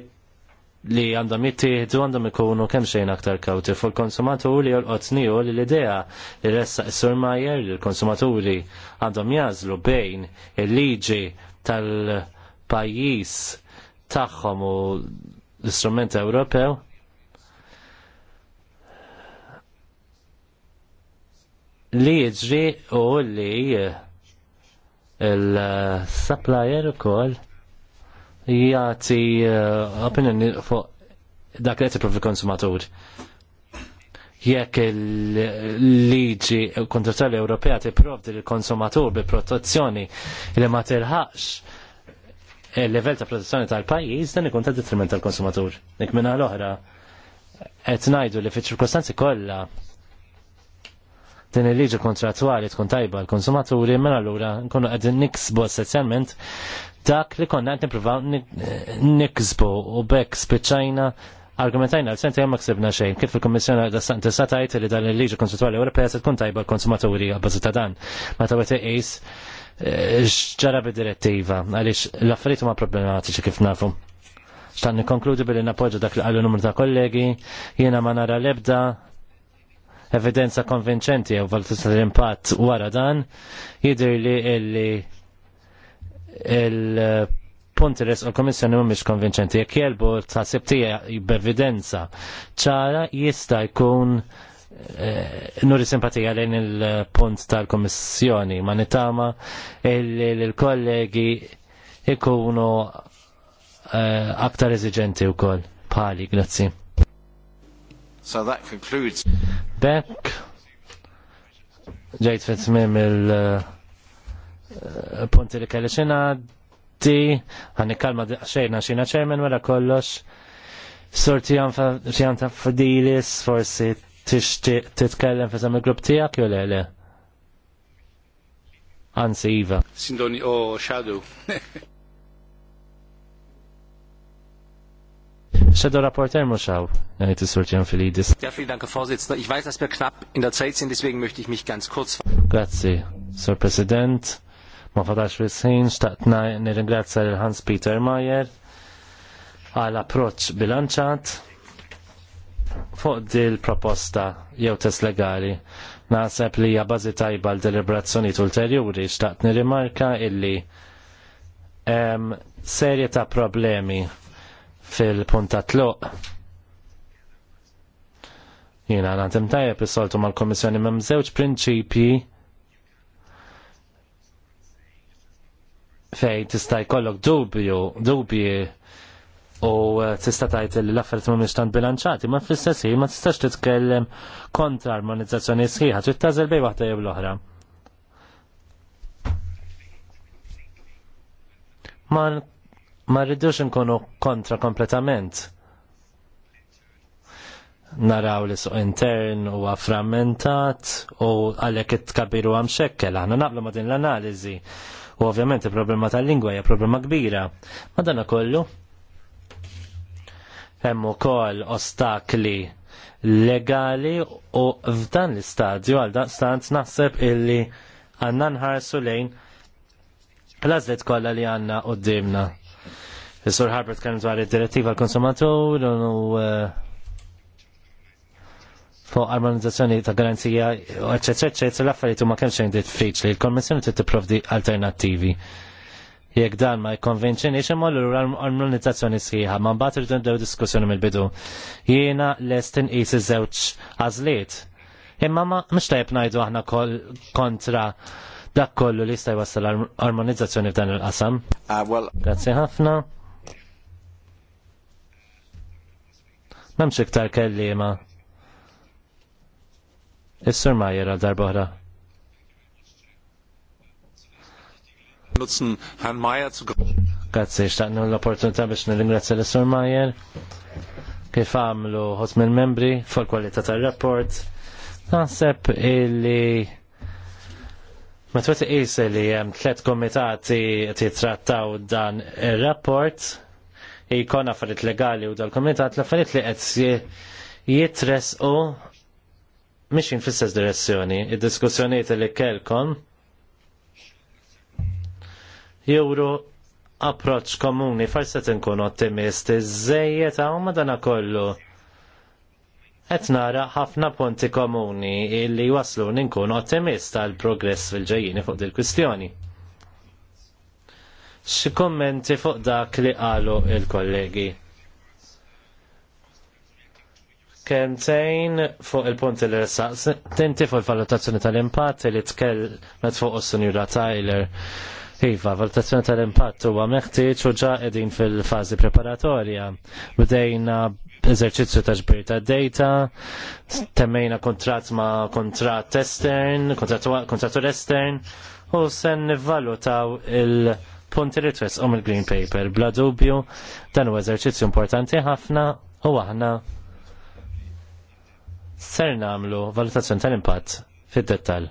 li għandhom jittieħdu għandhom ikunu kemm xejn aktar kawti fuq il-konsumaturi u l-qotniju li l-idea li ressaq Sur Majer li l-konsumaturi għandhom jażlu bejn il-liġi tal-pajjiż tagħhom u l-istrument Ewropew li jiġri u li l-supplier ukoll jgħati eh, opinjoni fuq dak li qed konsumatur jekk il-liġi kontratali Ewropea tipprovdi l-konsumatur bi protezzjoni li ma tilħax il-level ta' protezzjoni tal-pajjiż dan ikun ta' detriment tal-konsumatur. Nek minna l ohra qed ngħidu li fiċ-ċirkostanzi kollha din il-liġi kontratuali tkun tajba l-konsumaturi l mela allura nkunu niks bo essenzjalment dak li konna għantin provaw nikzbu u bekk spiċajna argumentajna l senti ma ksibna xejn. Kif il-Kommissjoni tista' tgħid li dan il-liġi konsultuali Ewropea se tkun tajba l-konsumaturi għabbażi ta' dan. Ma ta' iqis eh, x'ġara bid-direttiva għaliex l-affarijiet huma problematiċi kif nafu. Xtan nikkonkludi billi napoġġa dak li qalu numru ta' kollegi, jiena ma nara lebda evidenza konvinċenti jew valutazzjoni impatt wara dan, jidri li il-punti res u l-Komissjoni mhumiex konvinċenti. Jekk jelbu ta' tiegħi b'evidenza ċara jista' jkun eh, nuri simpatija lejn il-punt tal-Komissjoni ma nitama il-kollegi ikunu eh, aktar eżiġenti wkoll Pali grazzi. So that concludes. Bekk ġejt fit smim il- uh, Eh, punti li kelli di, għan ikkalma xejna xina ċermen wara mela kollox. Sorti għan ta' fadilis, forsi titkellem fesam il-grupp tijak jo le le? Anzi, Iva. Sindoni, o, xadu. Shadow Rapporteur Moschau, ist Sultan Felidis. Ja, vielen Dank, Herr Vorsitzender. Ich weiß, dass wir knapp in der Zeit sind, deswegen möchte ich mich ganz kurz... Grazie, Sir President ma fadax fil-sħin, xtaqtna nirringrazzja l hans Peter Mayer għal approċ bilanċat fuq dil proposta jew test legali. Naħseb li hija bażi tajba l deliberazzjonijiet ulterjuri xtaqt nirrimarka illi serje ta' problemi fil-punta tluq jina għantim tajab soltu mal-Komissjoni mem zewċ prinċipji fejn tista' jkollok dubju, dubji u eh, tista' tajt li l-affarijiet mhumiex tant bilanċati, ma fl-istess ma tistax titkellem kontra armonizzazzjoni sħiħa, t tażel bej waħda jew l-oħra. Ma ma rridux nkunu kontra kompletament. Naraw li suq intern u frammentat u għalhekk it-kabiru għamxekkel, xekkel, aħna naqblu ma din l-analiżi U ovvjament il-problema tal-lingwa hija problema kbira. Ma dan kollu hemm ukoll ostakli legali u f'dan l-istadju għal daqstant naħseb illi għandna nħarsu lejn l-għażliet kollha li għandna qudiemna. Is-Sur Harbert kien dwar id-direttiva l-konsumatur u uh, fuq armonizzazzjoni ta' garanzija, eccetera, eccetera, l-affarijiet huma kemm xejn diffiċli. Il-Konvenzjoni trid tipprovdi alternattivi. Jekk dan ma jkonvinċini imma l armonizzazzjoni sħiħa, ma mbagħad irdu ndew diskussjoni mill-bidu. Jiena lest inqis iż-żewġ għażliet. Imma ma mhux tajb ngħidu aħna kontra dak kollu li jista' jwassal armonizzazzjoni f'dan il-qasam. Ah, Grazzi ħafna. Memx iktar kellima. Is-sur Majer darbohra. Nutzen Herrn Majer zu Grazie, xtaqnu l-opportunità biex nir-ingrazzja l-sur Majer kif għamlu ħot membri fuq kwalità tal-rapport. Naħseb illi ma twet is li hemm tliet komitati titrattaw dan ir-rapport ikon affarijiet legali u dal-komitat l-affarijiet li qed jitresqu mish fl-istess direzzjoni. Id-diskussjoniet li kelkom juru approċ komuni farsa tinkun ottimisti żejjed hawn madana kollu. Qed nara ħafna punti komuni illi waslu ninkun ottimist għal progress fil-ġejjini fuq dil-kwistjoni. Xi kommenti fuq dak li qalu il-kollegi kem tejn fuq il-punti li ressaqs, tinti fuq il-valutazzjoni tal-impatt li tkellmet fuq s-sunjura Tyler. Iva, valutazzjoni tal-impatt huwa meħtieġ u ġa qegħdin fil-fażi preparatorja. Bdejna eżerċizzju ta' ġbir ta' data, temmejna kontrat ma' kontrat estern, kontrattur estern, u sen nivvalutaw il- punti li twesqhom il-Green Paper. Bla dubju, dan huwa eżerċizzju importanti ħafna u aħna ser namlu valutazzjoni tal-impatt fid-dettal.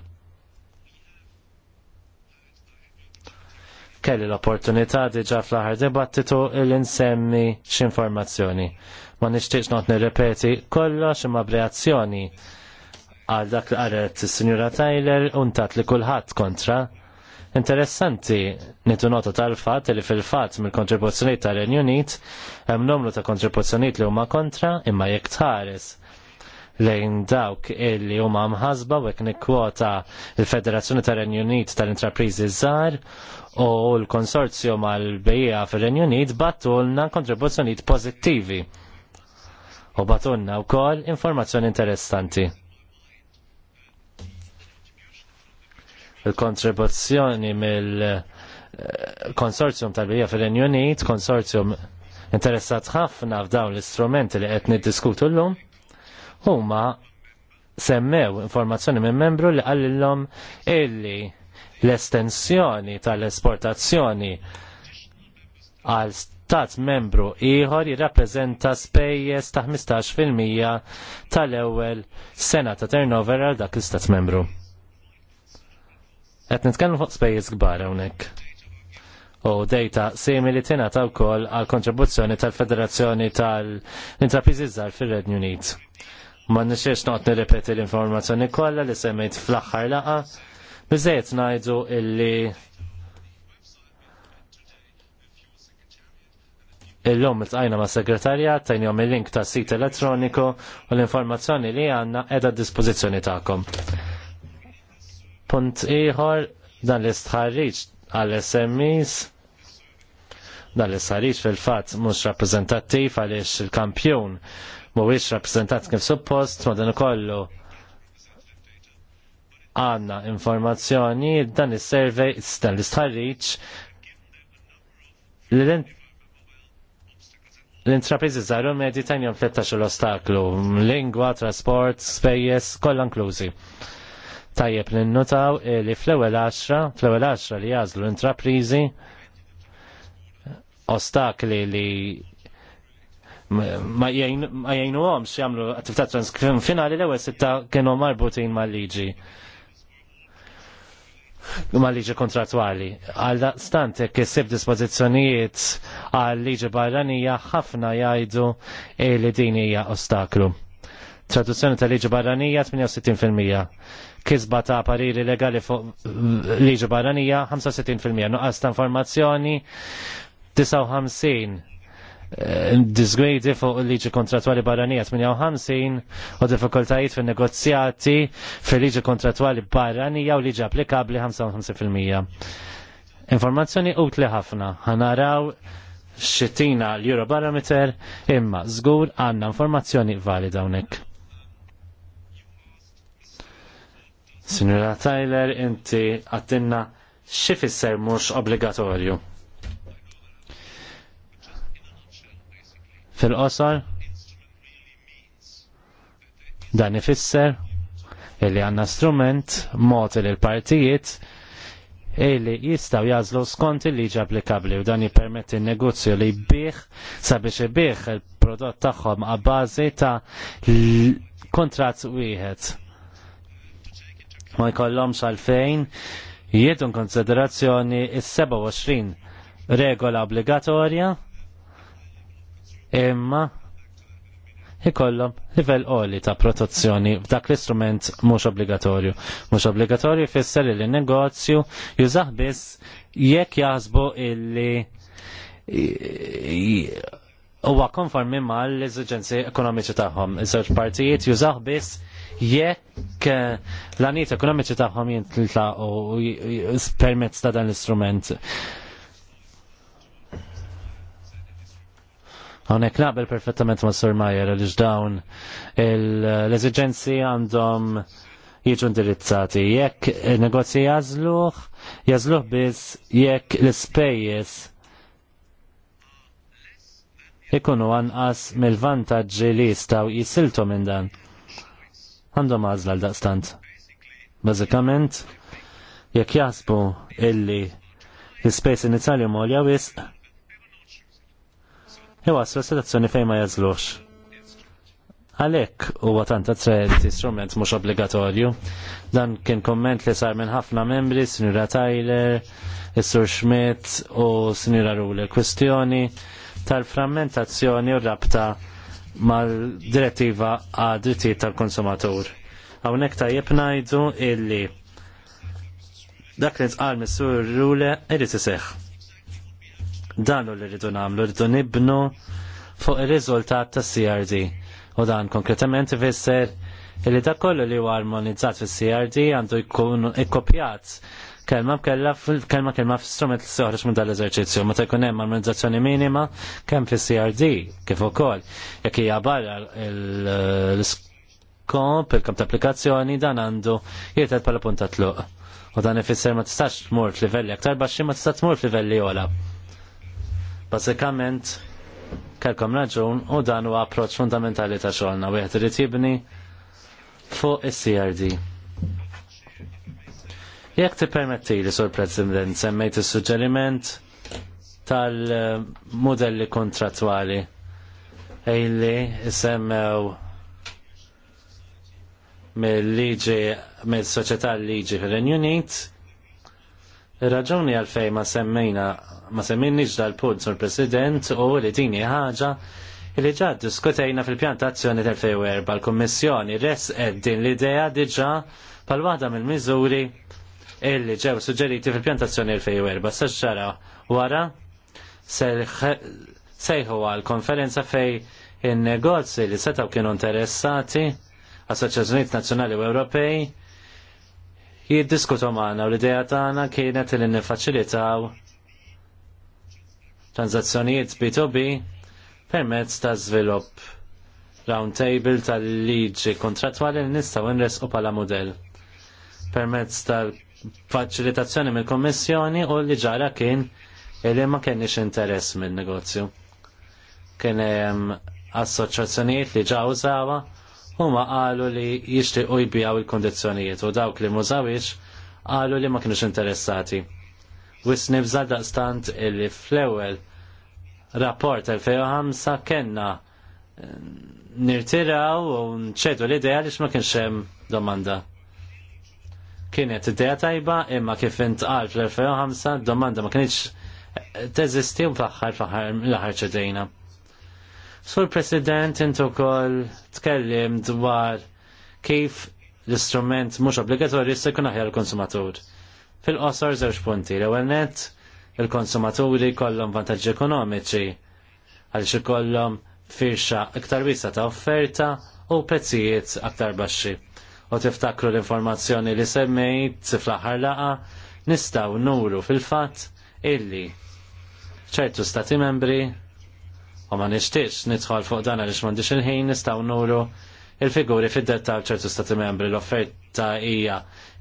Kelli l-opportunità diġa fl-aħħar dibattitu il-insemmi x'informazzjoni. Ma nixtiex not nirrepeti kollox imma b'reazzjoni għal dak li qalet is-Sinjura Tyler untat li kulħadd kontra. Interessanti nitu nota tal-fat li fil-fat mill kontribuzzjonijiet tal-Renju Unit hemm numru ta' kontribuzzjoni li huma kontra imma jekk tħares lejn dawk illi huma mħasba u jekk nikkwota il-Federazzjoni tar-Renju Unit tal-Intrapriżi żgħar u l-konsorzju mal bija fir-Renju Unit battulna kontribuzzjonijiet pożittivi u batunna wkoll informazzjoni interessanti. il-kontribuzzjoni mill-konsorzjum eh, tal-bija fil-Unit, konsorzjum interessat ħafna f'dawn l-istrumenti li qed niddiskutu llum huma semmew informazzjoni minn membru li għallilhom illi l-estensjoni tal-esportazzjoni għal stat membru ieħor jirrappreżenta spejjeż ta' 15% tal-ewwel sena ta' turnover għal dak l-istat membru. Qed nitkellmu fuq spejjeż kbar hawnhekk. U dejta simili tingħata wkoll għall kontribuzzjoni tal-Federazzjoni tal intrapiżi Żgħar fir-Renju Unit. Ma nisċiex naqt nirrepeti l-informazzjoni kollha li semmejt fl-aħħar laqa. Bizzejt ngħidu illi Illum il-tajna ma' segretarjat tajnjom il-link ta' sit elettroniku u l-informazzjoni li għanna edha dispozizjoni ta'kom. Punt iħor dan l-istħarriċ għal-SMEs dan l-istħarriċ fil-fat mux rappresentativ għalix il-kampjon mhuwiex rappresentat kif suppost, ma dan kollu għanna informazzjoni dan is-survey dan l-istħarriċ l-intrapriżi żaru medji tajnjom flettax l-ostaklu, lingwa, trasport, spejjeż, kollha inklużi. Tajjeb l-innutaw li fl-ewwel 10, fl-ewwel 10 li jażlu l-intrapriżi ostakli li ma għom xiamlu għattivta transkrim finali l-ewwel sitta kienu marbutin mal-liġi mal-liġi kontratwali. Għal stant jekk issib dispożizzjonijiet għal liġi barranija ħafna jgħidu li din hija ostaklu. Traduzzjoni ta' liġi barranija 68%. Kisba ta' pariri legali fuq liġi barranija 65%. Nuqqas ta' informazzjoni 59 Eh, disgredi fuq il-liġi kontratwali barranija 58 u diffikultajiet fin negozjati fil-liġi kontratwali barranija u liġi applikabli 55%. Informazzjoni utli ħafna. Ħanaraw xittina l-Eurobarometer imma żgur għandna informazzjoni valida hawnhekk. Signora Tyler, inti għattinna xifisser mhux obbligatorju. fil-qosor dan ifisser illi għanna strument mod li l-partijiet illi jistaw jazlu skont il-liġi applikabli u dan jippermetti il-negozju li jbieħ sabiex jbieħ il-prodott tagħhom għabbażi ta' kontrat wieħed. Ma jkollom xalfejn jiedu konsiderazzjoni il 27 regola obbligatorja imma ikollhom livell qoli ta' protezzjoni f'dak l-istrument mhux obbligatorju. Mhux obbligatorju jfisser li n-negozju jużah biss jekk jaħsbu illi huwa konformi mal-eżiġenzi ekonomiċi tagħhom. Iż-żewġ partijiet jużah biss jekk l-għaniet ekonomiċi tagħhom jintlaqgħu permezz ta' dan l-istrument. Għonek naqbel perfettament ma' Sir Majer li dawn eh, l-eżigenzi għandhom jiġu indirizzati. Jekk negozji jazluħ, jazluħ biss jekk l-spejjes ikunu għanqas mill-vantagġi li jistaw jisiltu minn dan. Għandhom għazla l-daqstant. Bazzikament, jekk jasbu illi l spejjes inizjali molja wisq, s selezzjoni fejn ma jażlux. Għalhekk huwa tant attraenti instrument mhux obbligatorju. Dan kien komment li sar minn ħafna membri, Sinjura Tyler, Is-Sur Schmidt u Sinjura Rule. Kwestjoni tal-frammentazzjoni u rabta mal-direttiva għad drittijiet tal-konsumatur. Hawnhekk tajjeb ngħidu illi dak li tqal mis-sur Rule irid iseħħ Dan li rridu nagħmlu, rridu nibnu fuq ir-riżultat tas CRD. U dan konkretament ifisser illi dak kollu li huwa armonizzat fis CRD għandu jkun ikkopjat kelma b'kella kelma kelma f'istrument li soħroġ minn dal-eżerċizzju, meta jkun hemm armonizzazzjoni minima kemm fis-CRD kif ukoll. Jekk hija barra l iskomp il-kamp ta' applikazzjoni dan għandu jirtet bħala punta tluq. U dan ifisser ma tistax tmur f'livelli aktar baxxi ma tistax tmur f'livelli ola. Bażikament kelkom raġun u dan huwa approċċ fundamentali ta' xogħolna wieħed irid jibni fuq is-CRD. Jekk tippermetti li sur President semmejt is-suġġeriment tal-modelli kontrattwali illi semmew mill-liġi mill-soċjetà l-liġi fil renju Unit Raġuni għalfej ma semmejna, ma semminniġ dal-punt, sur President, u li dini ħaġa li ġa diskutejna fil-pjantazzjoni tal fejwer l-Kommissjoni res din l-idea diġa pal-wada mill-miżuri illi ġew suġġeriti fil-pjantazzjoni tal-fejwer sa saċċara wara sejħu għal konferenza fej in-negozji li setaw kienu interessati Assoċjazzjonijiet Nazzjonali u Ewropej jiddiskutu maħna u l-ideja tagħna kienet li nifacilitaw tranzazzjonijiet B2B permezz ta' żvilupp roundtable tal-liġi kontratwali li nistaw nresqu pala model permezz tal-facilitazzjoni mill kommissjoni u li ġara kien li ma kienix interess mill negozju Kien hemm assoċjazzjonijiet li ġaw użawa huma qalu li jixtiequ għaw il-kondizzjonijiet u dawk li mużawiex qalu li ma kienux interessati. Wis nibża daqstant illi fl-ewwel rapport 2005 kena eh, nirtiraw u nċedu l-idea li ma kienx hemm domanda. Kienet idea tajba imma kif intqal fl-2005 domanda ma kienx eh, teżisti u fl-aħħar fl-aħħar l-aħħar ċedejna. Sur President, intu kol tkellim dwar kif l-istrument mux obbligatorju se jkun aħjar l-konsumatur. Fil-qosor żewġ punti, l-ewwel nett, il-konsumaturi kollhom vantaġġi ekonomiċi għaliex ikollhom firxa iktar wiesa ta' offerta u prezzijiet aktar baxxi. U tiftakru l-informazzjoni li semmejt fl-aħħar laqa nistgħu nuru fil-fatt illi ċertu stati membri U ma nixtiex nidħol fuq dan għaliex m'għandix il-ħin nistgħu nuru il-figuri fid-dettal ċertu stati membri l-offerta hija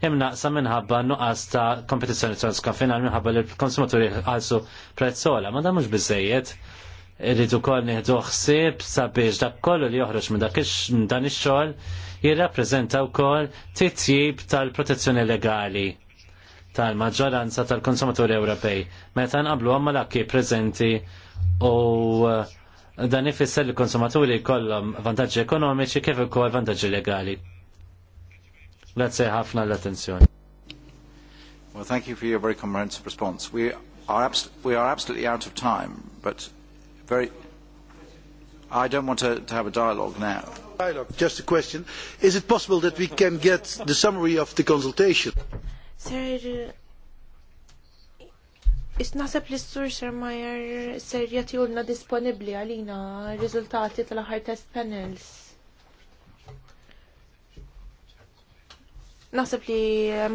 imnaqsa minħabba nuqqas ta' kompetizzjoni transkafinal minħabba li l-konsumaturi ħalsu prezzola. ma dan mhux biżejjed irridu kol nieħdu ħsieb sabiex dak kollu li joħroġ minn dan ix-xogħol jirrappreżenta wkoll titjib tal-protezzjoni legali tal-maġġoranza tal-konsumaturi Ewropej meta nqablu għamma l-akki preżenti u dan ifisser li konsumaturi kollhom vantaġġi ekonomiċi kif ukoll vantaġġi legali. Grazie ħafna l-attenzjoni. Well, thank you for your very comprehensive response. We are, abs we are absolutely out of time, but very... I don't want to, to have a dialogue now. Dialogue, just a question. Is it possible that we can get the summary of the consultation? Sir, Isnaħseb li s-sur Sermajer ser jatijulna disponibli għalina rizultati tal-ħar test panels. Naħseb li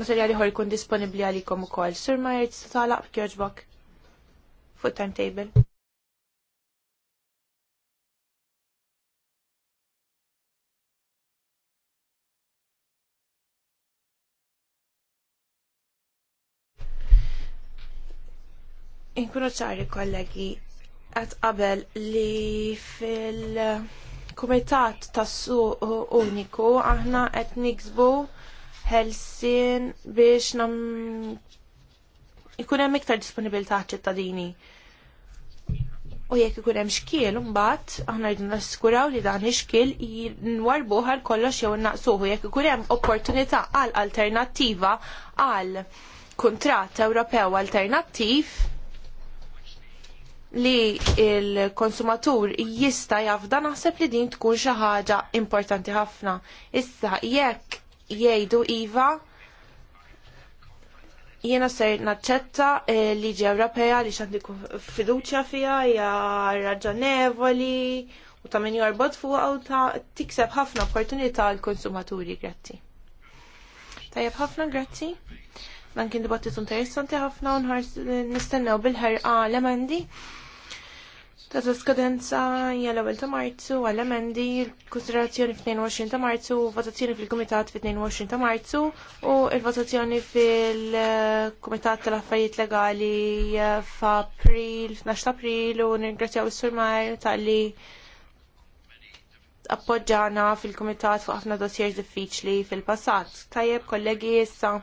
materjali ħor jkun disponibli għalikom u koll. Sermajer tista' talaq kjoġbok fuq timetable. inkunu ċari kollegi għat qabel li fil-Kumitat tassu uniku aħna qed niksbu ħelsin biex nam ikun hemm iktar disponibilità ċittadini. U jekk ikun hemm xkiel mbagħad, aħna rridu nassikuraw li dan ix-xkiel nwarbuh għal kollox jew innaqsuhu jekk ikun hemm opportunità għal alternattiva għal kuntratt Ewropew alternattiv li il-konsumatur jista jafda naħseb li din tkun xi ħaġa importanti ħafna. Issa jekk jgħidu iva jiena ser naċċetta eh, liġi Ewropea li x'għandi fiduċja fija hija raġonevoli u ta' min jorbot fuq u ta' tikseb ħafna opportunità għall konsumaturi grazzi. Tajjeb ħafna grazzi dan kien dibattitu interessanti ħafna u nistennew bil-ħerqa l-emendi Ta' skadenza hija l-ewwel ta' Marzu għal emendi l-konsiderazzjoni f'22 ta' Marzu, votazzjoni fil-Kumitat fit-22 ta' Marzu u l-votazzjoni fil-Kumitat tal-Affarijiet Legali f'April, 12 ta' April u nirgrazzjaw is-Sur Mar tal-li appoġġana fil-Kumitat fuq ħafna dossiers diffiċli fil-passat. Tajjeb kollegi issa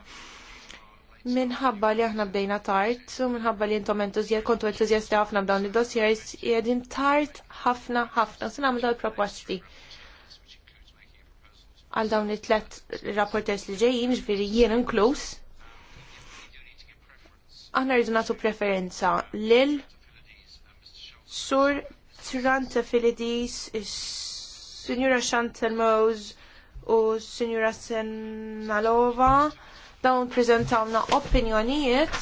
Minħabba li aħna bdejna tard, u minħabba li intom entuzjast, kontu entuzjasti ħafna b'dawn id-dossiers, jedin tard ħafna ħafna, u għamil l-proposti. Għal dawn it-tlet rapporters li ġejjin, ġviri jien inkluż. Aħna rridu nagħtu preferenza lil Sur Trantafilidis, Signora Chantel u Signora Senalova dawn prezentawna opinjonijiet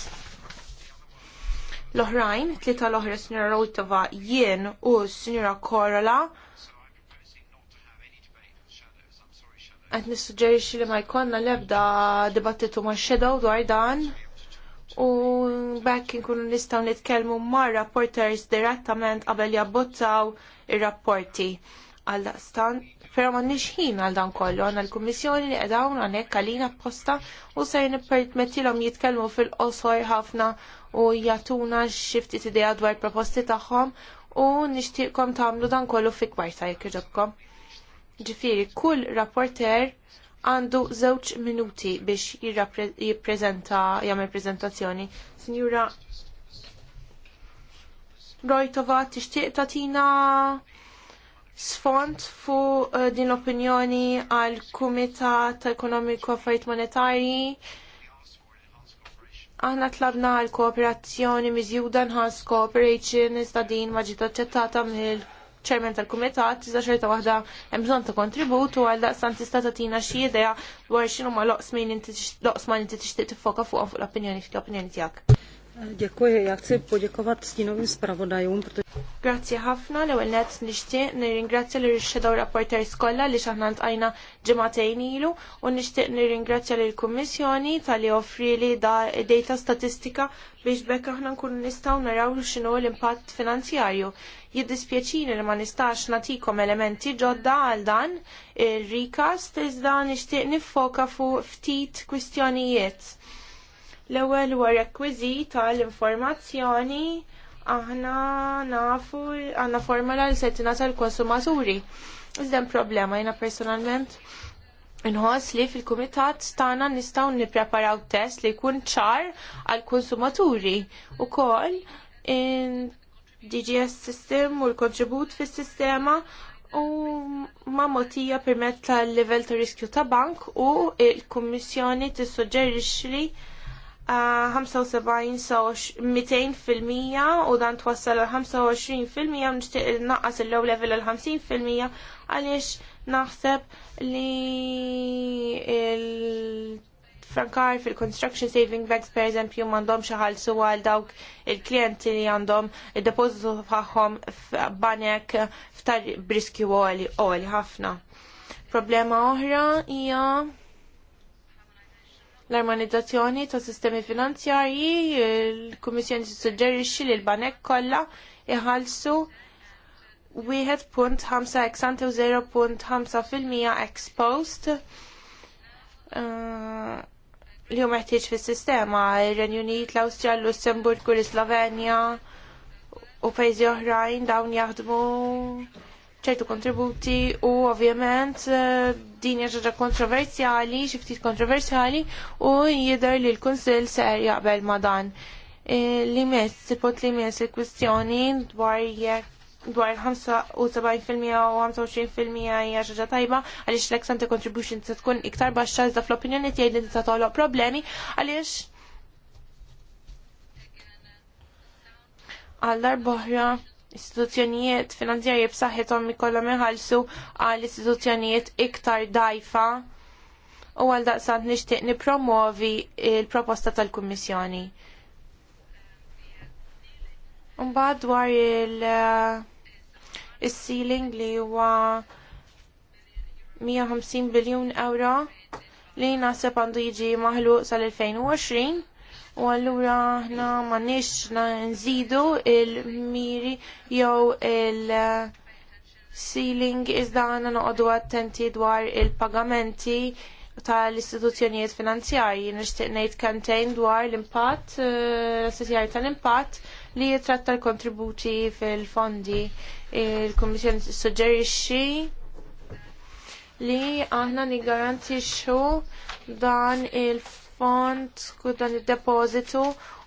l-oħrajn, tlita l-oħra s nira Rotova jien u s nira Korola. Għet nissuġġerixi li ma jkonna lebda dibattitu ma' Shadow dwar dan u bekk nkunu nistaw nitkellmu ma' rapporters direttament qabel jabbozzaw ir-rapporti għal stan Pero ma nixħin għal dan kollu għanna l-Kummissjoni li għedawn għanek għalina posta u ser nippermettilhom jitkellmu fil-qosor ħafna u jatuna t idea dwar proposti tagħhom u nixtieqkom tagħmlu dan kollu fi kwarta jekk iġobkom. Ġifieri, kull rapporter għandu żewġ minuti biex jippreżenta jagħmel prezentazzjoni. Signora Rojtova, tixtieq tatina sfond fu eh, din l-opinjoni għal Kumitat Ekonomiku Affarijiet Monetarji. Aħna tlabna għal kooperazzjoni miżjuda nħas cooperation iżda din ma ġiet aċċettata mill ċermen tal-kumitat, iżda xorta waħda hemm bżonn ta' kontribut u għal daqsan tista' tagħtina xi idea dwar x'inhuma ma loqsmin loqsma li inti tixtieq tiffoka fuqhom fuq l-opinjoni opinjoni tiegħek. Dziękuję, ja chcę podziękować stinovim spravodajum. Grazie ħafna l ewwel nett nixtieq nirringrazzja lil xedaw rapporter skolla li xaħna ntajna ġimagħtejn ilu u nixtieq nirringrazzja lill kummissjoni tal-li offri li da data statistika biex bekk aħna nkunu nistgħu naraw x'inhu l-impatt finanzjarju. Jiddispjaċini li ma nistax natikom elementi ġodda għal dan ir-recast iżda nixtieq nifoka fuq ftit kwistjonijiet L-ewwel huwa rekwiżit tal-informazzjoni aħna nafu għandna formula li se tingħata konsumaturi Iżda problema jiena personalment inħoss li fil-kumitat tagħna nistgħu nippreparaw test li jkun ċar għall-konsumaturi ukoll DGS system u l-kontribut fis-sistema u ma motija permezz tal-level ta' riskju ta' bank u l kummissjoni tissuġġerixxi 75 fil-mija u dan twassal għal 25 fil-mija il naqqas il-low level għal 50 fil-mija għaliex naħseb li il-frankar fil-construction saving banks per eżempju mandom su għal dawk il-klienti li għandhom id-depozitu f f'banek f'tar u għali ħafna. Problema oħra hija l-armonizzazzjoni ta' sistemi finanzjarji, il-Kummissjoni suġġerixxi li l-banek kollha iħallsu 1.5 ex ante u ex post eh, li hu meħtieġ fis-sistema, ir-Renju Unit, l-Awstrija, l u l-Slovenja u pajjiżi oħrajn dawn jaħdmu ċertu kontributi u ovvjament eh, din hija ġaġa kontroversjali, xi ftit kontroversjali u jidher li l-Kunsill ser jaqbel ma dan. Eh, li mess, pot li mess il-kwistjoni dwar jekk dwar 75% u 25% hija ġaġa tajba għaliex l-ex contribution se tkun iktar baxxa iżda fl-opinjoni tiegħi li tista' toħloq problemi għaliex għall-darbohra istituzzjonijiet finanzjarji b'saħħithom ikollhom iħallsu għal istituzzjonijiet iktar dajfa u għal daqsant nixtieq nipromovi il-proposta tal-Kummissjoni. Mbagħad dwar il- uh, ceiling li huwa 150 biljun euro li naħseb għandu jiġi maħluq sal-2020 u allura aħna m'għandniex nżidu il-miri jew il- ceiling iżda għandna noqogħdu attenti dwar il-pagamenti tal-istituzzjonijiet finanzjarji nixtieq ngħid kantejn dwar l-impatt, eh, l-assessjar tal-impatt li jitratta l-kontributi fil-fondi. il komissjon suġġerixxi li aħna niggarantixxu dan il- fondi Font ku dan id-depożitu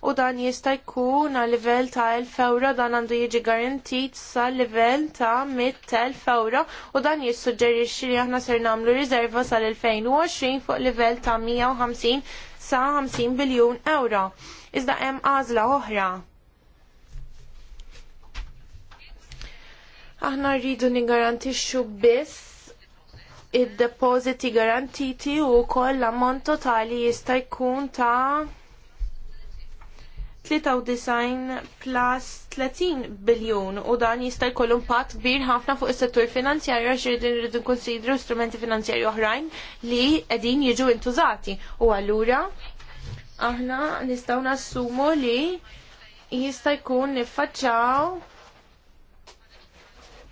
u dan jista' jkun għal livell ta' 1000 euro dan għandu jiġi garantit sa livell ta' 100,000 euro u dan jissuġġerixxi li aħna ser nagħmlu riserva sal-2020 fuq livell ta' 150 sa 50 biljun euro. Iżda hemm għażla oħra. aħna rridu nigarantixxu biss id-depositi garantiti u koll l-ammont totali jista' jkun ta' 93 plus 30 biljun u dan jista' jkollu impatt kbir ħafna fuq is-settur finanzjarju għax irridu nridu nkunsidru strumenti finanzjarji oħrajn li qegħdin jiġu intużati. U allura aħna nistgħu nassumu li jista' jkun niffaċċaw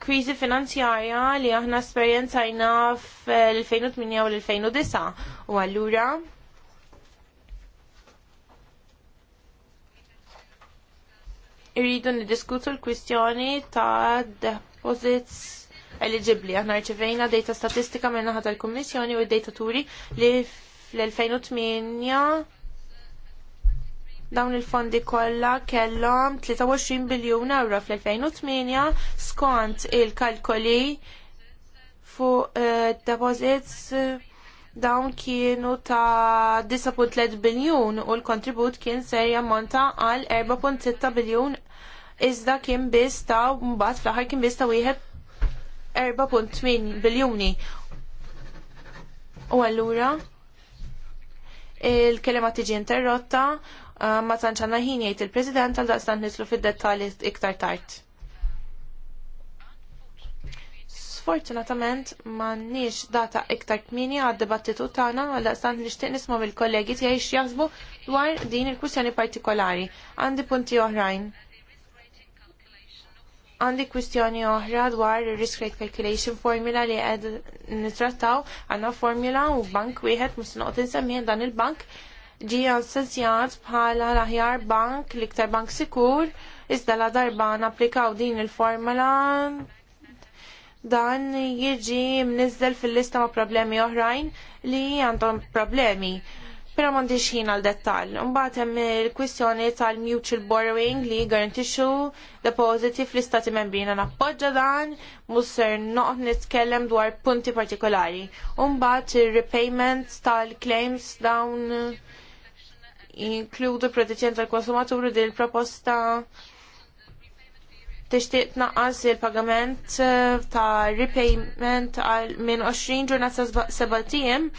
kriżi finanzjarja li aħna esperjenzajna fl-2008 u l-2009 u allura irridu niddiskutu l-kwistjoni ta' deposits eligibli. Aħna rċivejna data statistika minn naħa tal-Kummissjoni u d-data turi li fl-2008 dawn il-fondi kollha kellhom 23 biljun euro fl-2008 skont il-kalkoli fuq uh, deposits eh, dawn kienu ta' 9.3 biljun u l-kontribut kien ser jammonta għal 4.6 biljun iżda kien biss ta' mbagħad fl-aħħar kien biss ta' wieħed 4.8 biljuni. U allura il-kelema tiġi interrotta Ah, ma tanċana ħin jgħid il-President għal daqstan nislu fid-dettali iktar tard. Sfortunatament m'għandniex data iktar kmini għad dibattitu tagħna għal daqstant nixtieq nisma' mill-kollegi tiegħi jazbu dwar din il-kwistjoni partikolari. Għandi punti oħrajn. Għandi kwistjoni oħra dwar risk rate calculation formula li qed nitrattaw għandna formula u bank wieħed mhux noqgħod insemmi dan il-bank ġi assenzjat bħala l-aħjar bank, l-iktar bank sikur, iżda la darba napplikaw din il-formula dan jiġi mnizzel fil-lista ma' problemi oħrajn li għandhom problemi. Pero mandi xħin għal dettal. Mbagħad hemm il-kwistjoni tal-mutual borrowing li garantixxu depositi fl-istati membri na nappoġġa dan, musser noqgħod nitkellem dwar punti partikolari. Mbagħad ir-repayment tal-claims dawn jinkludu protezzjoni tal-konsumaturi din il-proposta tixtieq tnaqqas il-pagament eh, ta' repayment minn 20 ġurnata sa' tiem.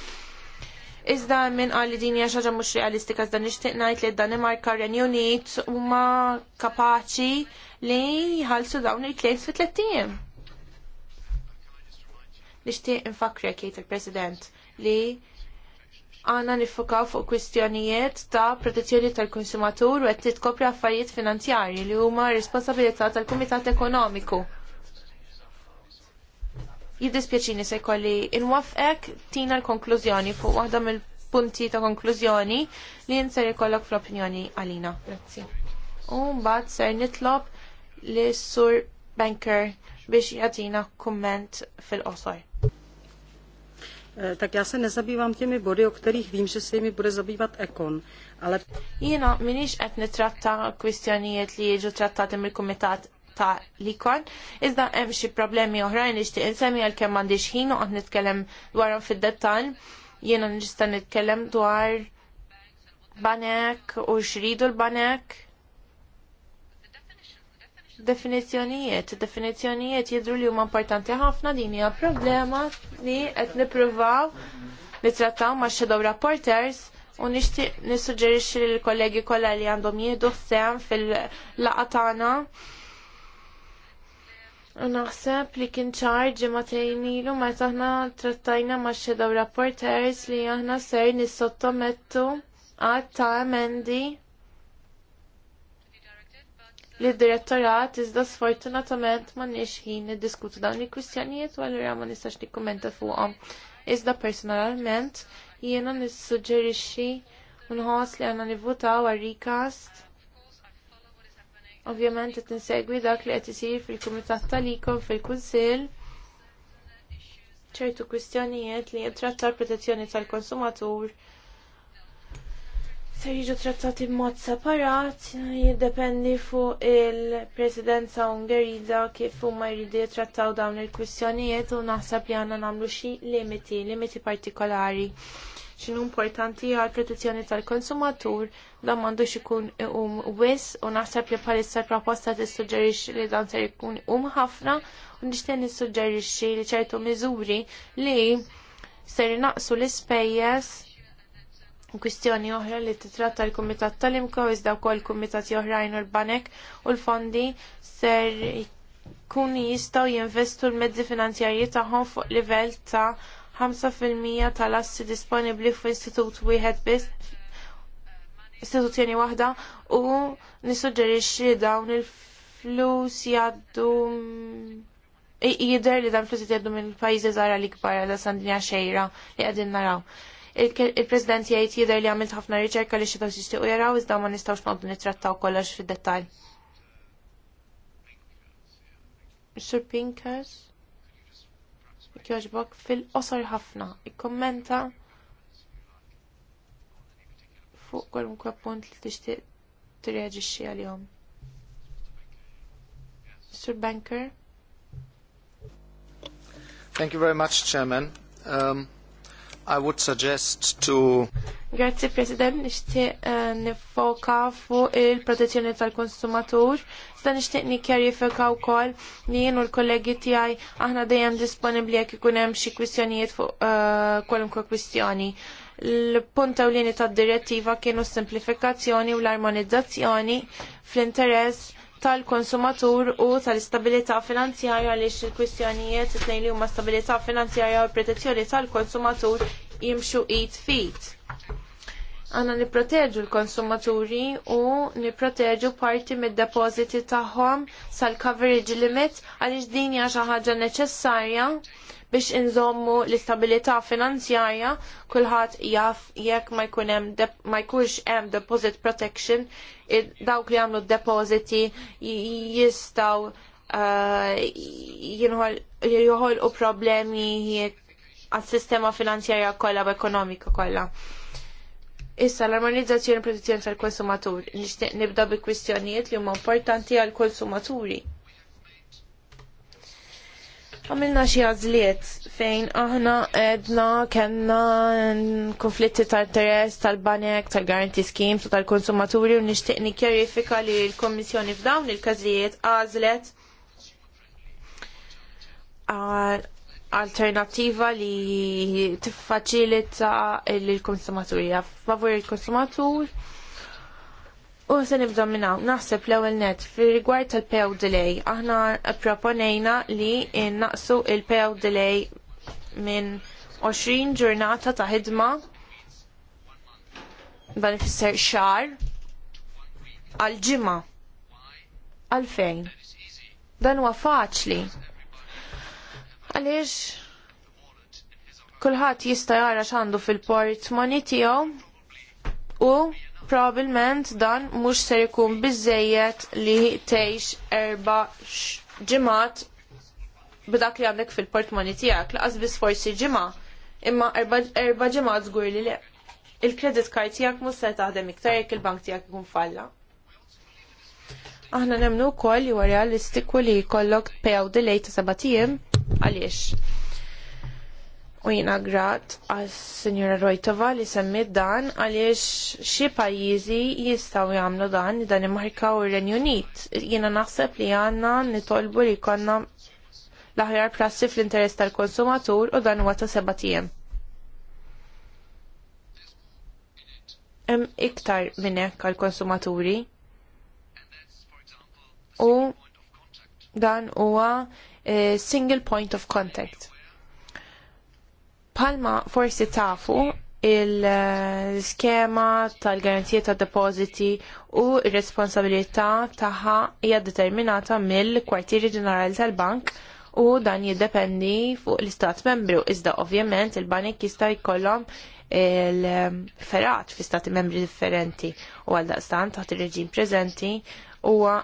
Iżda minn għalli din hija xaġa mhux realistika iżda nixtieq ngħid li d-Danimarka Renju Unit huma kapaċi li jħallsu dawn il-klejns fi tliet tiem. Nixtieq infakri jgħid il-President li għana nifokaw fuq kwistjonijiet ta' protezzjoni tal-konsumatur u għed titkopri affarijiet finanzjarji li huma responsabilità tal-Kumitat Ekonomiku. Jiddispjaċini se jkolli inwafqek tina l-konklużjoni fuq waħda mill-punti ta' konklużjoni li jinseri jkollok fl-opinjoni għalina. Grazzi. U mbagħad ser nitlob li sur banker biex jagħtina kumment fil-qosor. Eh, tak já se nezabývám těmi body, o kterých vím, že se jimi bude zabývat Ekon. Ale... Jena, minix qed nitratta jestli je jiġu trattati mill-Kumitat ta' likon, iżda hemm xi problemi oħrajn li xtieq insemmi għalkemm m'għandix ħin u qed nitkellem dwarhom fid-dettall, jiena nista' nitkellem dwar banek u xridu l-banek Definizzjonijiet, Definizjonijiet jidru li huma importanti ħafna din hija problema li qed nippruvaw nittrattaw ma' shadow rapporters u nixtieq nissuġġerixxi lill kollegi kollha li għandhom jieħdu sehem fil-laqgħa tagħna. U naħseb li kien ċar ġimagħtejn ilu meta aħna trattajna ma' shadow rapporters li aħna ser nissottomettu għad ta' emendi li d-direttorat iżda sfortunatament ma nix ħin diskutu dawn il-kwistjonijiet u għallura ma nistax nikkumenta fuqhom. Iżda personalment jiena nissuġġerixxi nħoss li għandna nivvutaw għar recast Ovvjament qed insegwi dak li qed isir fil-Kumitat tal-Ikom fil-Kunsill ċertu kwistjonijiet li jittratta l-protezzjoni tal-konsumatur se jiġu trattati b'mod separat, jiddependi fuq il-presidenza Ungerida kif huma jridu jittrattaw dawn il-kwistjonijiet u naħseb li għandna nagħmlu xi limiti, limiti partikolari. X'inhu importanti għal protezzjoni tal-konsumatur dan m'għandux ikun um wis u naħseb li bħalissa proposta tissuġġerixxi li dan ser ikun um ħafna u nixtieq nissuġġerixxi li ċertu miżuri li ser naqsu l-ispejjeż kwistjoni oħra li titratta l-Kumitat tal-Imko iżda wkoll kumitati oħrajn u l-Banek u l-fondi ser jkunu jistgħu jinvestu l-mezzi finanzjarji tagħhom fuq livell ta' 5% tal-assi disponibbli f'istitut wieħed biss istituzzjoni waħda u nissuġġerixxi dawn il-flus jgħaddu jidher li dan flus jgħaddu mill pajjiżi żgħar l-ikbar għal sandinja xejra li qegħdin naraw il-President jgħid jidher li għamilt ħafna riċerka li xi tixtiequ jaraw iżda ma nistgħux noqgħdu nittrattaw kollox fid-dettall. Sur Pinkers, kjoġbok, fil-qosor ħafna, ikkommenta fuq kwalunkwe punt li tixtieq tirreaġixxi għalihom. Mr. Banker. Thank you very much, Chairman. Um, I would suggest to Grazie President, nixtieq uh, nifoka fuq il-protezzjoni tal-konsumatur. Sta nixtieq nikkjarifika wkoll li jien u l-kollegi tiegħi aħna dejjem disponibbli jekk ikun hemm xi kwistjonijiet fuq uh, kwalunkwe kwistjoni. L-punt lini tad-direttiva kienu s-simplifikazzjoni u l-armonizzazzjoni fl-interess tal-konsumatur u tal-istabilità finanzjarja għaliex il-kwistjonijiet it-tnejn li huma stabilità finanzjarja u protezzjoni tal-konsumatur jimxu it. fit. Għanna niproteġu l-konsumaturi u niproteġu parti mid-depositi tagħhom sal-coverage limit għaliex din hija xi ħaġa neċessarja biex inżommu l-istabilità finanzjarja kulħadd jaf jekk ma jkun hemm ma jkunx hemm deposit protection dawk li għamlu depositi jistgħu uh, joħolqu problemi għas-sistema finanzjarja kollha u ekonomika kollha. Issa l-armonizzazzjoni e protezzjoni tal-konsumatur. Nixtieq nibda bi kwistjonijiet li huma importanti għall-konsumaturi. Għamilna xi għażliet fejn aħna edna kellna konflitti tal-interess tal-banek, tal-guarantee schemes u tal-konsumaturi u nixtieq kjerifika li l komissjoni f'dawn il-każliet għażlet alternativa li tiffaċilita l-konsumaturi, favur il-konsumatur U se nibda minnaw, naħseb l ewwel net, fir rigward tal-pew delay, aħna proponejna li naqsu il-pew delay minn 20 ġurnata ta' ħidma dan ifisser xar għal-ġimma. Għalfejn. Dan huwa faċli. Għaliex kulħadd jista' jara x'għandu fil-portmoni tiegħu u Probabilment dan mhux ser ikun biżejjed li tgħix erba' ġimgħat b'dak li għandek fil-portmoni tiegħek laqas biss forsi ġimgħa. Imma erba' ġimgħat żgur li li il kredit card tiegħek mhux se taħdem iktar jekk il-bank tiegħek ikun falla. Aħna nemnu wkoll li huwa realistiku li jkollok pejaw delay ta' sabatijiem għaliex u jina grat għas Signora Rojtova li semmit dan għaliex xie pajizi jistaw jamlu dan li dan imħarka u Renjunit. Jina naħseb li għanna nitolbu li konna laħjar prassi fl-interess tal-konsumatur u dan huwa ta' seba' Hemm iktar minn hekk għall-konsumaturi u dan huwa eh, single point of contact Palma forsi tafu il-skema tal-garanzija ta' depositi u r-responsabilità tagħha hija determinata mill-kwartieri ġenerali tal-bank u dan jiddependi fuq l-istat membru. Iżda ovvjament il-banek jista' jkollhom il-ferat fi stati membri differenti u għal daqstan taħt ir reġim preżenti huwa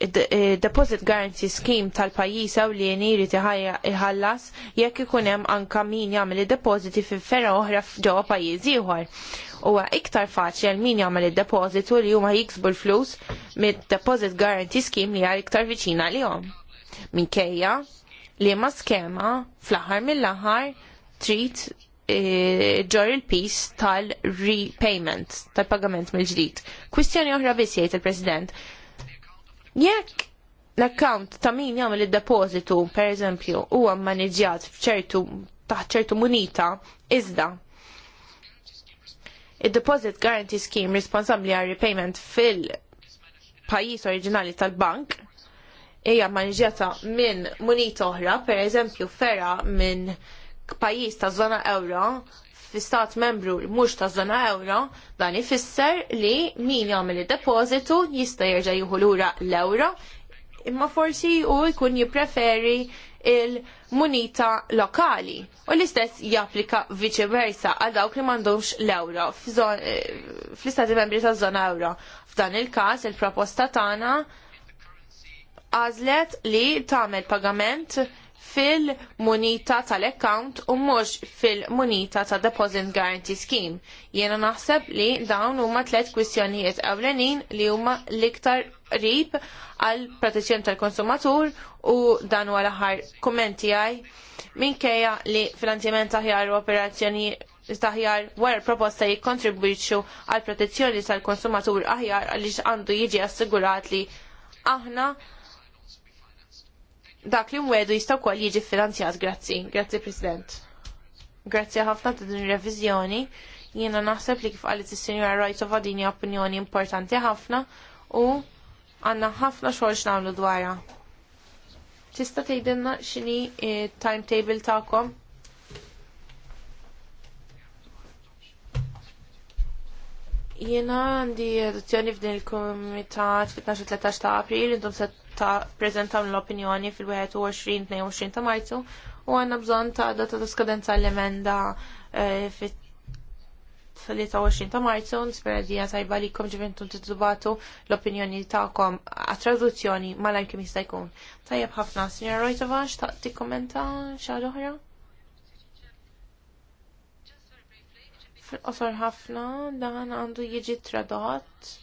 Eh, deposit guarantee scheme tal-pajjiż ewlieni tiħajja iħallas jekk ikun hemm anke min jagħmel id depositi fi ferra oħra ġewwa pajjiż ieħor. Huwa iktar faċli għal min jagħmel id depositu li huma jiksbu l-flus mid-deposit guarantee scheme li hija iktar viċina għalihom. Minkejja li ma skema fl-aħħar mill-aħħar trid eh, ġor il-pis tal-repayment, tal-pagament mill-ġdid. Kwistjoni oħra biss jgħid il-President, Jekk l-account ta' min jagħmel id-depożitu, pereżempju, huwa maniġjat f'ċertu taħt ċertu munita, iżda id-deposit guarantee scheme responsabbli għal repayment fil pajjiż oriġinali tal-bank hija manġeta minn munita oħra, pereżempju ferra minn pajjiż ta' żona euro fi stat membru mhux ta' żona euro, dan ifisser li min jagħmel id-depożitu jista' jerġa' jieħu lura l-euro, imma forsi u jkun jippreferi il-munita lokali. U l-istess japplika viċi versa għal dawk li mandux l-euro fl-istati membri ta' żona euro. F'dan il-każ il-proposta tagħna għażlet li tagħmel pagament fil-munita tal-account u mhux fil-munita ta' Deposit Guarantee Scheme. Jiena naħseb li dawn huma tliet kwistjonijiet ewlenin li huma l-iktar għal protezzjoni tal-konsumatur u dan wara ħar kummenti għaj minkejja li finanzjament taħjar u operazzjoni taħjar wara proposta jikkontribwixxu għal protezzjoni tal-konsumatur aħjar għaliex għandu jiġi assigurat li aħna dak li mwedu jistaw kol jiġi finanzjat, grazzi, grazzi President. Grazzi ħafna ta' din revizjoni, jiena naħseb li kif għalit il-Senjora Rajtu vadini opinjoni importanti ħafna u għanna ħafna xogħol x'nagħmlu dwarha. Tista' tgħidilna x'inhi eh, timetable tagħkom? Jiena għandi adozzjoni f'din il-Kumitat fit-12-13 ta' April, intom se ta' prezentaw l-opinjoni fil-21-22 ta' marzu u għanna bżon ta' data ta' skadenza l-emenda eh, fit 23 ta' marzu, nispera di sajba li kom ġiventu t-tubatu l-opinjoni ta'kom għat-traduzzjoni ma' għar kim jista' jkun. Tajjeb ħafna, Sinjora Rojtova, xtaq ti kommenta xaħġa oħra? Fil-qosor ħafna, dan għandu jieġi tradot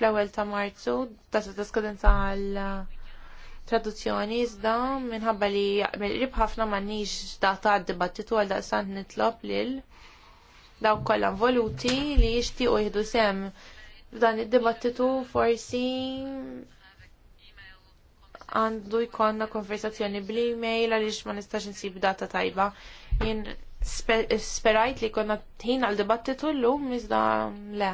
fl-ewwel ta' Marzu data ta' skadenza għal uh, traduzzjoni iżda minħabba li qrib ħafna m'għandniex data għad-dibattitu għal daqsant nitlob lil dawk kollha voluti li jixtiequ jieħdu sem f'dan id-dibattitu forsi għandu jkollna konversazzjoni bl-email għaliex ma nistax insib data tajba. Jien sperajt li konna ħin għal dibattitu llum iżda le.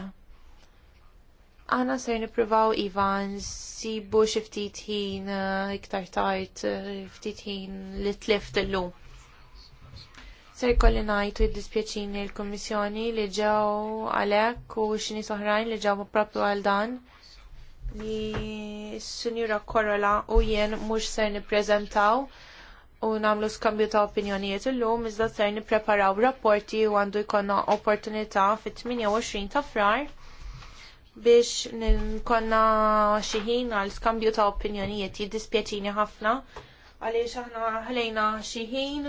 Aħna ser nippruvaw Ivan sibu xi ftit ħin eh, iktar tajt, eh, ftit ħin li tlift illum. Ser kolli najtu id-dispjaċini l komissjoni li ġew għalhekk u x'ni soħrajn li ġew proprju għal dan li s sunjura Korola u jien mhux ser nippreżentaw u namlu skambju ta' opinjonijiet illum iżda ser nippreparaw rapporti u għandu jkollna opportunità fit-28 ta' frar biex nkonna xiħin għal skambju ta' opinjonijiet jiddispjaċini ħafna għaliex aħna ħlejna xiħin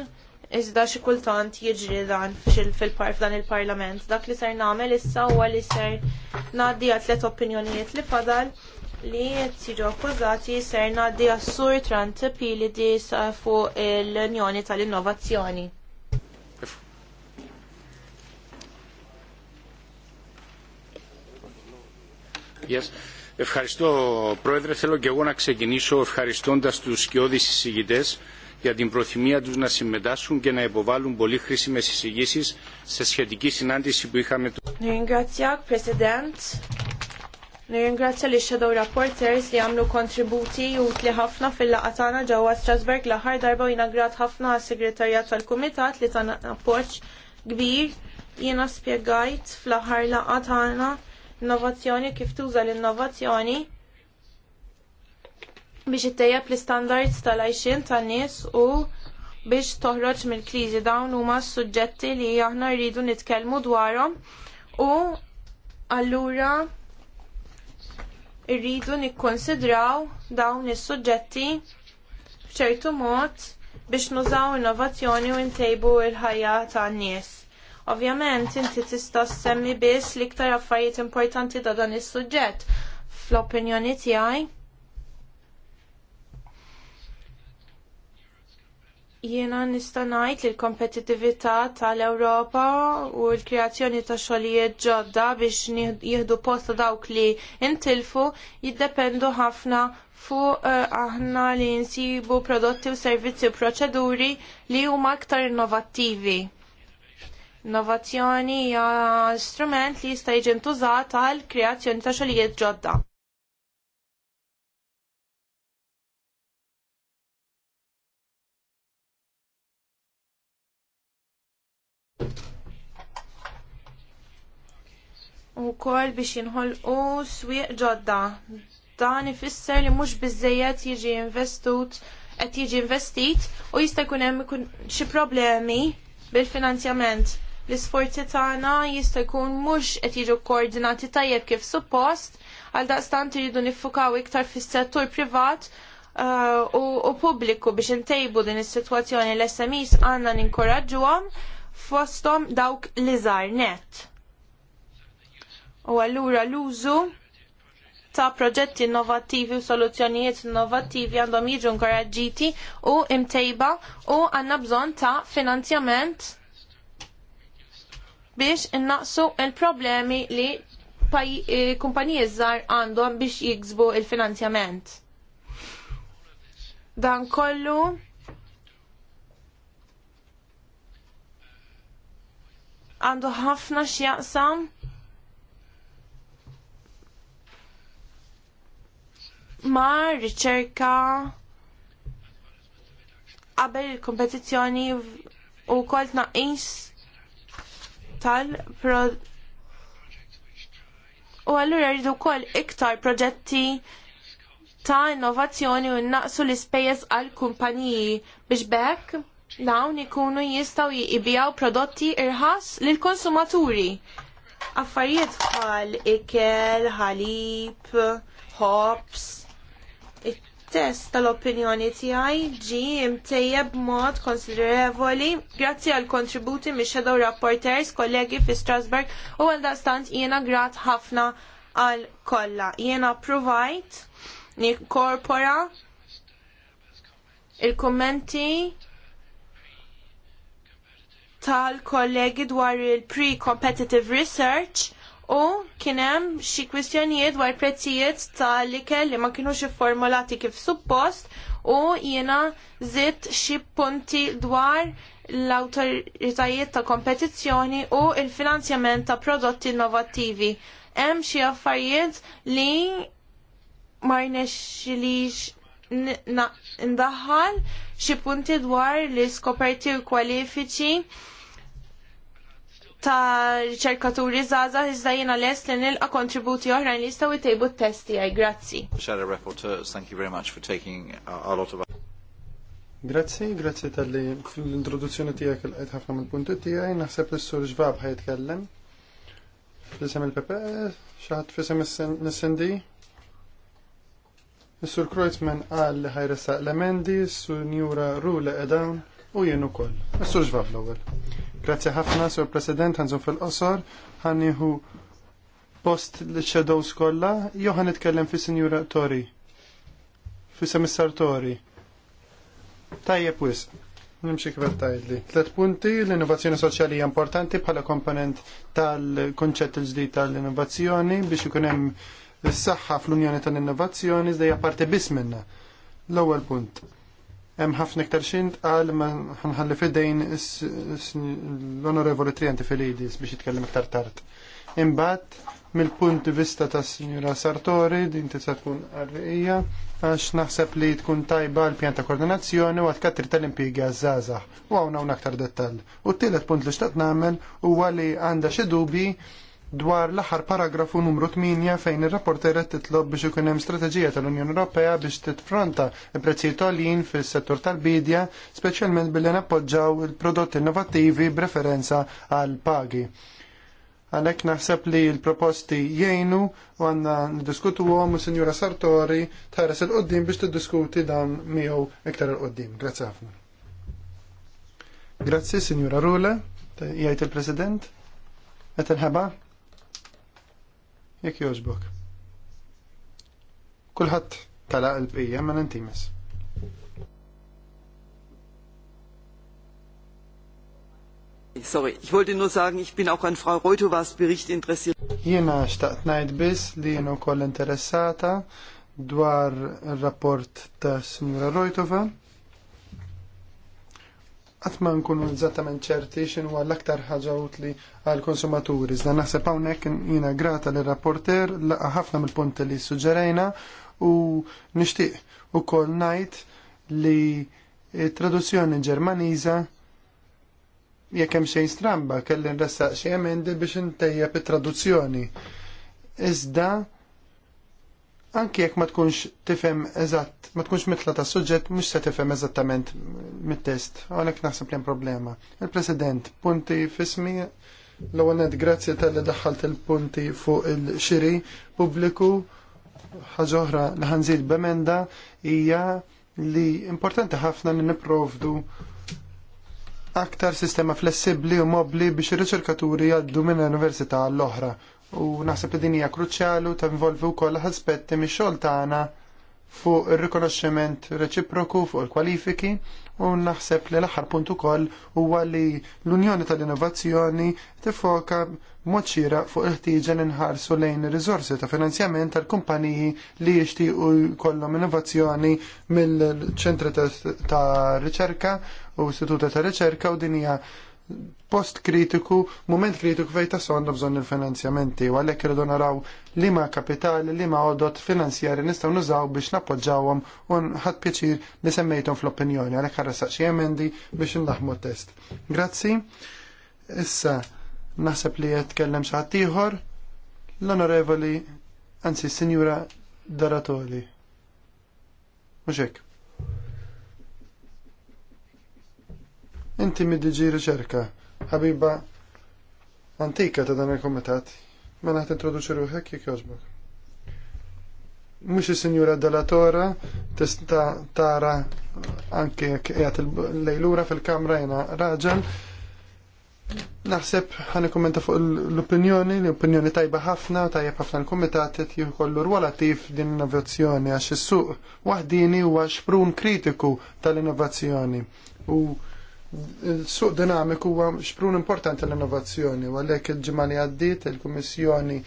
iżda xi kultant jiġri dan fil-par f'dan il-parlament. Dak li ser nagħmel issa huwa li ser ngħaddi għal tliet opinjonijiet li fadal li qed jiġu akkużati ser ngħaddi għas-sur Trant Pilidi fuq l-Unjoni tal-Innovazzjoni. Γραμματείας. Ευχαριστώ Πρόεδρε. Θέλω και εγώ να ξεκινήσω ευχαριστώντας τους σκιώδεις εισηγητές για την προθυμία του να συμμετάσχουν και να υποβάλουν πολύ χρήσιμε εισηγήσεις σε σχετική συνάντηση που είχαμε το... Ringrazzjak, President. Nirringrazzja li shadow rapporters li għamlu kontributi utli ħafna fil-laqa tagħna Strasburg l darba u jingrat ħafna segretarjat tal-kumitat li tagħna appoġġ kbir jiena spjegajt fl-aħħar laqa tagħna innovazzjoni kif tuża l-innovazzjoni biex ittejjeb l-standards tal-għajxin tan-nies u biex toħroġ mill-kriżi dawn huma s-suġġetti li aħna rridu nitkellmu dwarhom u allura rridu nikkonsidraw dawn is-suġġetti f'ċertu mod biex nużaw innovazzjoni u ntejbu l-ħajja tan-nies. Ovvjament inti tista' semmi biss l-iktar affarijiet importanti da dan is-suġġett fl-opinjoni tiegħi. Jiena nista' ngħid li l-kompetittività tal-Ewropa u l-kreazzjoni ta' xogħlijiet ġodda biex jieħdu posta dawk li intilfu jiddependu ħafna fuq eh, aħna li nsibu prodotti u servizzi u proċeduri li huma aktar innovattivi. Innovazzjoni ja strument li jista' jiġi ntużat għal kreazzjoni ta' xogħlijiet ġodda. u kol biex u swieq ġodda. Dan ifisser li mhux biżejjed jiġi investut qed jiġi investit u jista' jkun hemm xi problemi bil-finanzjament l-isforzi tagħna jista' jkun mhux qed jiġu koordinati tajjeb kif suppost, għal daqstant iridu niffukaw iktar fis-settur privat uh, u, uh, pubbliku biex intejbu din is-sitwazzjoni l-SMEs għandna ninkoraġġuhom fosthom dawk li żgħar net. U allura l-użu ta' proġetti innovattivi u soluzzjonijiet innovattivi għandhom jiġu nkoraġġiti u imtejba u għandna bżonn ta' finanzjament biex innaqsu il-problemi li eh, kumpaniji żgħar għandhom biex jiksbu il-finanzjament. Dan kollu għandu ħafna x'jaqsam ma' riċerka qabel il-kompetizzjoni u kol tnaqis tal-pro u allura rridu wkoll iktar proġetti ta' innovazzjoni u naqsu l-ispejjeż għal kumpaniji biex bekk dawn ikunu jistgħu jibijaw prodotti irħas lill konsumaturi Affarijiet bħal ikel, ħalib, hops, test tal-opinjoni tiegħi ġie imtejjeb b'mod konsiderevoli grazzi għal kontributi mix shadow rapporters, kollegi fi Strasburg u dastant jiena grat ħafna għal kollha. Jiena provajt nikkorpora il-kommenti tal-kollegi dwar il-pre-competitive research u kien hemm xi kwistjonijiet dwar prezzijiet tal likel li ma kinux formulati kif suppost u jiena zitt xi punti dwar l-awtoritajiet ta' kompetizzjoni u l finanzjament ta' prodotti innovattivi. Em xi affarijiet li marnex li ndaħħal xi punti dwar l iskoperti u kwalifiċi ta' riċerkaturi zaza iżda jiena les li nilqa' kontributi oħrajn li jistgħu jtejbu t-test għaj. Grazzi. Shadow Rapporteurs, thank you very much for taking uh, a lot of Grazzi, grazzi tal-li fil-introduzzjoni tijak il għed ħafna mill-punti tijaj, naħseb li s-sur ġvab ħajtkellem. Fisem il-PPE, xaħat fisem il-SND. il sur Kreuzman għal li ħajresa l-emendi, s-sur Njura Rule edawn u jenu koll. Is-sur ġvab l-ewwel. Grazzi ħafna, Sur President, għanżu fil-qosor, għanniħu post l ċedow skolla, jew għan itkellem fi Sinjura Tori, fi Semissar Tori. Tajjeb wis, nimxie kif tajli. Tlet punti, l-innovazzjoni soċjali hija importanti bħala komponent tal-konċett il-ġdid tal-innovazzjoni biex ikun hemm s-saħħa fl-Unjoni tal-Innovazzjoni żdejja parti biss minna. L-ewwel punt Hemm ħafna iktar xint qal ma ħanħalli fidejn l-Onorevoli Trianti Felidis biex jitkellem iktar tard. Imbagħad mill-punt di vista ta' Sinjura Sartori din tista' tkun arriqija għax naħseb li tkun tajba l-pjan ta' koordinazzjoni u għat-katri tal-impjegi għazzazax u għawna aktar dettall. U t-tielet punt li xtaqt namel huwa li għandha xi dubi dwar l-aħħar paragrafu numru 8 fejn ir-rapportera titlob biex ikun hemm strateġija tal-Unjoni Ewropea biex titfronta l-prezzijiet għolin fis-settur tal-bidja, speċjalment billi nappoġġaw il-prodotti innovattivi b'referenza għal pagi. Għalhekk naħseb li l-proposti jgħinu u għandna niddiskutu għom u Sinjura Sartori tħares il-qoddim biex tiddiskuti dan miegħu iktar il-qoddim. Grazzi ħafna. Grazzi, Sinjura Rule, jgħid il-President. Għet il-ħeba? jek jogħġbok. Kulħadd talaq il-bqija ma mela nintimes. Sorry, ich wollte nur sagen, ich bin auch an Frau Reutovas Bericht interessiert. Jena xtaqt ngħid biss li jien ukoll interessata dwar ir-rapport ta' Signora Rojtova għatma nkunu eżattament ċerti xinu għall aktar ħaġa utli għal konsumaturi. Zda naħseb hawnhekk jiena grata l rapporter laqa ħafna mill-punti li suġġerejna u nixtieq ukoll ngħid li traduzzjoni Ġermaniża jekk hemm xejn stramba kelli nressaq xi emendi biex intejjeb it-traduzzjoni. Iżda anki jekk ma tkunx tifhem eżatt, ma tkunx mitla ta' suġġett mhux se tifhem eżattament mit-test. Għalhekk naħseb hemm problema. Il-President, punti fismi l-ewwel nett grazzi tal-li daħħalt il-punti fuq il-xiri pubbliku ħaġa oħra li ħanżid b'emenda hija li importanti ħafna li nipprovdu aktar sistema flessibli u mobli biex ir-riċerkaturi jgħaddu minn l-università l-oħra u naħseb li din hija kruċjali u tinvolvi wkoll aspetti mix-xogħol tagħna fuq ir-rikonoxximent reċiproku fuq il-kwalifiki u naħseb li l-aħħar punt ukoll huwa li l-Unjoni tal-Innovazzjoni tifoka mod xieraq fuq il-ħtieġa li nħarsu lejn ir-riżorsi ta' finanzjament tal-kumpaniji li jixtiequ jkollhom innovazzjoni mill-ċentri ta' riċerka u istituti ta' riċerka u din hija post kritiku, moment kritiku fej ta' għandu bżon il-finanzjamenti, u għalek rridu naraw li ma' kapitali, li ma' finanzjari nistaw nużaw biex nappoġġawhom u nħad pjaċir li semmejtom fl-opinjoni, għalek ħarrasaq xi emendi biex ndaħmu test. Grazzi, issa naħseb li jetkellem xaħat ieħor l-onorevoli, anzi, s-sinjura Daratoli. Muxek. Inti mi diġi riċerka, ħabiba antika ta' dan il-komitat, ma mela naħt introduċi ruħek jek jożbok. Mux il senjura Dalatora tista tara anke jek jgħat il-lejlura fil-kamra jena raġan. Naħseb ħani kommenta fuq l-opinjoni, l-opinjoni tajba ħafna, tajja ħafna l-komitat jtiju kollu rwalativ din l-innovazzjoni għax is-suq wahdini u għax prun kritiku tal-innovazzjoni. U Il-suq dinamiku huwa xprun importanti l-innovazzjoni, għalhekk il-ġimgħa li għaddiet il-Kummissjoni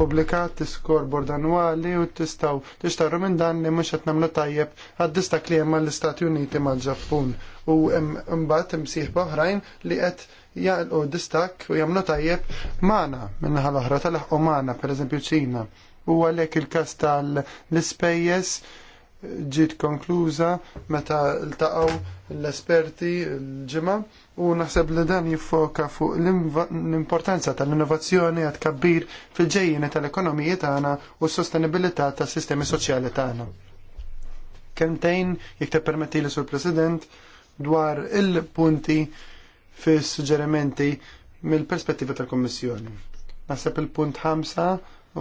publikat scoreboard annwali u tistaw tixtaru minn dan li mhux qed nagħmlu tajjeb għad-dista kliema l-Istati Uniti mal-Ġappun u mbagħad imsieħba oħrajn li qed jaqlqu distak u jagħmlu tajjeb magħna minnaħa l-oħra tal-ħqu magħna pereżempju Ċina. U għalhekk il-każ tal-ispejjeż ġiet konkluża meta ltaqgħu l-esperti l-ġimgħa u naħseb li dan jiffoka fuq l-importanza tal-innovazzjoni għad kabbir fil-ġejjini tal-ekonomiji tagħna u s-sostenibilità tas-sistemi soċjali tagħna. Kemtejn jekk tippermetti li sur President dwar il-punti fis suġġerimenti mill-perspettiva tal-Kommissjoni. Naħseb il-punt 5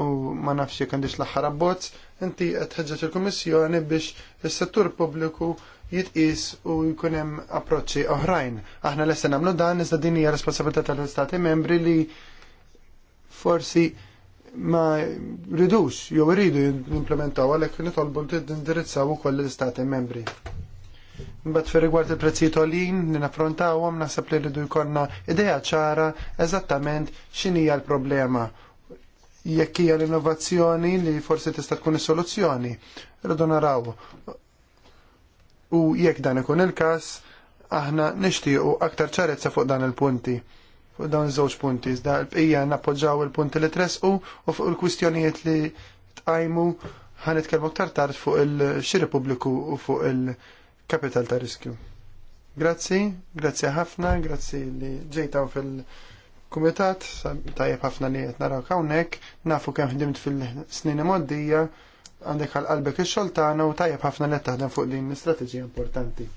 u ma nafx jekk għandix l-aħħar abbozz, inti qed ħeġġeġ il-Kummissjoni biex is-settur pubbliku jitqis u jkun hemm approċċi oħrajn. Aħna lesse nagħmlu dan iżda din hija responsabilità tal-Istati membri li forsi ma ridux jew iridu jimplementaw għalhekk nitolbu li tindirizzaw ukoll l-Istati membri. Mbagħad fi rigward il-prezzijiet għolin li naffrontawhom naħseb li rridu jkollna idea ċara eżattament x'inhi l-problema jekk hija l-innovazzjoni li forsi tista' tkun is-soluzzjoni. Irridu naraw. U jekk dan ikun il-każ, aħna nixtiequ aktar ċarezza fuq dan il-punti. Fuq dawn iż-żewġ punti, iżda l-bqija nappoġġaw il-punti li tresqu u fuq il-kwistjonijiet li tqajmu ħanitkellmu aktar tard fuq il-xiri pubbliku u fuq il-kapital ta' riskju. Grazzi, grazzi ħafna, grazzi li ġejtaw fil- kumitat, tajjeb ħafna li qed naraw hawnhekk, nafu kemm ħdimt fil-snin moddija, għandek għal qalbek ix-xoltana u tajjeb ħafna li taħdem fuq din l-istrateġija importanti.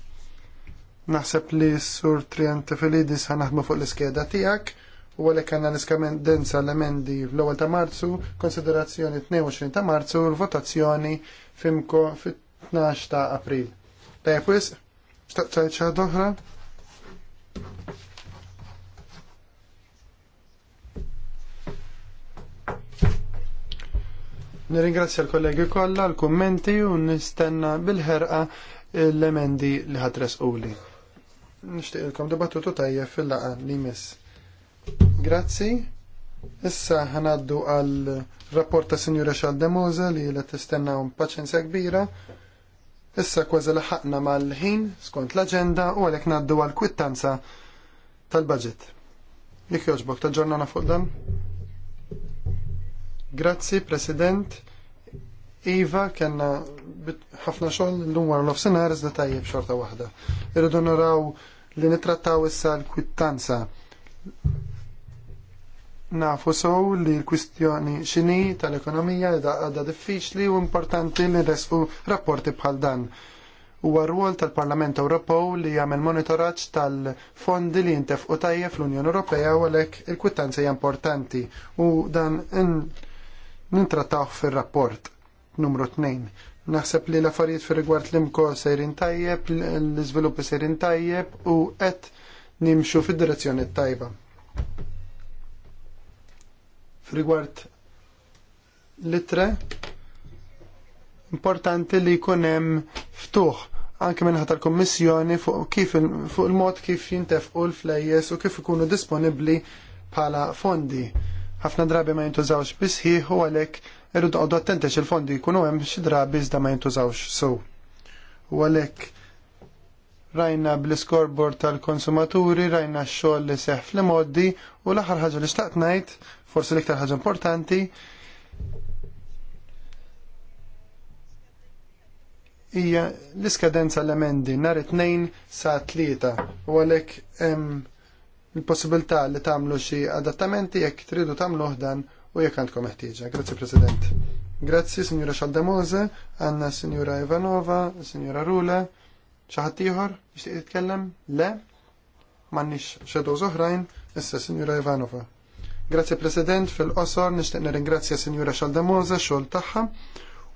Naħseb li s-sur Trient Filidis ħanaħdmu fuq l-iskeda tiegħek u għalhekk għandna niskadenza l-emendi fl-ewwel ta' Marzu, konsiderazzjoni 22 ta' Marzu u l-votazzjoni fimko fit-12 ta' April. Tajjeb wisq, xtaqtajt xi oħra? Nirringrazzja l-kollegi kollha l-kummenti u nistenna bil-ħerqa l-emendi li ħatres uli. Nixtieqilkom dibattutu tajjeb fil-laqa li miss. Grazzi. Issa ħanaddu għal rapport ta' Sinjura Xaldemoza li la tistenna un paċenzja kbira. Issa kważi laħaqna mal-ħin skont l agenda u għalhekk ngħaddu għal kwittanza tal-budget. Jekk jogħġbok taġġornana fuq dan? Grazzi, President. Iva, kena ħafna xogħol l-lum għar nofsinhar iżda tajjeb xorta waħda. Irridu naraw li nitrattaw issa l-kwittanza. Nafu sow li l-kwistjoni xini tal-ekonomija għadha diffiċli u importanti li resqu rapporti bħal dan. U għarwol tal-Parlament Ewropew li jagħmel monitoraġġ tal-fondi li u tajjeb fl-Unjoni Ewropea u għalhekk il-kwittanza hija importanti u dan in Nintrataħ fil-rapport numru 2. Naħseb li l-affarijiet fil rigward l-imko sejrin tajjeb, l-izviluppi sejrin tajjeb u qed nimxu fid-direzzjoni tajba. Fil-rigward litre, importanti li kunem ftuħ anke minn tal kommissjoni fuq il-mod kif jintefqu l-flejjes u kif ikunu disponibbli bħala fondi ħafna drabi ma jintużawx bisħiħ u għalhekk irridu noqogħdu attenti il-fondi jkunu hemm xi drabi iżda ma jintużawx sew. U għalhekk rajna bl-iskorbor tal-konsumaturi, rajna x-xogħol li seħħ fl-modi u l-aħħar ħaġa li xtaqt ngħid, forsi l-iktar ħaġa importanti, hija l-iskadenza l-emendi nhar it-tnejn sa tlieta u għalhekk hemm il-possibilità li tagħmlu xi adattamenti jekk tridu tagħmlu dan u jekk għandkom meħtieġa. Grazzi President. Grazzi Signora Xaldamose, għanna Signora Ivanova, Signora Rula, xaħat ieħor jixtieq jitkellem? Le? M'għandniex xedu oħrajn, issa Signora Ivanova. Grazzi President, fil-qosor nixtieq nirringrazzja Signora Xaldamoza xogħol tagħha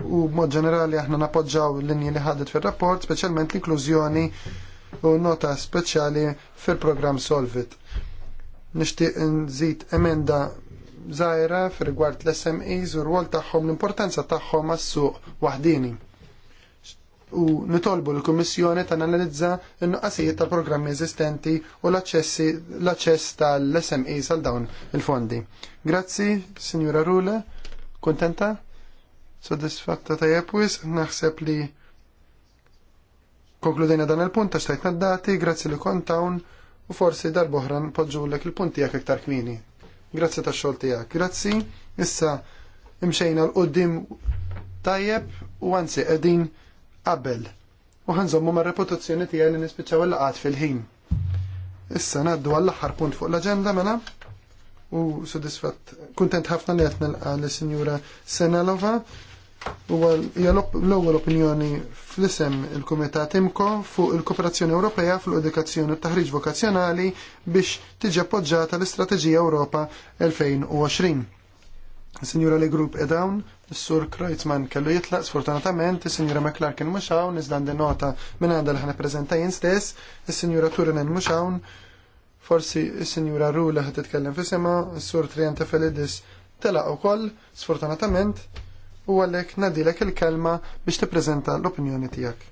u b'mod ġenerali aħna napoġġaw l-linji li ħadet fir-rapport, speċjalment l-inklużjoni u nota speċjali fil-programm Solvit. Nixtieq nżid emenda zaħira fil rigward l-SMEs u r-rwol tagħhom l-importanza tagħhom għas-suq waħdini u nitolbu l-Kummissjoni tanalizza n-nuqqasijiet tal-programmi eżistenti u l-aċċess tal-SME għal dawn il-fondi. Grazzi, Signora Rule, kontenta? Soddisfatta tajab wis, naħseb li Konkludejna dan il-punt ta' xtajtna dati grazzi li kontawn u forsi darboħra podġu l il-punt tijak iktar kmini. Grazzi ta' xol tijak, grazzi. Issa imxejna l-qoddim tajjeb u għansi edin qabel. U għanżommu ma' reputazzjoni tijaj li nispiċaw l-laqat fil-ħin. Issa naddu għall-axar punt fuq l-agenda mela u sudisfat Kuntent ħafna li għetna l Signora Senalova l-ewwel opinjoni fl-isem il-Kumitat Imko fuq il-Kooperazzjoni Ewropea fl-Edukazzjoni u Taħriġ Vokazzjonali biex tiġi appoġġjata l-Istrateġija Ewropa 2020. Sinjura li grupp edawn, s-sur Kreutzmann kellu jitlaq sfortunatament, s-sinjura McClarkin muxawn, iżdan nota minn għanda li ħana prezenta jinstess, stess, s-sinjura Turinen muxawn, forsi s-sinjura Rula ħat titkellem fissima, s-sur Trienta Felidis telaq u koll, sfortunatament, u għalhekk nadilek il-kelma biex tippreżenta l-opinjoni tiegħek.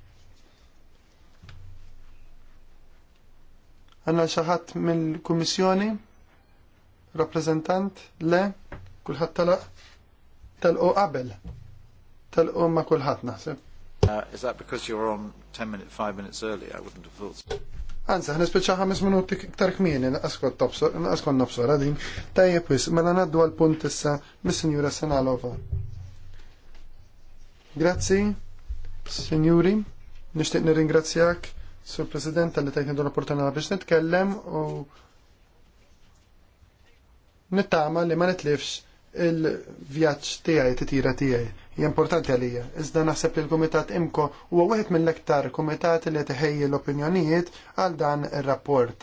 Għanna xi ħadd mill-Kummissjoni? Rappreżentant? Le? Kulħadd talaq? Talqu qabel. Talqu ma' kulħadd naħseb. Uh, is that because you were on 10 minutes, 5 minutes early? I wouldn't have thought so. Anza, ħna speċa ħames minuti ktar kmini, naqaskon nobsor, għadin, tajjeb mela naddu għal-punt issa, mis-senjura Senalova. Grazzi, signori, nishtiq nirringrazzjak sur President għalli li tajtni l-opportunità biex nitkellem u nittama li ma nitlifx il-vjaċ tijaj, titira tijaj. Hija importanti għalija. Iżda naħseb li l-Kumitat Imko huwa wieħed mill-aktar kumitat li teħejji l-opinjonijiet għal dan ir-rapport.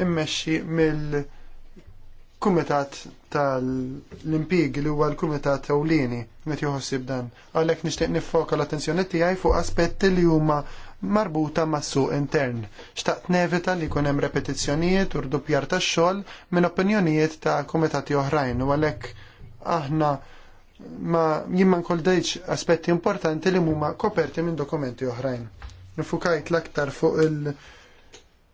Immexxi mill-Kumitat tal-impigi li huwa l-Kumitat Ewlieni meta joħossib dan. Għalhekk nixtieq nifoka l-attenzjoni tiegħi fuq aspetti li huma marbuta mas-suq intern. Xtaqt nevita li jkun hemm repetizzjonijiet u rdupjar tax-xogħol minn opinjonijiet ta' kumitati oħrajn u għalhekk aħna ma jimman kol dejċ aspetti importanti li mumma koperti minn dokumenti oħrajn. Nifukajt l-aktar fuq il-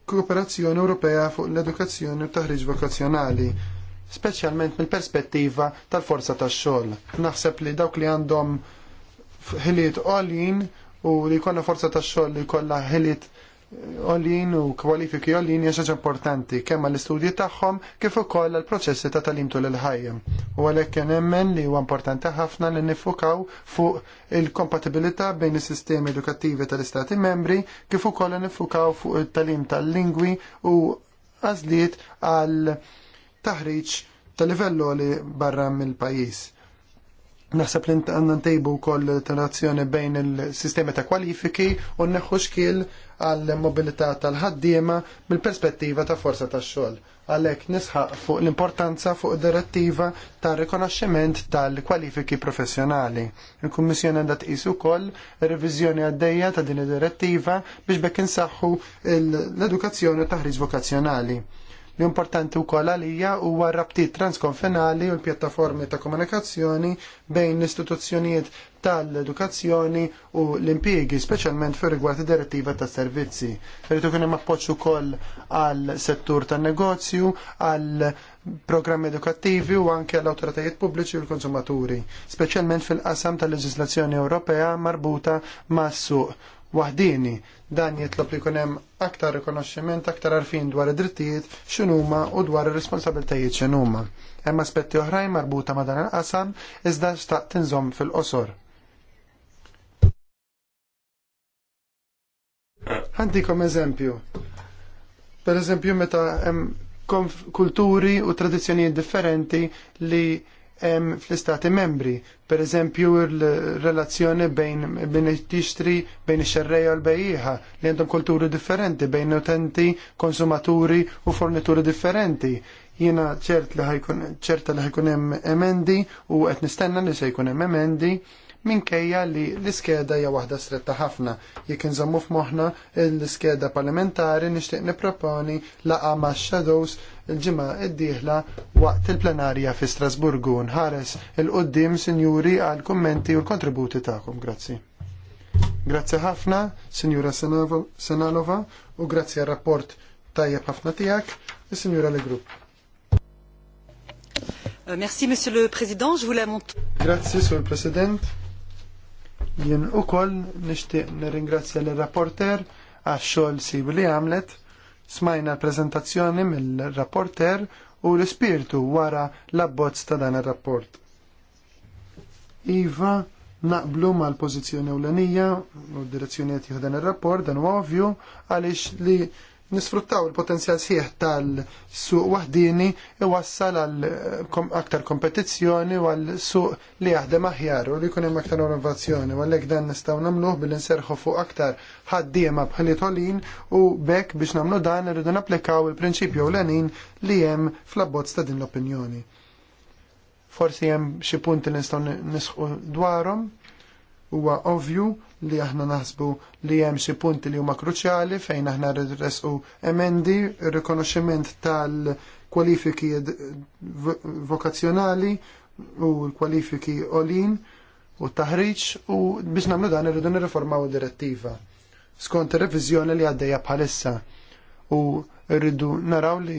Kooperazzjoni Ewropea fuq l-edukazzjoni u taħriġ vokazzjonali speċjalment mill-perspettiva tal-forza tax-xogħol. Naħseb li dawk li għandhom ħiliet għolin u li jkollna forza tax-xogħol li jkollha ħiliet għolin u kwalifiki għolin hija importanti kemm l-istudji tagħhom kif ukoll l-proċessi ta' talimtu tul il-ħajja. U għalhekk kien hemmen li huwa importanti ħafna li nifukaw fuq il-kompatibilità bejn is-sistemi edukattivi tal-Istati membri kif ukoll nifukaw fuq it-talim tal-lingwi u għażliet -għal taħriġ ta' livello li barra mill-pajis. Naħseb li għandna ntejbu kol relazzjoni bejn il-sistemi ta' kwalifiki u neħu xkil għall-mobilità tal-ħaddiema mill-perspettiva ta' forza ta' xogħol. Għalhekk nisħaq fuq l-importanza fuq id direttiva ta' rikonoxximent tal-kwalifiki professjonali. Il-Kummissjoni għandha tqis ukoll reviżjoni għaddejja ta' din id-direttiva biex bekk insaħħu l-edukazzjoni u taħriġ vokazzjonali. L-importanti wkoll għalija huwa rabtiet transkonfenali u l-pjattaformi ta' komunikazzjoni bejn l-istituzzjonijiet tal-edukazzjoni u l-impjiegi, speċjalment fir rigward direttiva ta' servizzi. Rritu kien hemm appoġġ għal settur tan-negozju, għal programmi edukattivi u anke l-autoritajiet pubbliċi u l-konsumaturi, speċjalment fil-qasam tal-leġislazzjoni Ewropea marbuta mas-suq waħdini. Dan jitlob li kunem aktar rikonoxximent, aktar arfin dwar id-drittijiet x'inhuma u dwar ir-responsabiltajiet x'inhuma. Hemm aspetti oħrajn marbuta ma' dan il-qasam iżda xtaqt tinżomm fil-qosor. Għandikom eżempju. Per eżempju meta hemm kulturi u tradizzjonijiet differenti li hemm fl-istati membri. Per eżempju, il-relazzjoni bejn it tixtri bejn ix-xerreja u l-bejjieħa li għandhom kulturi differenti bejn utenti, konsumaturi u fornituri differenti. Jiena ċert li ħajkun ċerta li ħajkun hemm emendi u qed nistenna li se jkun hemm emendi minkejja li l-iskeda hija waħda stretta ħafna. Jekk inżommu f'moħħna l-iskeda parlamentari nixtieq nipproponi laqa ma' shadows il-ġimgħa d-dieħla waqt il-plenarja fi Strasburgu nħares il-qoddim sinjuri għal kummenti u l-kontributi tagħkom. Grazzi. Grazzi ħafna, Sinjura Senalova, u grazzi għal rapport tajjeb ħafna tiegħek, is-Sinjura Legrupp. Euh, merci, Monsieur le Président. Je voulais montrer. Grazie, Sur President. Jien u koll nishtiq nirringrazzja l-rapporter għax xogħol sib li għamlet Smajna l-prezentazzjoni mill-rapporter u l-ispirtu wara l-abbozz ta' dan ir-rapport. Iva naqblu mal pożizzjoni pozizjoni u d-direzzjonijiet jieħu dan ir-rapport dan huwa ovvju għaliex li nisfruttaw il-potenzjal sieħ tal-suq wahdini iwassal għal aktar kompetizzjoni u għal suq li jaħdem aħjar u li jkun hemm aktar innovazzjoni u għalhekk dan nistgħu nagħmluh bil nserħu fuq aktar ħaddiema bħali tolin u bekk biex nagħmlu dan irridu napplikaw il-prinċipju ewlenin li hemm fl-abbozz ta' din l-opinjoni. Forsi hemm xi punti li nistgħu nisħu dwarhom Huwa ovvju li aħna naħsbu li hemm xi punti li huma kruċjali fejn aħna rresqu emendi, rikonoxximent tal-kwalifiki vokazzjonali u l-kwalifiki olin u taħriġ u biex nagħmlu dan irridu nirriformaw id-direttiva. Skont ir-reviżjoni li għaddejja bħalissa u rridu naraw li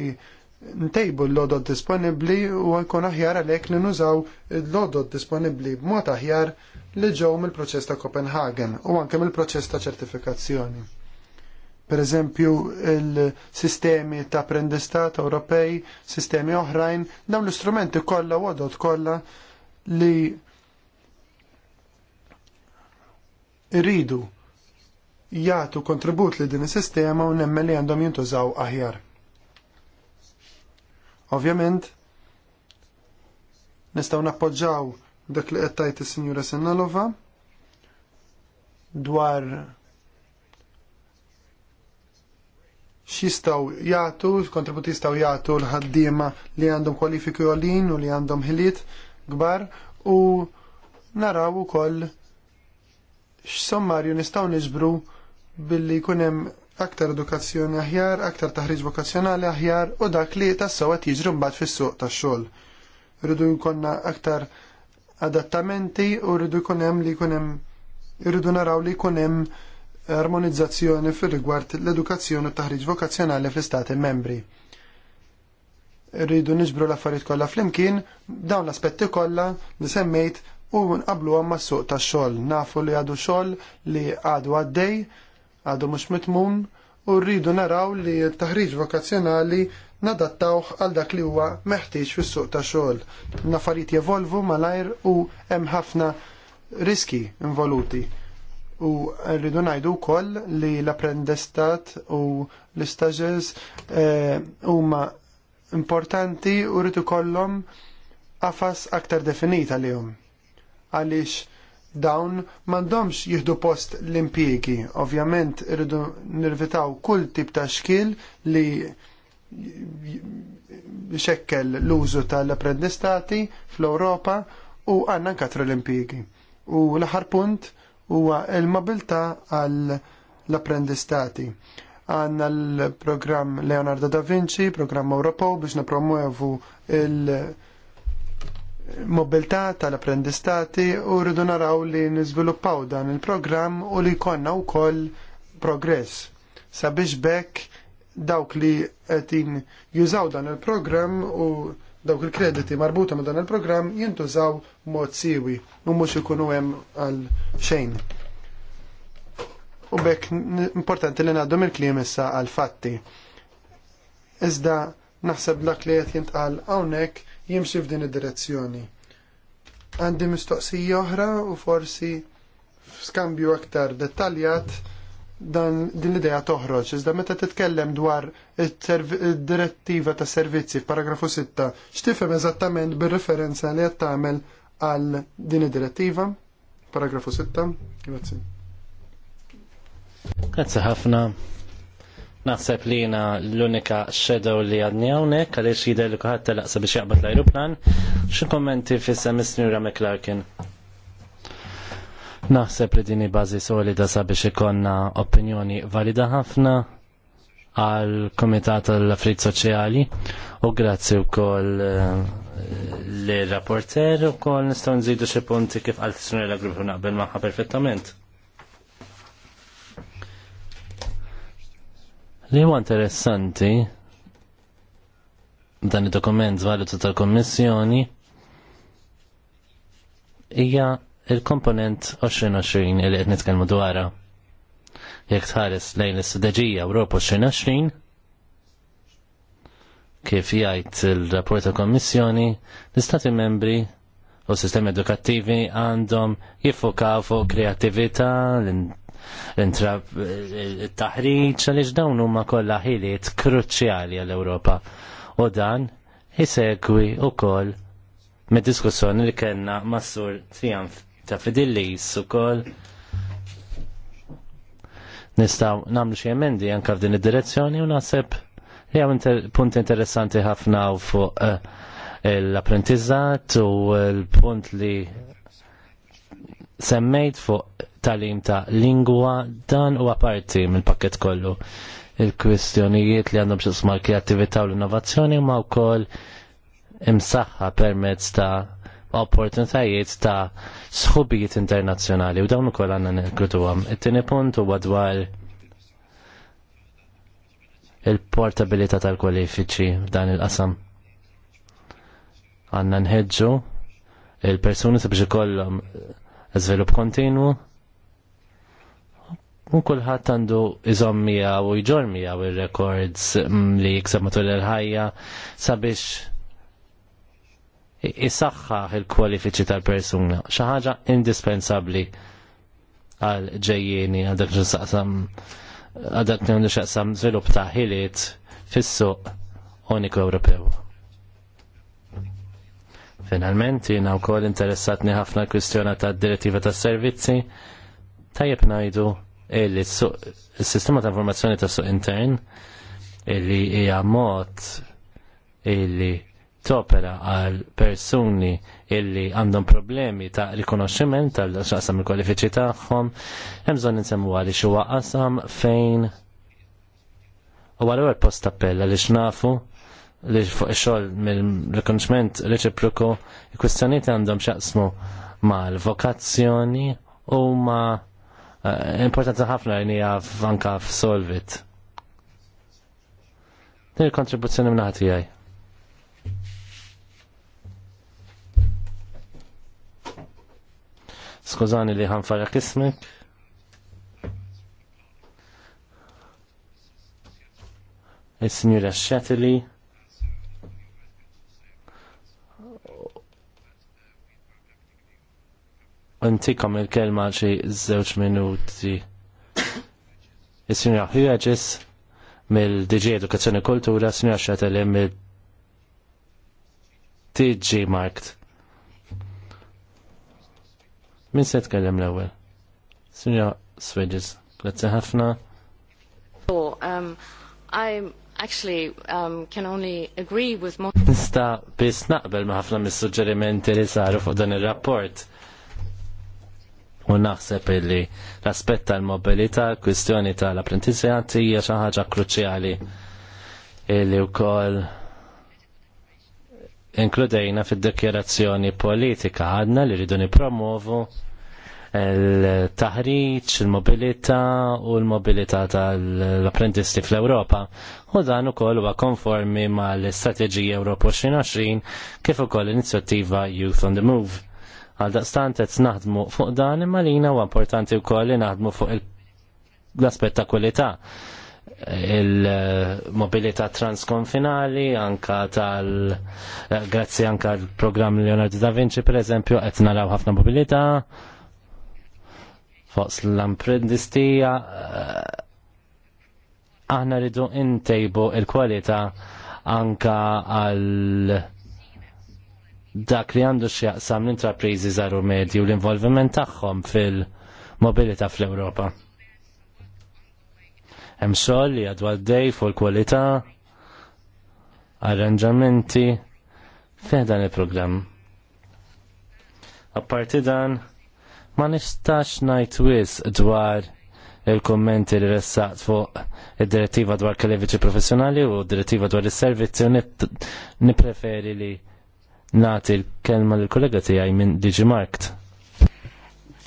ntejbu l-lodot disponibli u għankun aħjar għalek li nużaw l-lodot disponibli b'mod aħjar li ġew mill-proċess ta' Copenhagen u anke mill-proċess ta' ċertifikazzjoni. Per eżempju, il-sistemi ta' prendistat Ewropej, sistemi oħrajn, dawn l-istrumenti kollha wodot kollha li rridu jagħtu kontribut li din is-sistema u nemmen li għandhom jintużaw aħjar. Ovvjament, nistaw nappoġġaw dak li qed tajt is-Sinjura Sennalova dwar xistaw jgħatu, kontributi jistgħu jgħatu l-ħaddiema li għandhom kwalifiku għolin u li għandhom ħiliet gbar u naraw ukoll x'sommarju nistgħu niġbru billi jkun hemm aktar edukazzjoni aħjar, aktar taħriġ vokazzjonali aħjar u dak li tassaw qed jiġri mbagħad fis-suq tax-xogħol. Irridu jkollna aktar adattamenti u rridu jkun hemm li jkun hemm irridu naraw li jkun hemm armonizzazzjoni fir-rigward l-edukazzjoni u taħriġ vokazzjonali fl-istati membri. Rridu niġbru l-affarijiet kollha flimkien dawn l-aspetti kollha li semmejt u nqablu għamma suq tax xogħol nafu li għadu xogħol li għadu għaddej għadu mhux mitmun u rridu naraw li t-taħriġ vokazzjonali nadattawh għal dak li huwa meħtieġ fis-suq ta' xogħol. Naffarijiet jevolvu malajr u hemm ħafna riski involuti. U rridu ngħidu wkoll li l-apprendistat u l-istaġers eh, huma eh, importanti u rridu kollhom qafas aktar definita għalihom Għaliex dawn m'għandhomx jieħdu post l-impjiegi. Ovvjament irridu nirvitaw kull tip ta' xkil li xekkel l-użu tal-apprendistati fl-Ewropa u għanna nkatru l-impjiegi. U l-aħħar punt huwa l-mobilta għal l-apprendistati. Għanna l-programm Leonardo da Vinci, programm Ewropew biex napromuevu il- mobilità tal-apprendistati u rridu naraw li niżviluppaw dan il-programm u li jkollna wkoll progress. Sabiex bekk dawk li qed jużaw dan il-programm u dawk il-krediti marbuta ma' dan il-programm jintużaw mod siwi u mhux ikunu hemm għal xejn. U bekk importanti li ngħaddu mill-kliem issa għal fatti. Iżda naħseb dak li qed jintqal hawnhekk jimxi f'din id-direzzjoni. Għandi mistoqsija oħra u forsi f'skambju aktar dettaljat dan din l-idea toħroġ. Iżda meta titkellem dwar id-direttiva ta' servizzi f'paragrafu 6, x'tifhem eżattament bir-referenza li qed tagħmel għal din id-direttiva? Paragrafu 6. Grazzi. Grazzi ħafna. Naħseb li jina l-unika shadow li għadni għawnek, għalix jider li tal-aqsa biex jaqbad l-aeroplan. Xin kommenti fissa misnira McClarkin? Naħseb li dini bazi solida sabiex ikonna opinjoni valida ħafna għal komitat l afrit soċjali u grazzi eh, u koll li rapporter u koll nistaw nżidu xe punti kif għal-tisnur l-grupp naqbel maħħa perfettament. Li huwa interessanti dan id-dokument valutu tal-Kommissjoni hija il-komponent 2020 li qed nitkellmu dwarha. Jekk tħares lejn l-istrateġija Ewropa 2020 kif jgħid il-rapport tal-Kommissjoni, l-Istati membri u s sistemi edukattivi għandhom jiffokaw fuq kreattività, l il-taħriġ eh, għaliex dawn huma kollha ħiliet kruċjali għall-Ewropa. U dan jisegwi ukoll mid-diskussjoni li kellna massur tijan ta' Fidillis ukoll nistgħu nagħmlu xi emendi anke f'din id-direzzjoni u naħseb li hawn punt interessanti ħafna fuq eh, l-apprentizzat u l-punt li semmejt fuq talim ta' lingwa dan u għaparti mill-pakket kollu. Il-kwistjonijiet li għandhom xisma l-kreativita u l-innovazzjoni ma' wkoll imsaħħa permezz ta' opportunitajiet ta' sħubijiet internazzjonali u dawn ukoll għandna nirkrutu għam. It-tieni punt huwa dwar il-portabilità tal-kwalifiċi f'dan il-qasam. Għandna nħeġġu il-persuni sabiex ikollhom żvilupp kontinu u kulħadd għandu iżommija u miegħu u records mm, li jikseb matul il-ħajja sabiex isaxħaħ il-kwalifiċi tal-persuna. Xi ħaġa indispensabbli għal ġejjeni għal dak xaqsam għal dak xaqsam żvilupp ta' ħiliet fis-suq uniku Ewropew. Finalment, jina u kol interessatni ħafna kwistjona ta' direttiva ta' servizzi, tajjeb najdu il sistema ta' informazzjoni ta' suq intern illi hija mod illi topera għal persuni illi għandhom problemi ta' rikonoxximent tal-xaqsam il-kwalifiċi tagħhom, hemm bżonn insemmu għal xi waqasam fejn u għal ewwel post appella li xnafu li fuq xogħol mill-rekonċment reċiproku, il-kwistjonijiet għandhom xaqsmu ma' l-vokazzjoni u ma' eh, importanza ħafna li hija anka f'solvit. Din il-kontribuzzjoni minn tiegħi. Skużani li ħanfarrak ismek. Il-Signora Shetley. Untikom il-kelma xi żewġ minuti. Is-sinja Hughes mill-DG Edukazzjoni Kultura, sinja Xatelli mill-TG Markt. Min se tkellem l-ewwel? Sinja Swedges, grazie ħafna. I'm um, actually um, can only agree with most. Nista bis naqbel ma' ħafna mis-suġġerimenti li saru fuq dan il rapport U naħseb illi l-aspett tal-mobilità, kwistjoni tal-apprentizjat hija xi ħaġa kruċjali illi wkoll inkludejna fid-dekjerazzjoni politika għadna li rridu nipromovu l taħriċ il-mobilità u l-mobilità tal-apprentisti fl-Europa. U dan ukoll huwa konformi mal istrateġija Ewropa 2020 kif ukoll l-inizjattiva Youth on the Move. Għal daqstant qed naħdmu fuq dan imma lina huwa importanti wkoll li naħdmu fuq l-aspett ta' kwalità il-mobilità transkonfinali anka tal grazzi anka l programm Leonardo da Vinci per eżempju qed naraw ħafna mobilità fuq l amprendistija eh, aħna rridu intejbu il-kwalità anka għal dak li għandu x'jaqsam l-intrapriżi żaru medju u l-involviment tagħhom fil-mobilità fl-Ewropa. Hemm xogħol li għadu għaddej fuq il-kwalità, arranġamenti, fejn dan il-programm. Apparti dan, ma nistax ngħid wis dwar il-kommenti li ressaqt fuq id-direttiva dwar kalevici professjonali u d-direttiva dwar is servizzi u nipreferi li Nati l-kelma lill-kollega tiegħi minn Digimarkt.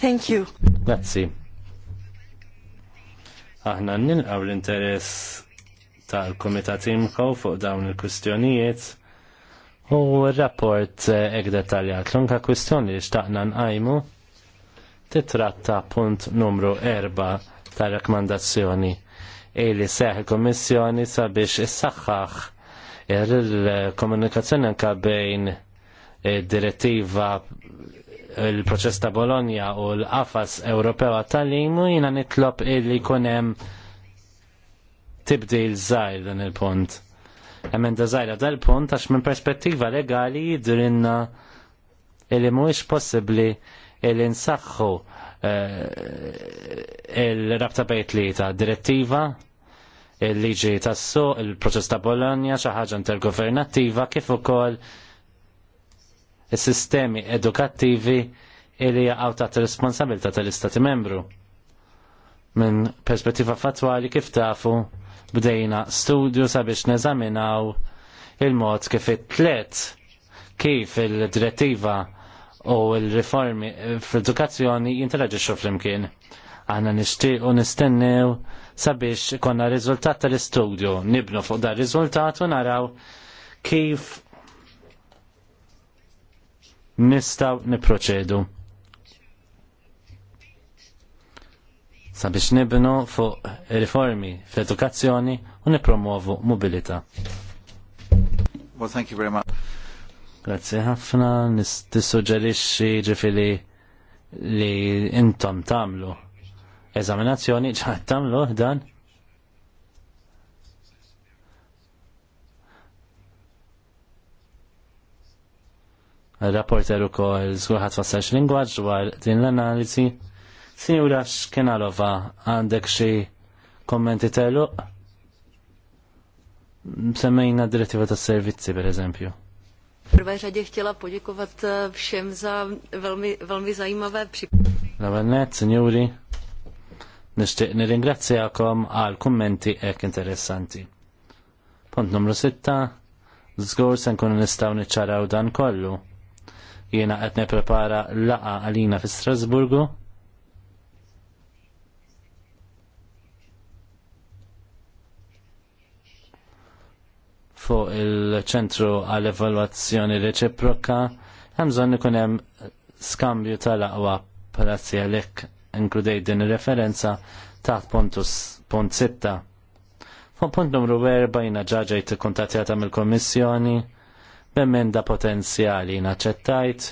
Thank you. Grazzi. Aħna nilqaw l-interess tal-Komitat Imko fuq dawn il-kustjonijiet u r-rapport eh, ek dettaljat. L-unka kwistjoni li xtaqna nqajmu titratta punt numru 4 tal-rekomandazzjoni rakkomandazzjoni li seħ il komissjoni sabiex issaħħaħ il-komunikazzjoni anka bejn direttiva il-proċess ta' Bologna u l-qafas Ewropew tal-limu jina nitlob illi kunem tibdil zaħir dan il-punt. Emenda zaħira dal-punt għax minn perspettiva legali jidrinna illi mhuwiex possibbli illi nsaħħu eh, il-rabta bejt li ta' direttiva il-liġi tas-suq, il-proċess ta' Bologna, xi ħaġa intergovernattiva kif ukoll is-sistemi edukattivi li jaqgħu taħt ir-responsabilità tal-Istati membru. Minn perspettiva fatwali kif tafu bdejna studju sabiex neżaminaw il-mod kif it-tlet kif il-direttiva u l-riformi fl-edukazzjoni jinteraġixxu flimkien aħna nishtiq u nistennew sabiex konna rizultat tal-istudju, nibnu fuq dar rizultat u naraw kif nistaw niproċedu. sabiex nibnu fuq riformi fl-edukazzjoni u nipromuovu mobilità. Well, thank you very much. Grazie ħafna, nistissuġġerixxi ġifili li intom tamlu eżaminazzjoni ċaħt tamlu dan rapporter u kol zgurħat x lingwaġ dwar din l-analizi. Sinjura Xkenalova, għandek xie kommenti telu? Semmejna direttiva ta' servizzi, per eżempju. prvé řadě chtěla poděkovat eh, všem za velmi, velmi zajímavé připomínky. Lavannet, signori, nishtiq nirringrazzjakom għal kummenti ek interessanti. Punt numru 6, zgur sen kun nistaw niċċaraw dan kollu. Jiena qed nipprepara laqa għalina fi Strasburgu. fuq il-ċentru għal evalwazzjoni reċiproka, hemm bżonn ikun hemm skambju tal-aqwa palazzi għalhekk inkludej din ir-referenza taħt punt sitta. Fuq punt numru 4 jina ġaġajt kontatjata mill kummissjoni L-emenda potenzjali naċċettajt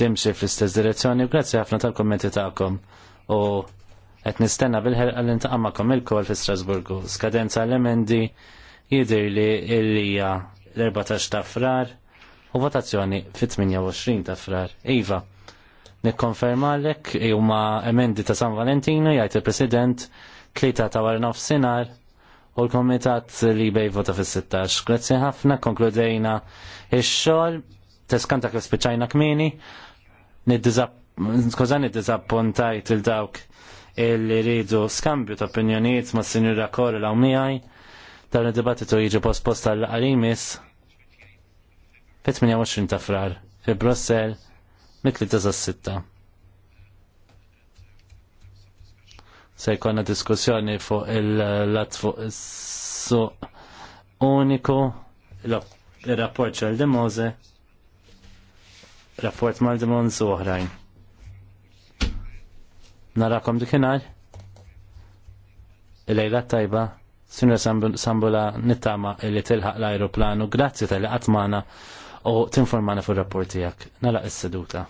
timxi fl-istess direzzjoni u grazzi ħafna tal-kommenti tagħkom u qed nistenna bil ħelq li ntaqamakom il-kol fi Strasburgu. Skadenza l-emendi jidir li hija l-14 ta' frar u votazzjoni fit-28 ta' frar. Iva, nikkonferma lek huma emendi ta' San Valentino jgħid il-President tlieta ta' wara nofsinhar u l-komitat li bej vota fis-16. Grazzi ħafna, konkludejna ix-xogħol, teskanta kif spiċajna kmini, skużani dizappuntajt il-dawk illi ridu skambju ta' opinjonijiet ma' sinjura Kor l miħaj dan il-dibattitu jiġi post-post tal-qalimis fit-28 ta' frar fi Brussel mitli 6. se jkollna diskussjoni fuq il-lat fuq is uniku il-rapport ċar demoze rapport mal demon su oħrajn. Narakom dikinar? Il-lejla tajba, Sinu Sambula nittama illi tilħaq l-aeroplanu, grazzi tal-li għatmana u tinformana fil-rapport tijak. Nara is-seduta.